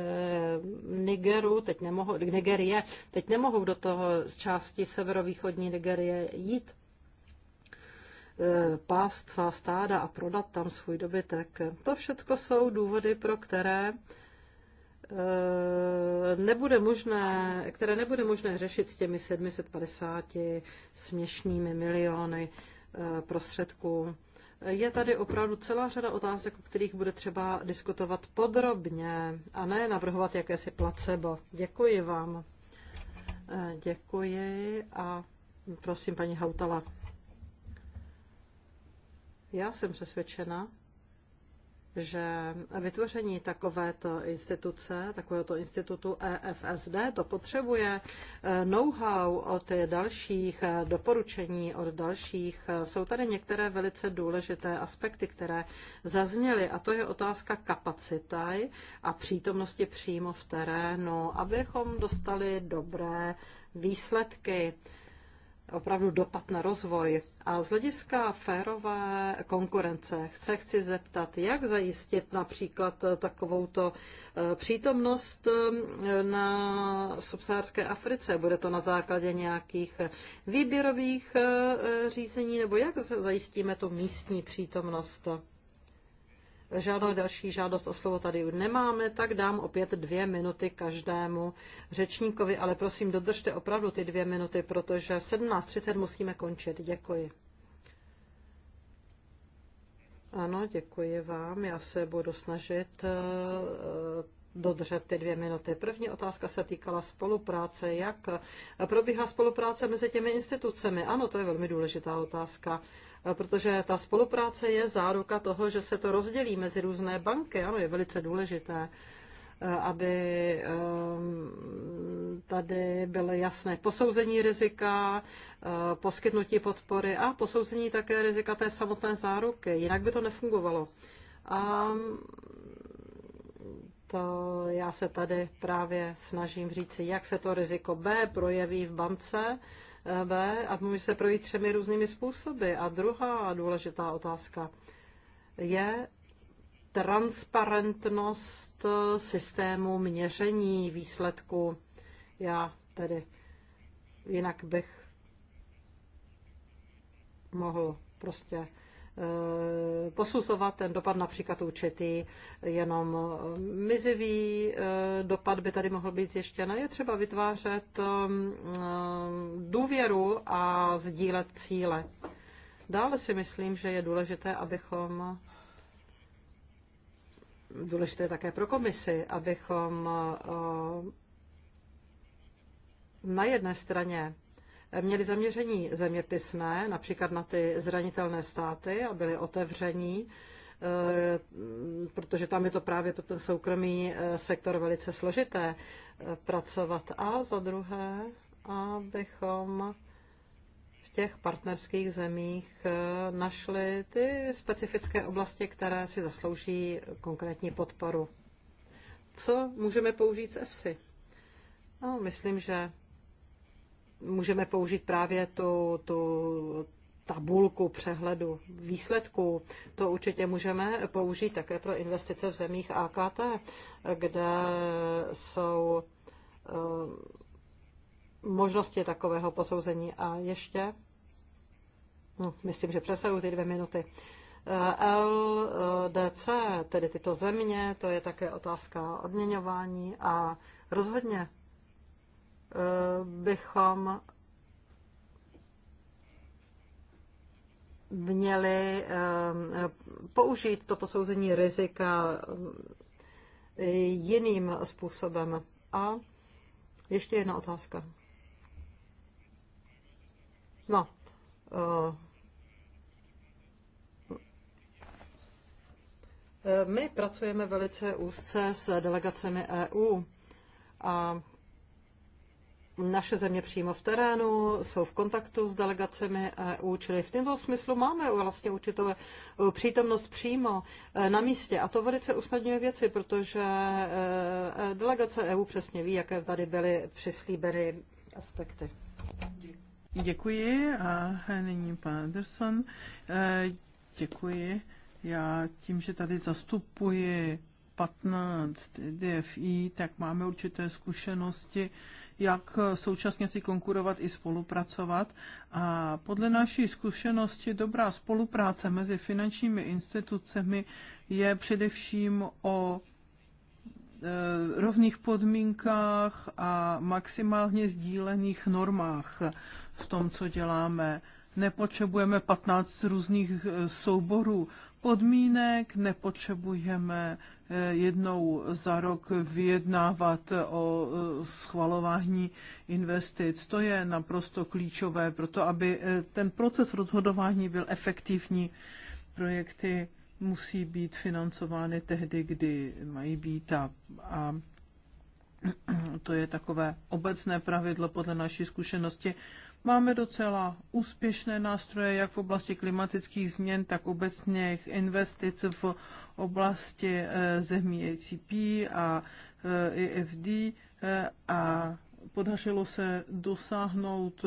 Nigeru, teď nemohou, Nigerie, teď nemohou do toho z části severovýchodní Nigerie jít pást svá stáda a prodat tam svůj dobytek. To všechno jsou důvody, pro které Eh, nebude možné, které nebude možné řešit s těmi 750 směšnými miliony eh, prostředků. Je tady opravdu celá řada otázek, o kterých bude třeba diskutovat podrobně a ne navrhovat jakési placebo. Děkuji vám. Eh, děkuji a prosím paní Hautala. Já jsem přesvědčena, že vytvoření takovéto instituce, takovéhoto institutu EFSD, to potřebuje eh, know-how od dalších eh, doporučení, od dalších. Jsou tady některé velice důležité aspekty, které zazněly, a to je otázka kapacita a přítomnosti přímo v terénu, abychom dostali dobré výsledky opravdu dopad na rozvoj. A z hlediska férové konkurence se chci zeptat, jak zajistit například takovouto e, přítomnost e, na subsárské Africe? Bude to na základě nějakých výběrových e, řízení, nebo jak zajistíme tu místní přítomnost? Žádnou další žádost o slovo tady nemáme, tak dám opět dvě minuty každému řečníkovi, ale prosím, dodržte opravdu ty dvě minuty, protože v 17.30 musíme končit. Děkuji. Ano, děkuji vám. Já se budu snažit eh, dodržet ty dvě minuty. První otázka se týkala spolupráce. Jak probíhá spolupráce mezi těmi institucemi? Ano, to je velmi důležitá otázka, protože ta spolupráce je záruka toho, že se to rozdělí mezi různé banky. Ano, je velice důležité eh, aby ehm, tady byly jasné posouzení rizika, eh, poskytnutí podpory a posouzení také rizika té samotné záruky. Jinak by to nefungovalo. A to já se tady právě snažím říci, jak se to riziko B projeví v bance eh, B a může se projít třemi různými způsoby. A druhá důležitá otázka je transparentnost eh, systému měření výsledku. Já tedy jinak bych mohl prostě Eh, posuzovat ten dopad například určitý jenom mizivý eh, dopad by tady mohl být zjištěn. Je třeba vytvářet eh, důvěru a sdílet cíle. Dále si myslím, že je důležité, abychom důležité také pro komisi, abychom na jedné straně měli zaměření zeměpisné, například na ty zranitelné státy a byli otevření, eh, protože tam je to právě pro ten soukromý eh, sektor velice složité eh, pracovat. A za druhé, abychom v těch partnerských zemích našli ty specifické oblasti, které si zaslouží konkrétní podporu. Co můžeme použít z EFSI? No, myslím, že můžeme použít právě tu, tu tabulku přehledu výsledků. To určitě můžeme použít také pro investice v zemích AKT, kde jsou eh, možnosti takového posouzení. A ještě, no, myslím, že přesahují ty dvě minuty. Eh, LDC, tedy tyto země, to je také otázka odměňování a rozhodně Eh, bychom měli eh, použít to posouzení rizika eh, jiným způsobem. A ještě jedna otázka. No, my pracujeme velice úzce s delegacemi EU a naše země přímo v terénu, jsou v kontaktu s delegacemi EU, čili v tomto smyslu máme vlastně určitou e, přítomnost přímo e, na místě. A to velice usnadňuje věci, protože e, delegace EU přesně ví, jaké tady byly přislíbeny aspekty.
Děkuji a nyní pan Anderson. Děkuji. Já tím, že tady zastupuji 15 DFI, tak máme určité zkušenosti jak eh, současně si konkurovat i spolupracovat. A podle naší zkušenosti dobrá spolupráce mezi finančními institucemi je především o eh, rovných podmínkách a maximálně sdílených normách v tom, co děláme. Nepotřebujeme 15 různých eh, souborů podmínek, nepotřebujeme eh, jednou za rok vyjednávat o eh, schvalování investic. To je naprosto klíčové pro to, aby eh, ten proces rozhodování byl efektivní. Projekty musí být financovány tehdy, kdy mají být a, a to je takové obecné pravidlo podle naší zkušenosti Máme docela úspěšné nástroje jak v oblasti klimatických změn, tak obecně investic v oblasti eh, zemí ACP a EFD eh, eh, a podařilo se dosáhnout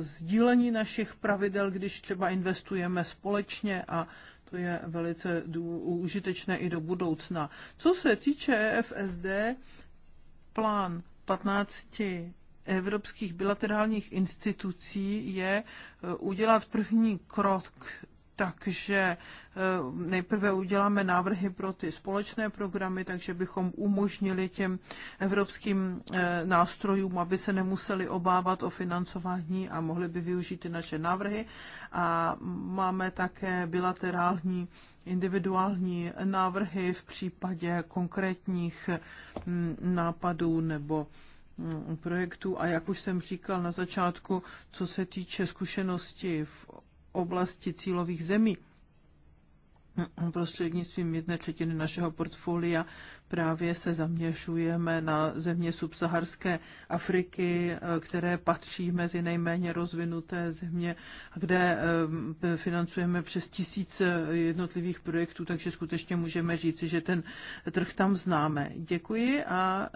sdílení našich pravidel, když třeba investujeme společně a to je velice užitečné i do budoucna. Co se týče EFSD, plán 15 evropských bilaterálních institucí je e, udělat první krok takže e, nejprve uděláme návrhy pro ty společné programy, takže bychom umožnili těm evropským e, nástrojům, aby se nemuseli obávat o financování a mohli by využít ty naše návrhy. A máme také bilaterální individuální návrhy v případě konkrétních nápadů nebo Mm, projektů a jak už jsem říkal na začátku, co se týče zkušenosti v oblasti cílových zemí, Mm, prostřednictvím jedné třetiny našeho portfolia právě se zaměřujeme na země subsaharské Afriky, eh, které patří mezi nejméně rozvinuté země, kde eh, financujeme přes tisíc eh, jednotlivých projektů, takže skutečně můžeme říci, že ten trh tam známe. Děkuji a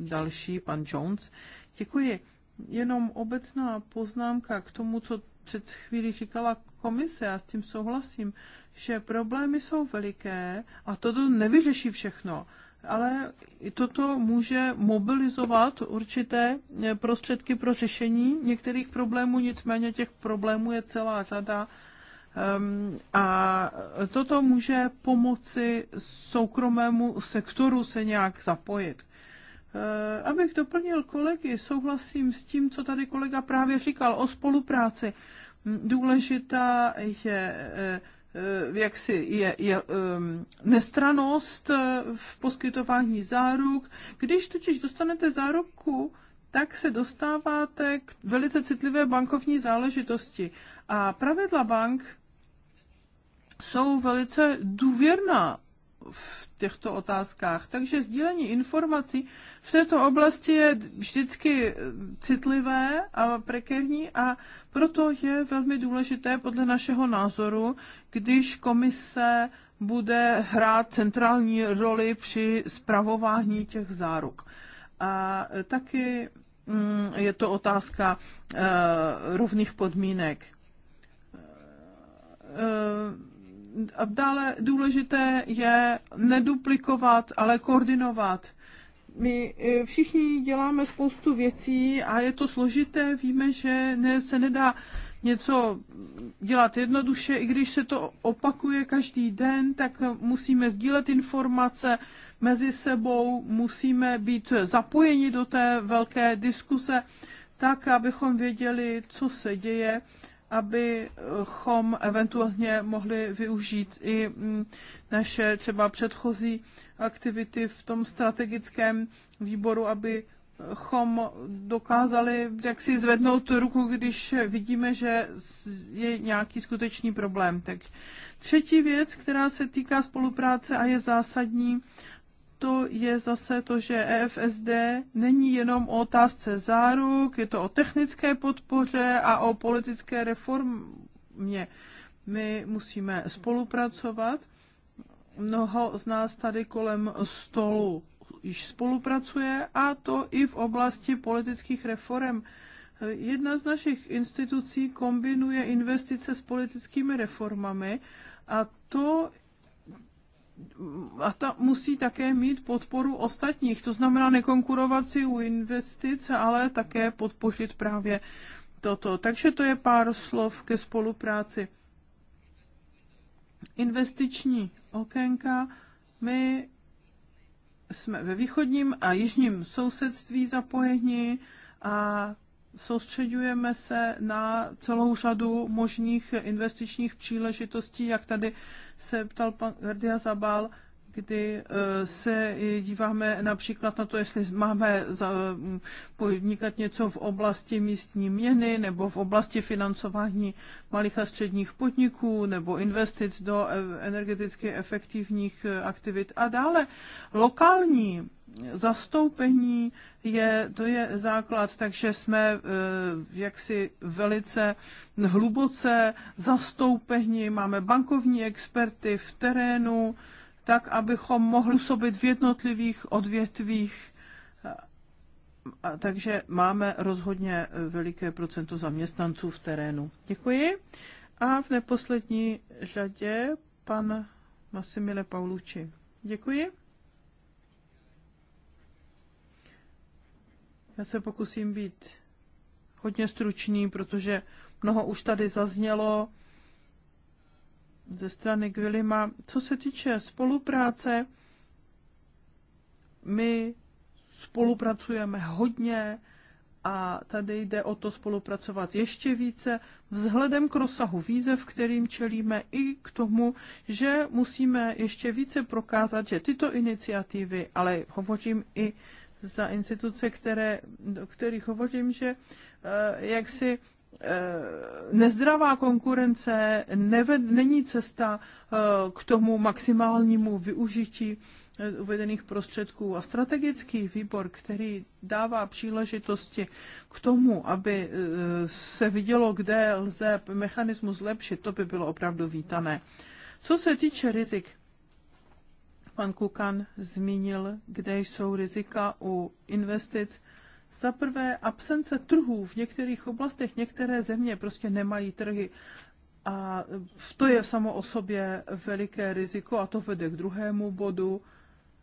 další, pan Jones. Děkuji. Jenom obecná poznámka k tomu, co před chvílí říkala komise, já s tím souhlasím, že problémy jsou veliké a toto nevyřeší všechno, ale i toto může mobilizovat určité eh, prostředky pro řešení některých problémů, nicméně těch problémů je celá řada. Ehm, a toto může pomoci soukromému sektoru se nějak zapojit. Eh, abych doplnil kolegy, souhlasím s tím, co tady kolega právě říkal o spolupráci důležitá je eh, eh, jak si je, je ehm, nestranost eh, v poskytování záruk. Když totiž dostanete záruku, tak se dostáváte k velice citlivé bankovní záležitosti. A pravidla bank jsou velice důvěrná v těchto otázkách. Takže sdílení informací v této oblasti je vždycky citlivé a prekérní a proto je velmi důležité podle našeho názoru, když komise bude hrát centrální roli při zpravování těch záruk. A taky mm, je to otázka eh, rovných podmínek eh, a dále důležité je neduplikovat, ale koordinovat. My e, všichni děláme spoustu věcí a je to složité. Víme, že ne, se nedá něco dělat jednoduše, i když se to opakuje každý den, tak musíme sdílet informace mezi sebou, musíme být zapojeni do té velké diskuse, tak abychom věděli, co se děje abychom eventuálně mohli využít i mm, naše třeba předchozí aktivity v tom strategickém výboru, aby Chom dokázali jaksi zvednout ruku, když vidíme, že je nějaký skutečný problém. Tak třetí věc, která se týká spolupráce a je zásadní, to je zase to, že EFSD není jenom o otázce záruk, je to o technické podpoře a o politické reformě. My musíme spolupracovat. Mnoho z nás tady kolem stolu již spolupracuje a to i v oblasti politických reform. Jedna z našich institucí kombinuje investice s politickými reformami a to a ta musí také mít podporu ostatních. To znamená nekonkurovat si u investic, ale také podpořit právě toto. Takže to je pár slov ke spolupráci. Investiční okénka. My jsme ve východním a jižním sousedství zapojeni a soustředujeme se na celou řadu možných investičních příležitostí, jak tady se ptal pan Gardia Zabal, kdy eh, se díváme například na to, jestli máme podnikat něco v oblasti místní měny nebo v oblasti financování malých a středních podniků nebo investic do e, energeticky efektivních eh, aktivit a dále. Lokální zastoupení je, to je základ, takže jsme eh, jaksi velice hluboce zastoupeni, máme bankovní experty v terénu, tak abychom mohli působit v jednotlivých odvětvích. Takže máme rozhodně veliké procento zaměstnanců v terénu. Děkuji. A v neposlední řadě pan Massimile Paulucci. Děkuji. Já se pokusím být hodně stručný, protože mnoho už tady zaznělo ze strany Gvilima. Co se týče spolupráce, my spolupracujeme hodně a tady jde o to spolupracovat ještě více vzhledem k rozsahu výzev, kterým čelíme i k tomu, že musíme ještě více prokázat, že tyto iniciativy, ale hovořím i za instituce, které, do kterých hovořím, že eh, jak si Eh, nezdravá konkurence neve, není cesta eh, k tomu maximálnímu využití eh, uvedených prostředků a strategický výbor, který dává příležitosti k tomu, aby se vidělo, kde lze mechanismus zlepšit, to by bylo opravdu vítané. Co se týče rizik, pan Kukan zmínil, kde jsou rizika u investic za prvé absence trhů v některých oblastech, některé země prostě nemají trhy. A to je samo o sobě veliké riziko a to vede k druhému bodu.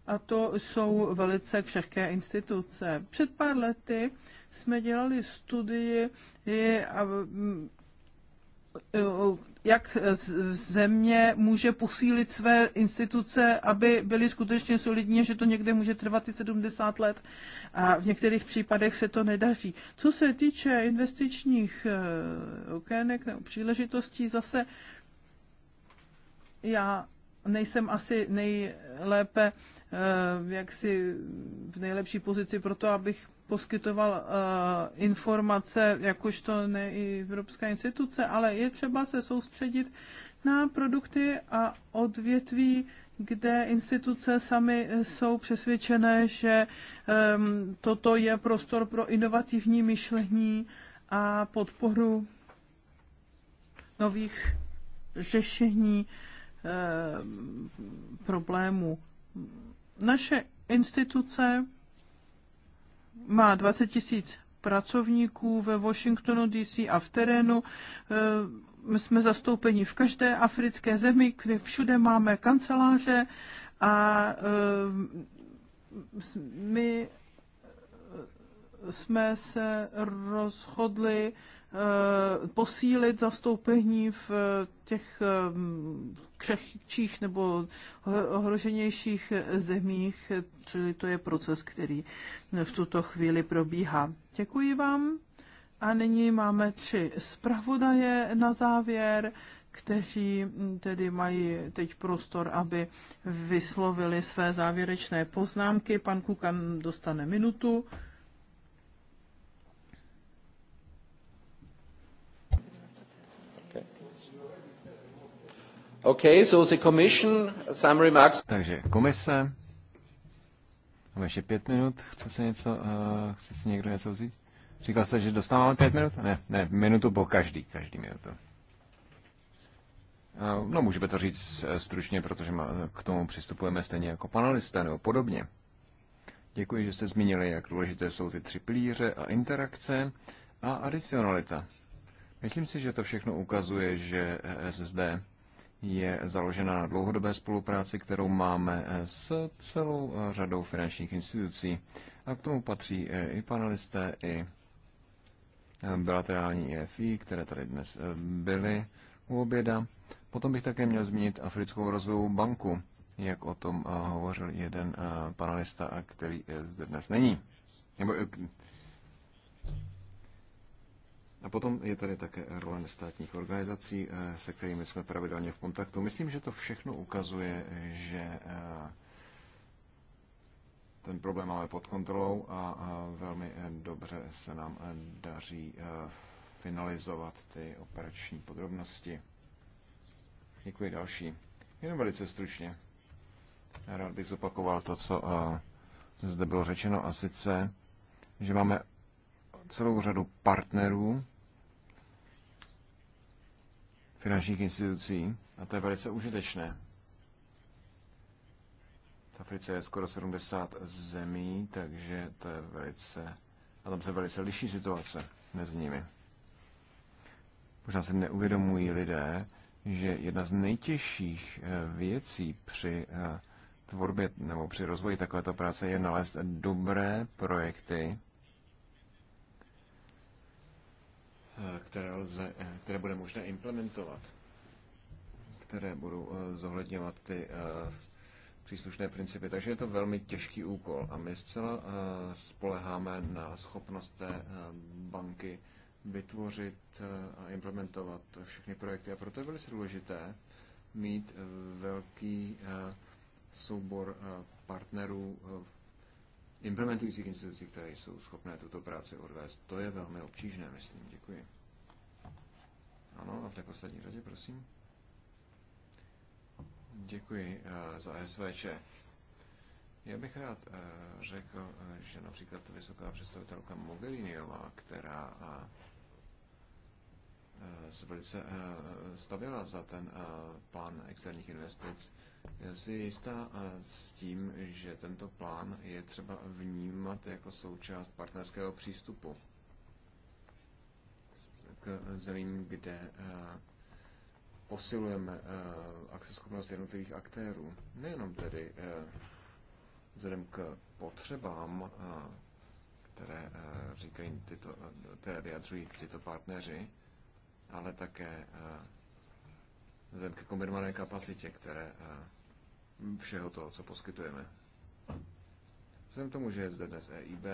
A to jsou velice křehké instituce. Před pár lety jsme dělali studii jak země může posílit své instituce, aby byly skutečně solidní, že to někde může trvat i 70 let a v některých případech se to nedaří. Co se týče investičních eh, okének nebo příležitostí, zase já nejsem asi nejlépe eh, jak si v nejlepší pozici pro to, abych poskytoval eh, informace jakožto ne i Evropská instituce, ale je třeba se soustředit na produkty a odvětví, kde instituce sami jsou přesvědčené, že um, toto je prostor pro inovativní myšlení a podporu nových řešení um, problémů. Naše instituce má 20 tisíc pracovníků ve Washingtonu DC a v terénu. Eh, my jsme zastoupeni v každé africké zemi, kde všude máme kanceláře a eh, my eh, jsme se rozhodli Eh, posílit zastoupení v eh, těch eh, křehčích nebo ohroženějších zemích, čili to je proces, který v tuto chvíli probíhá. Děkuji vám. A nyní máme tři zpravodaje na závěr, kteří hm, tedy mají teď prostor, aby vyslovili své závěrečné poznámky. Pan Kukan dostane minutu.
Okay, so the commission, some remarks. Takže komise. Máme ještě pět minut. Chce se něco, uh, chce si někdo něco vzít? Říkal jste, že dostáváme pět minut? Ne, ne, minutu po každý, každý minutu. Uh, no, můžeme to říct eh, stručně, protože k tomu přistupujeme stejně jako panelisté nebo podobně. Děkuji, že jste zmínili, jak důležité jsou ty tři plíře a interakce a adicionalita. Myslím si, že to všechno ukazuje, že e SSD je založena na dlouhodobé spolupráci, kterou máme eh, s celou eh, řadou finančních institucí. A k tomu patří eh, i panelisté, i bilaterální EFI, které tady dnes byly u oběda. Potom bych také měl zmínit Africkou rozvojovou banku, jak o tom hovořil jeden panelista, který zde dnes není. Nebo a potom je tady také role nestátních organizací, eh, se kterými jsme pravidelně v kontaktu. Myslím, že to všechno ukazuje, že eh, ten problém máme pod kontrolou a velmi eh, dobře se nám daří finalizovat ty operační podrobnosti. Děkuji další. Jenom velice stručně. Rád bych zopakoval to, co zde bylo řečeno, a sice, že máme celou řadu partnerů, finančních institucí a to je velice užitečné. V Africe je skoro 70 zemí, takže to je velice, a tam se velice liší situace mezi nimi. Možná se neuvědomují lidé, že jedna z nejtěžších eh, věcí při eh, tvorbě nebo při rozvoji takovéto práce je nalézt dobré projekty, Eh, které, lze, eh, které bude možné implementovat, které budou eh, zohledňovat ty příslušné principy. Takže je to velmi těžký úkol a my zcela spoleháme na schopnost té banky vytvořit a implementovat všechny projekty. A proto je velice důležité mít velký soubor partnerů implementujících institucí, které jsou schopné tuto práci odvést. To je velmi obtížné, myslím. Děkuji. Ano, a v poslední řadě, prosím. Děkuji eh, za SVČ. Já bych rád eh, řekl, eh, že například vysoká představitelka Mogheriniová, která se velice stavila za ten plán externích investic, já si jistá eh, s tím, že tento plán je třeba vnímat jako součást partnerského přístupu k zemím, kde eh, posilujeme eh, akceschopnost jednotlivých aktérů. Nejenom tedy vzhledem k potřebám, které, říkají tyto, které vyjadřují tyto partneři, ale také vzhledem ke kombinované kapacitě, které všeho toho, co poskytujeme. Vzhledem tomu, že je zde dnes EIB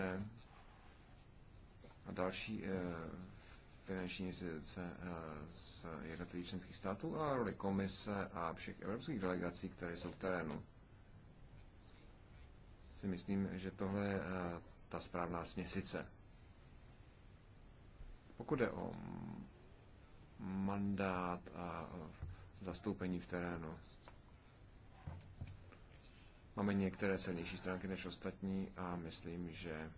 a další eh, finanční instituce eh, z jednotlivých členských států a roli komise a všech evropských delegací, které jsou v terénu, si myslím, že tohle je eh, ta správná směsice. Pokud jde o mandát a zastoupení v terénu, Máme některé silnější stránky než ostatní a myslím, že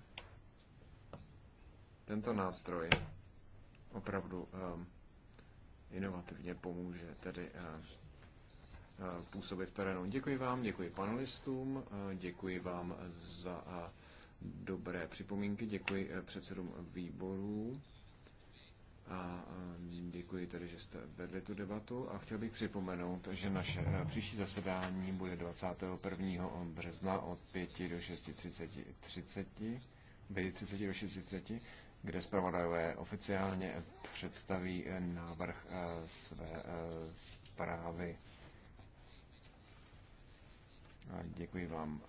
tento nástroj opravdu ehm, inovativně pomůže tedy ehm, ehm, působit v terénu. Děkuji vám, děkuji panelistům, děkuji vám za dobré připomínky, děkuji eh, předsedům výborů. A děkuji tedy, že jste vedli tu debatu a chtěl bych připomenout, že naše e, příští zasedání bude 21. března od 5 do 6.30 30 30. do 30. kde zpravodajové oficiálně představí e, návrh e, své zprávy. Děkuji vám.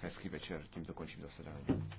Hezký večer. Tímto končím zasedání.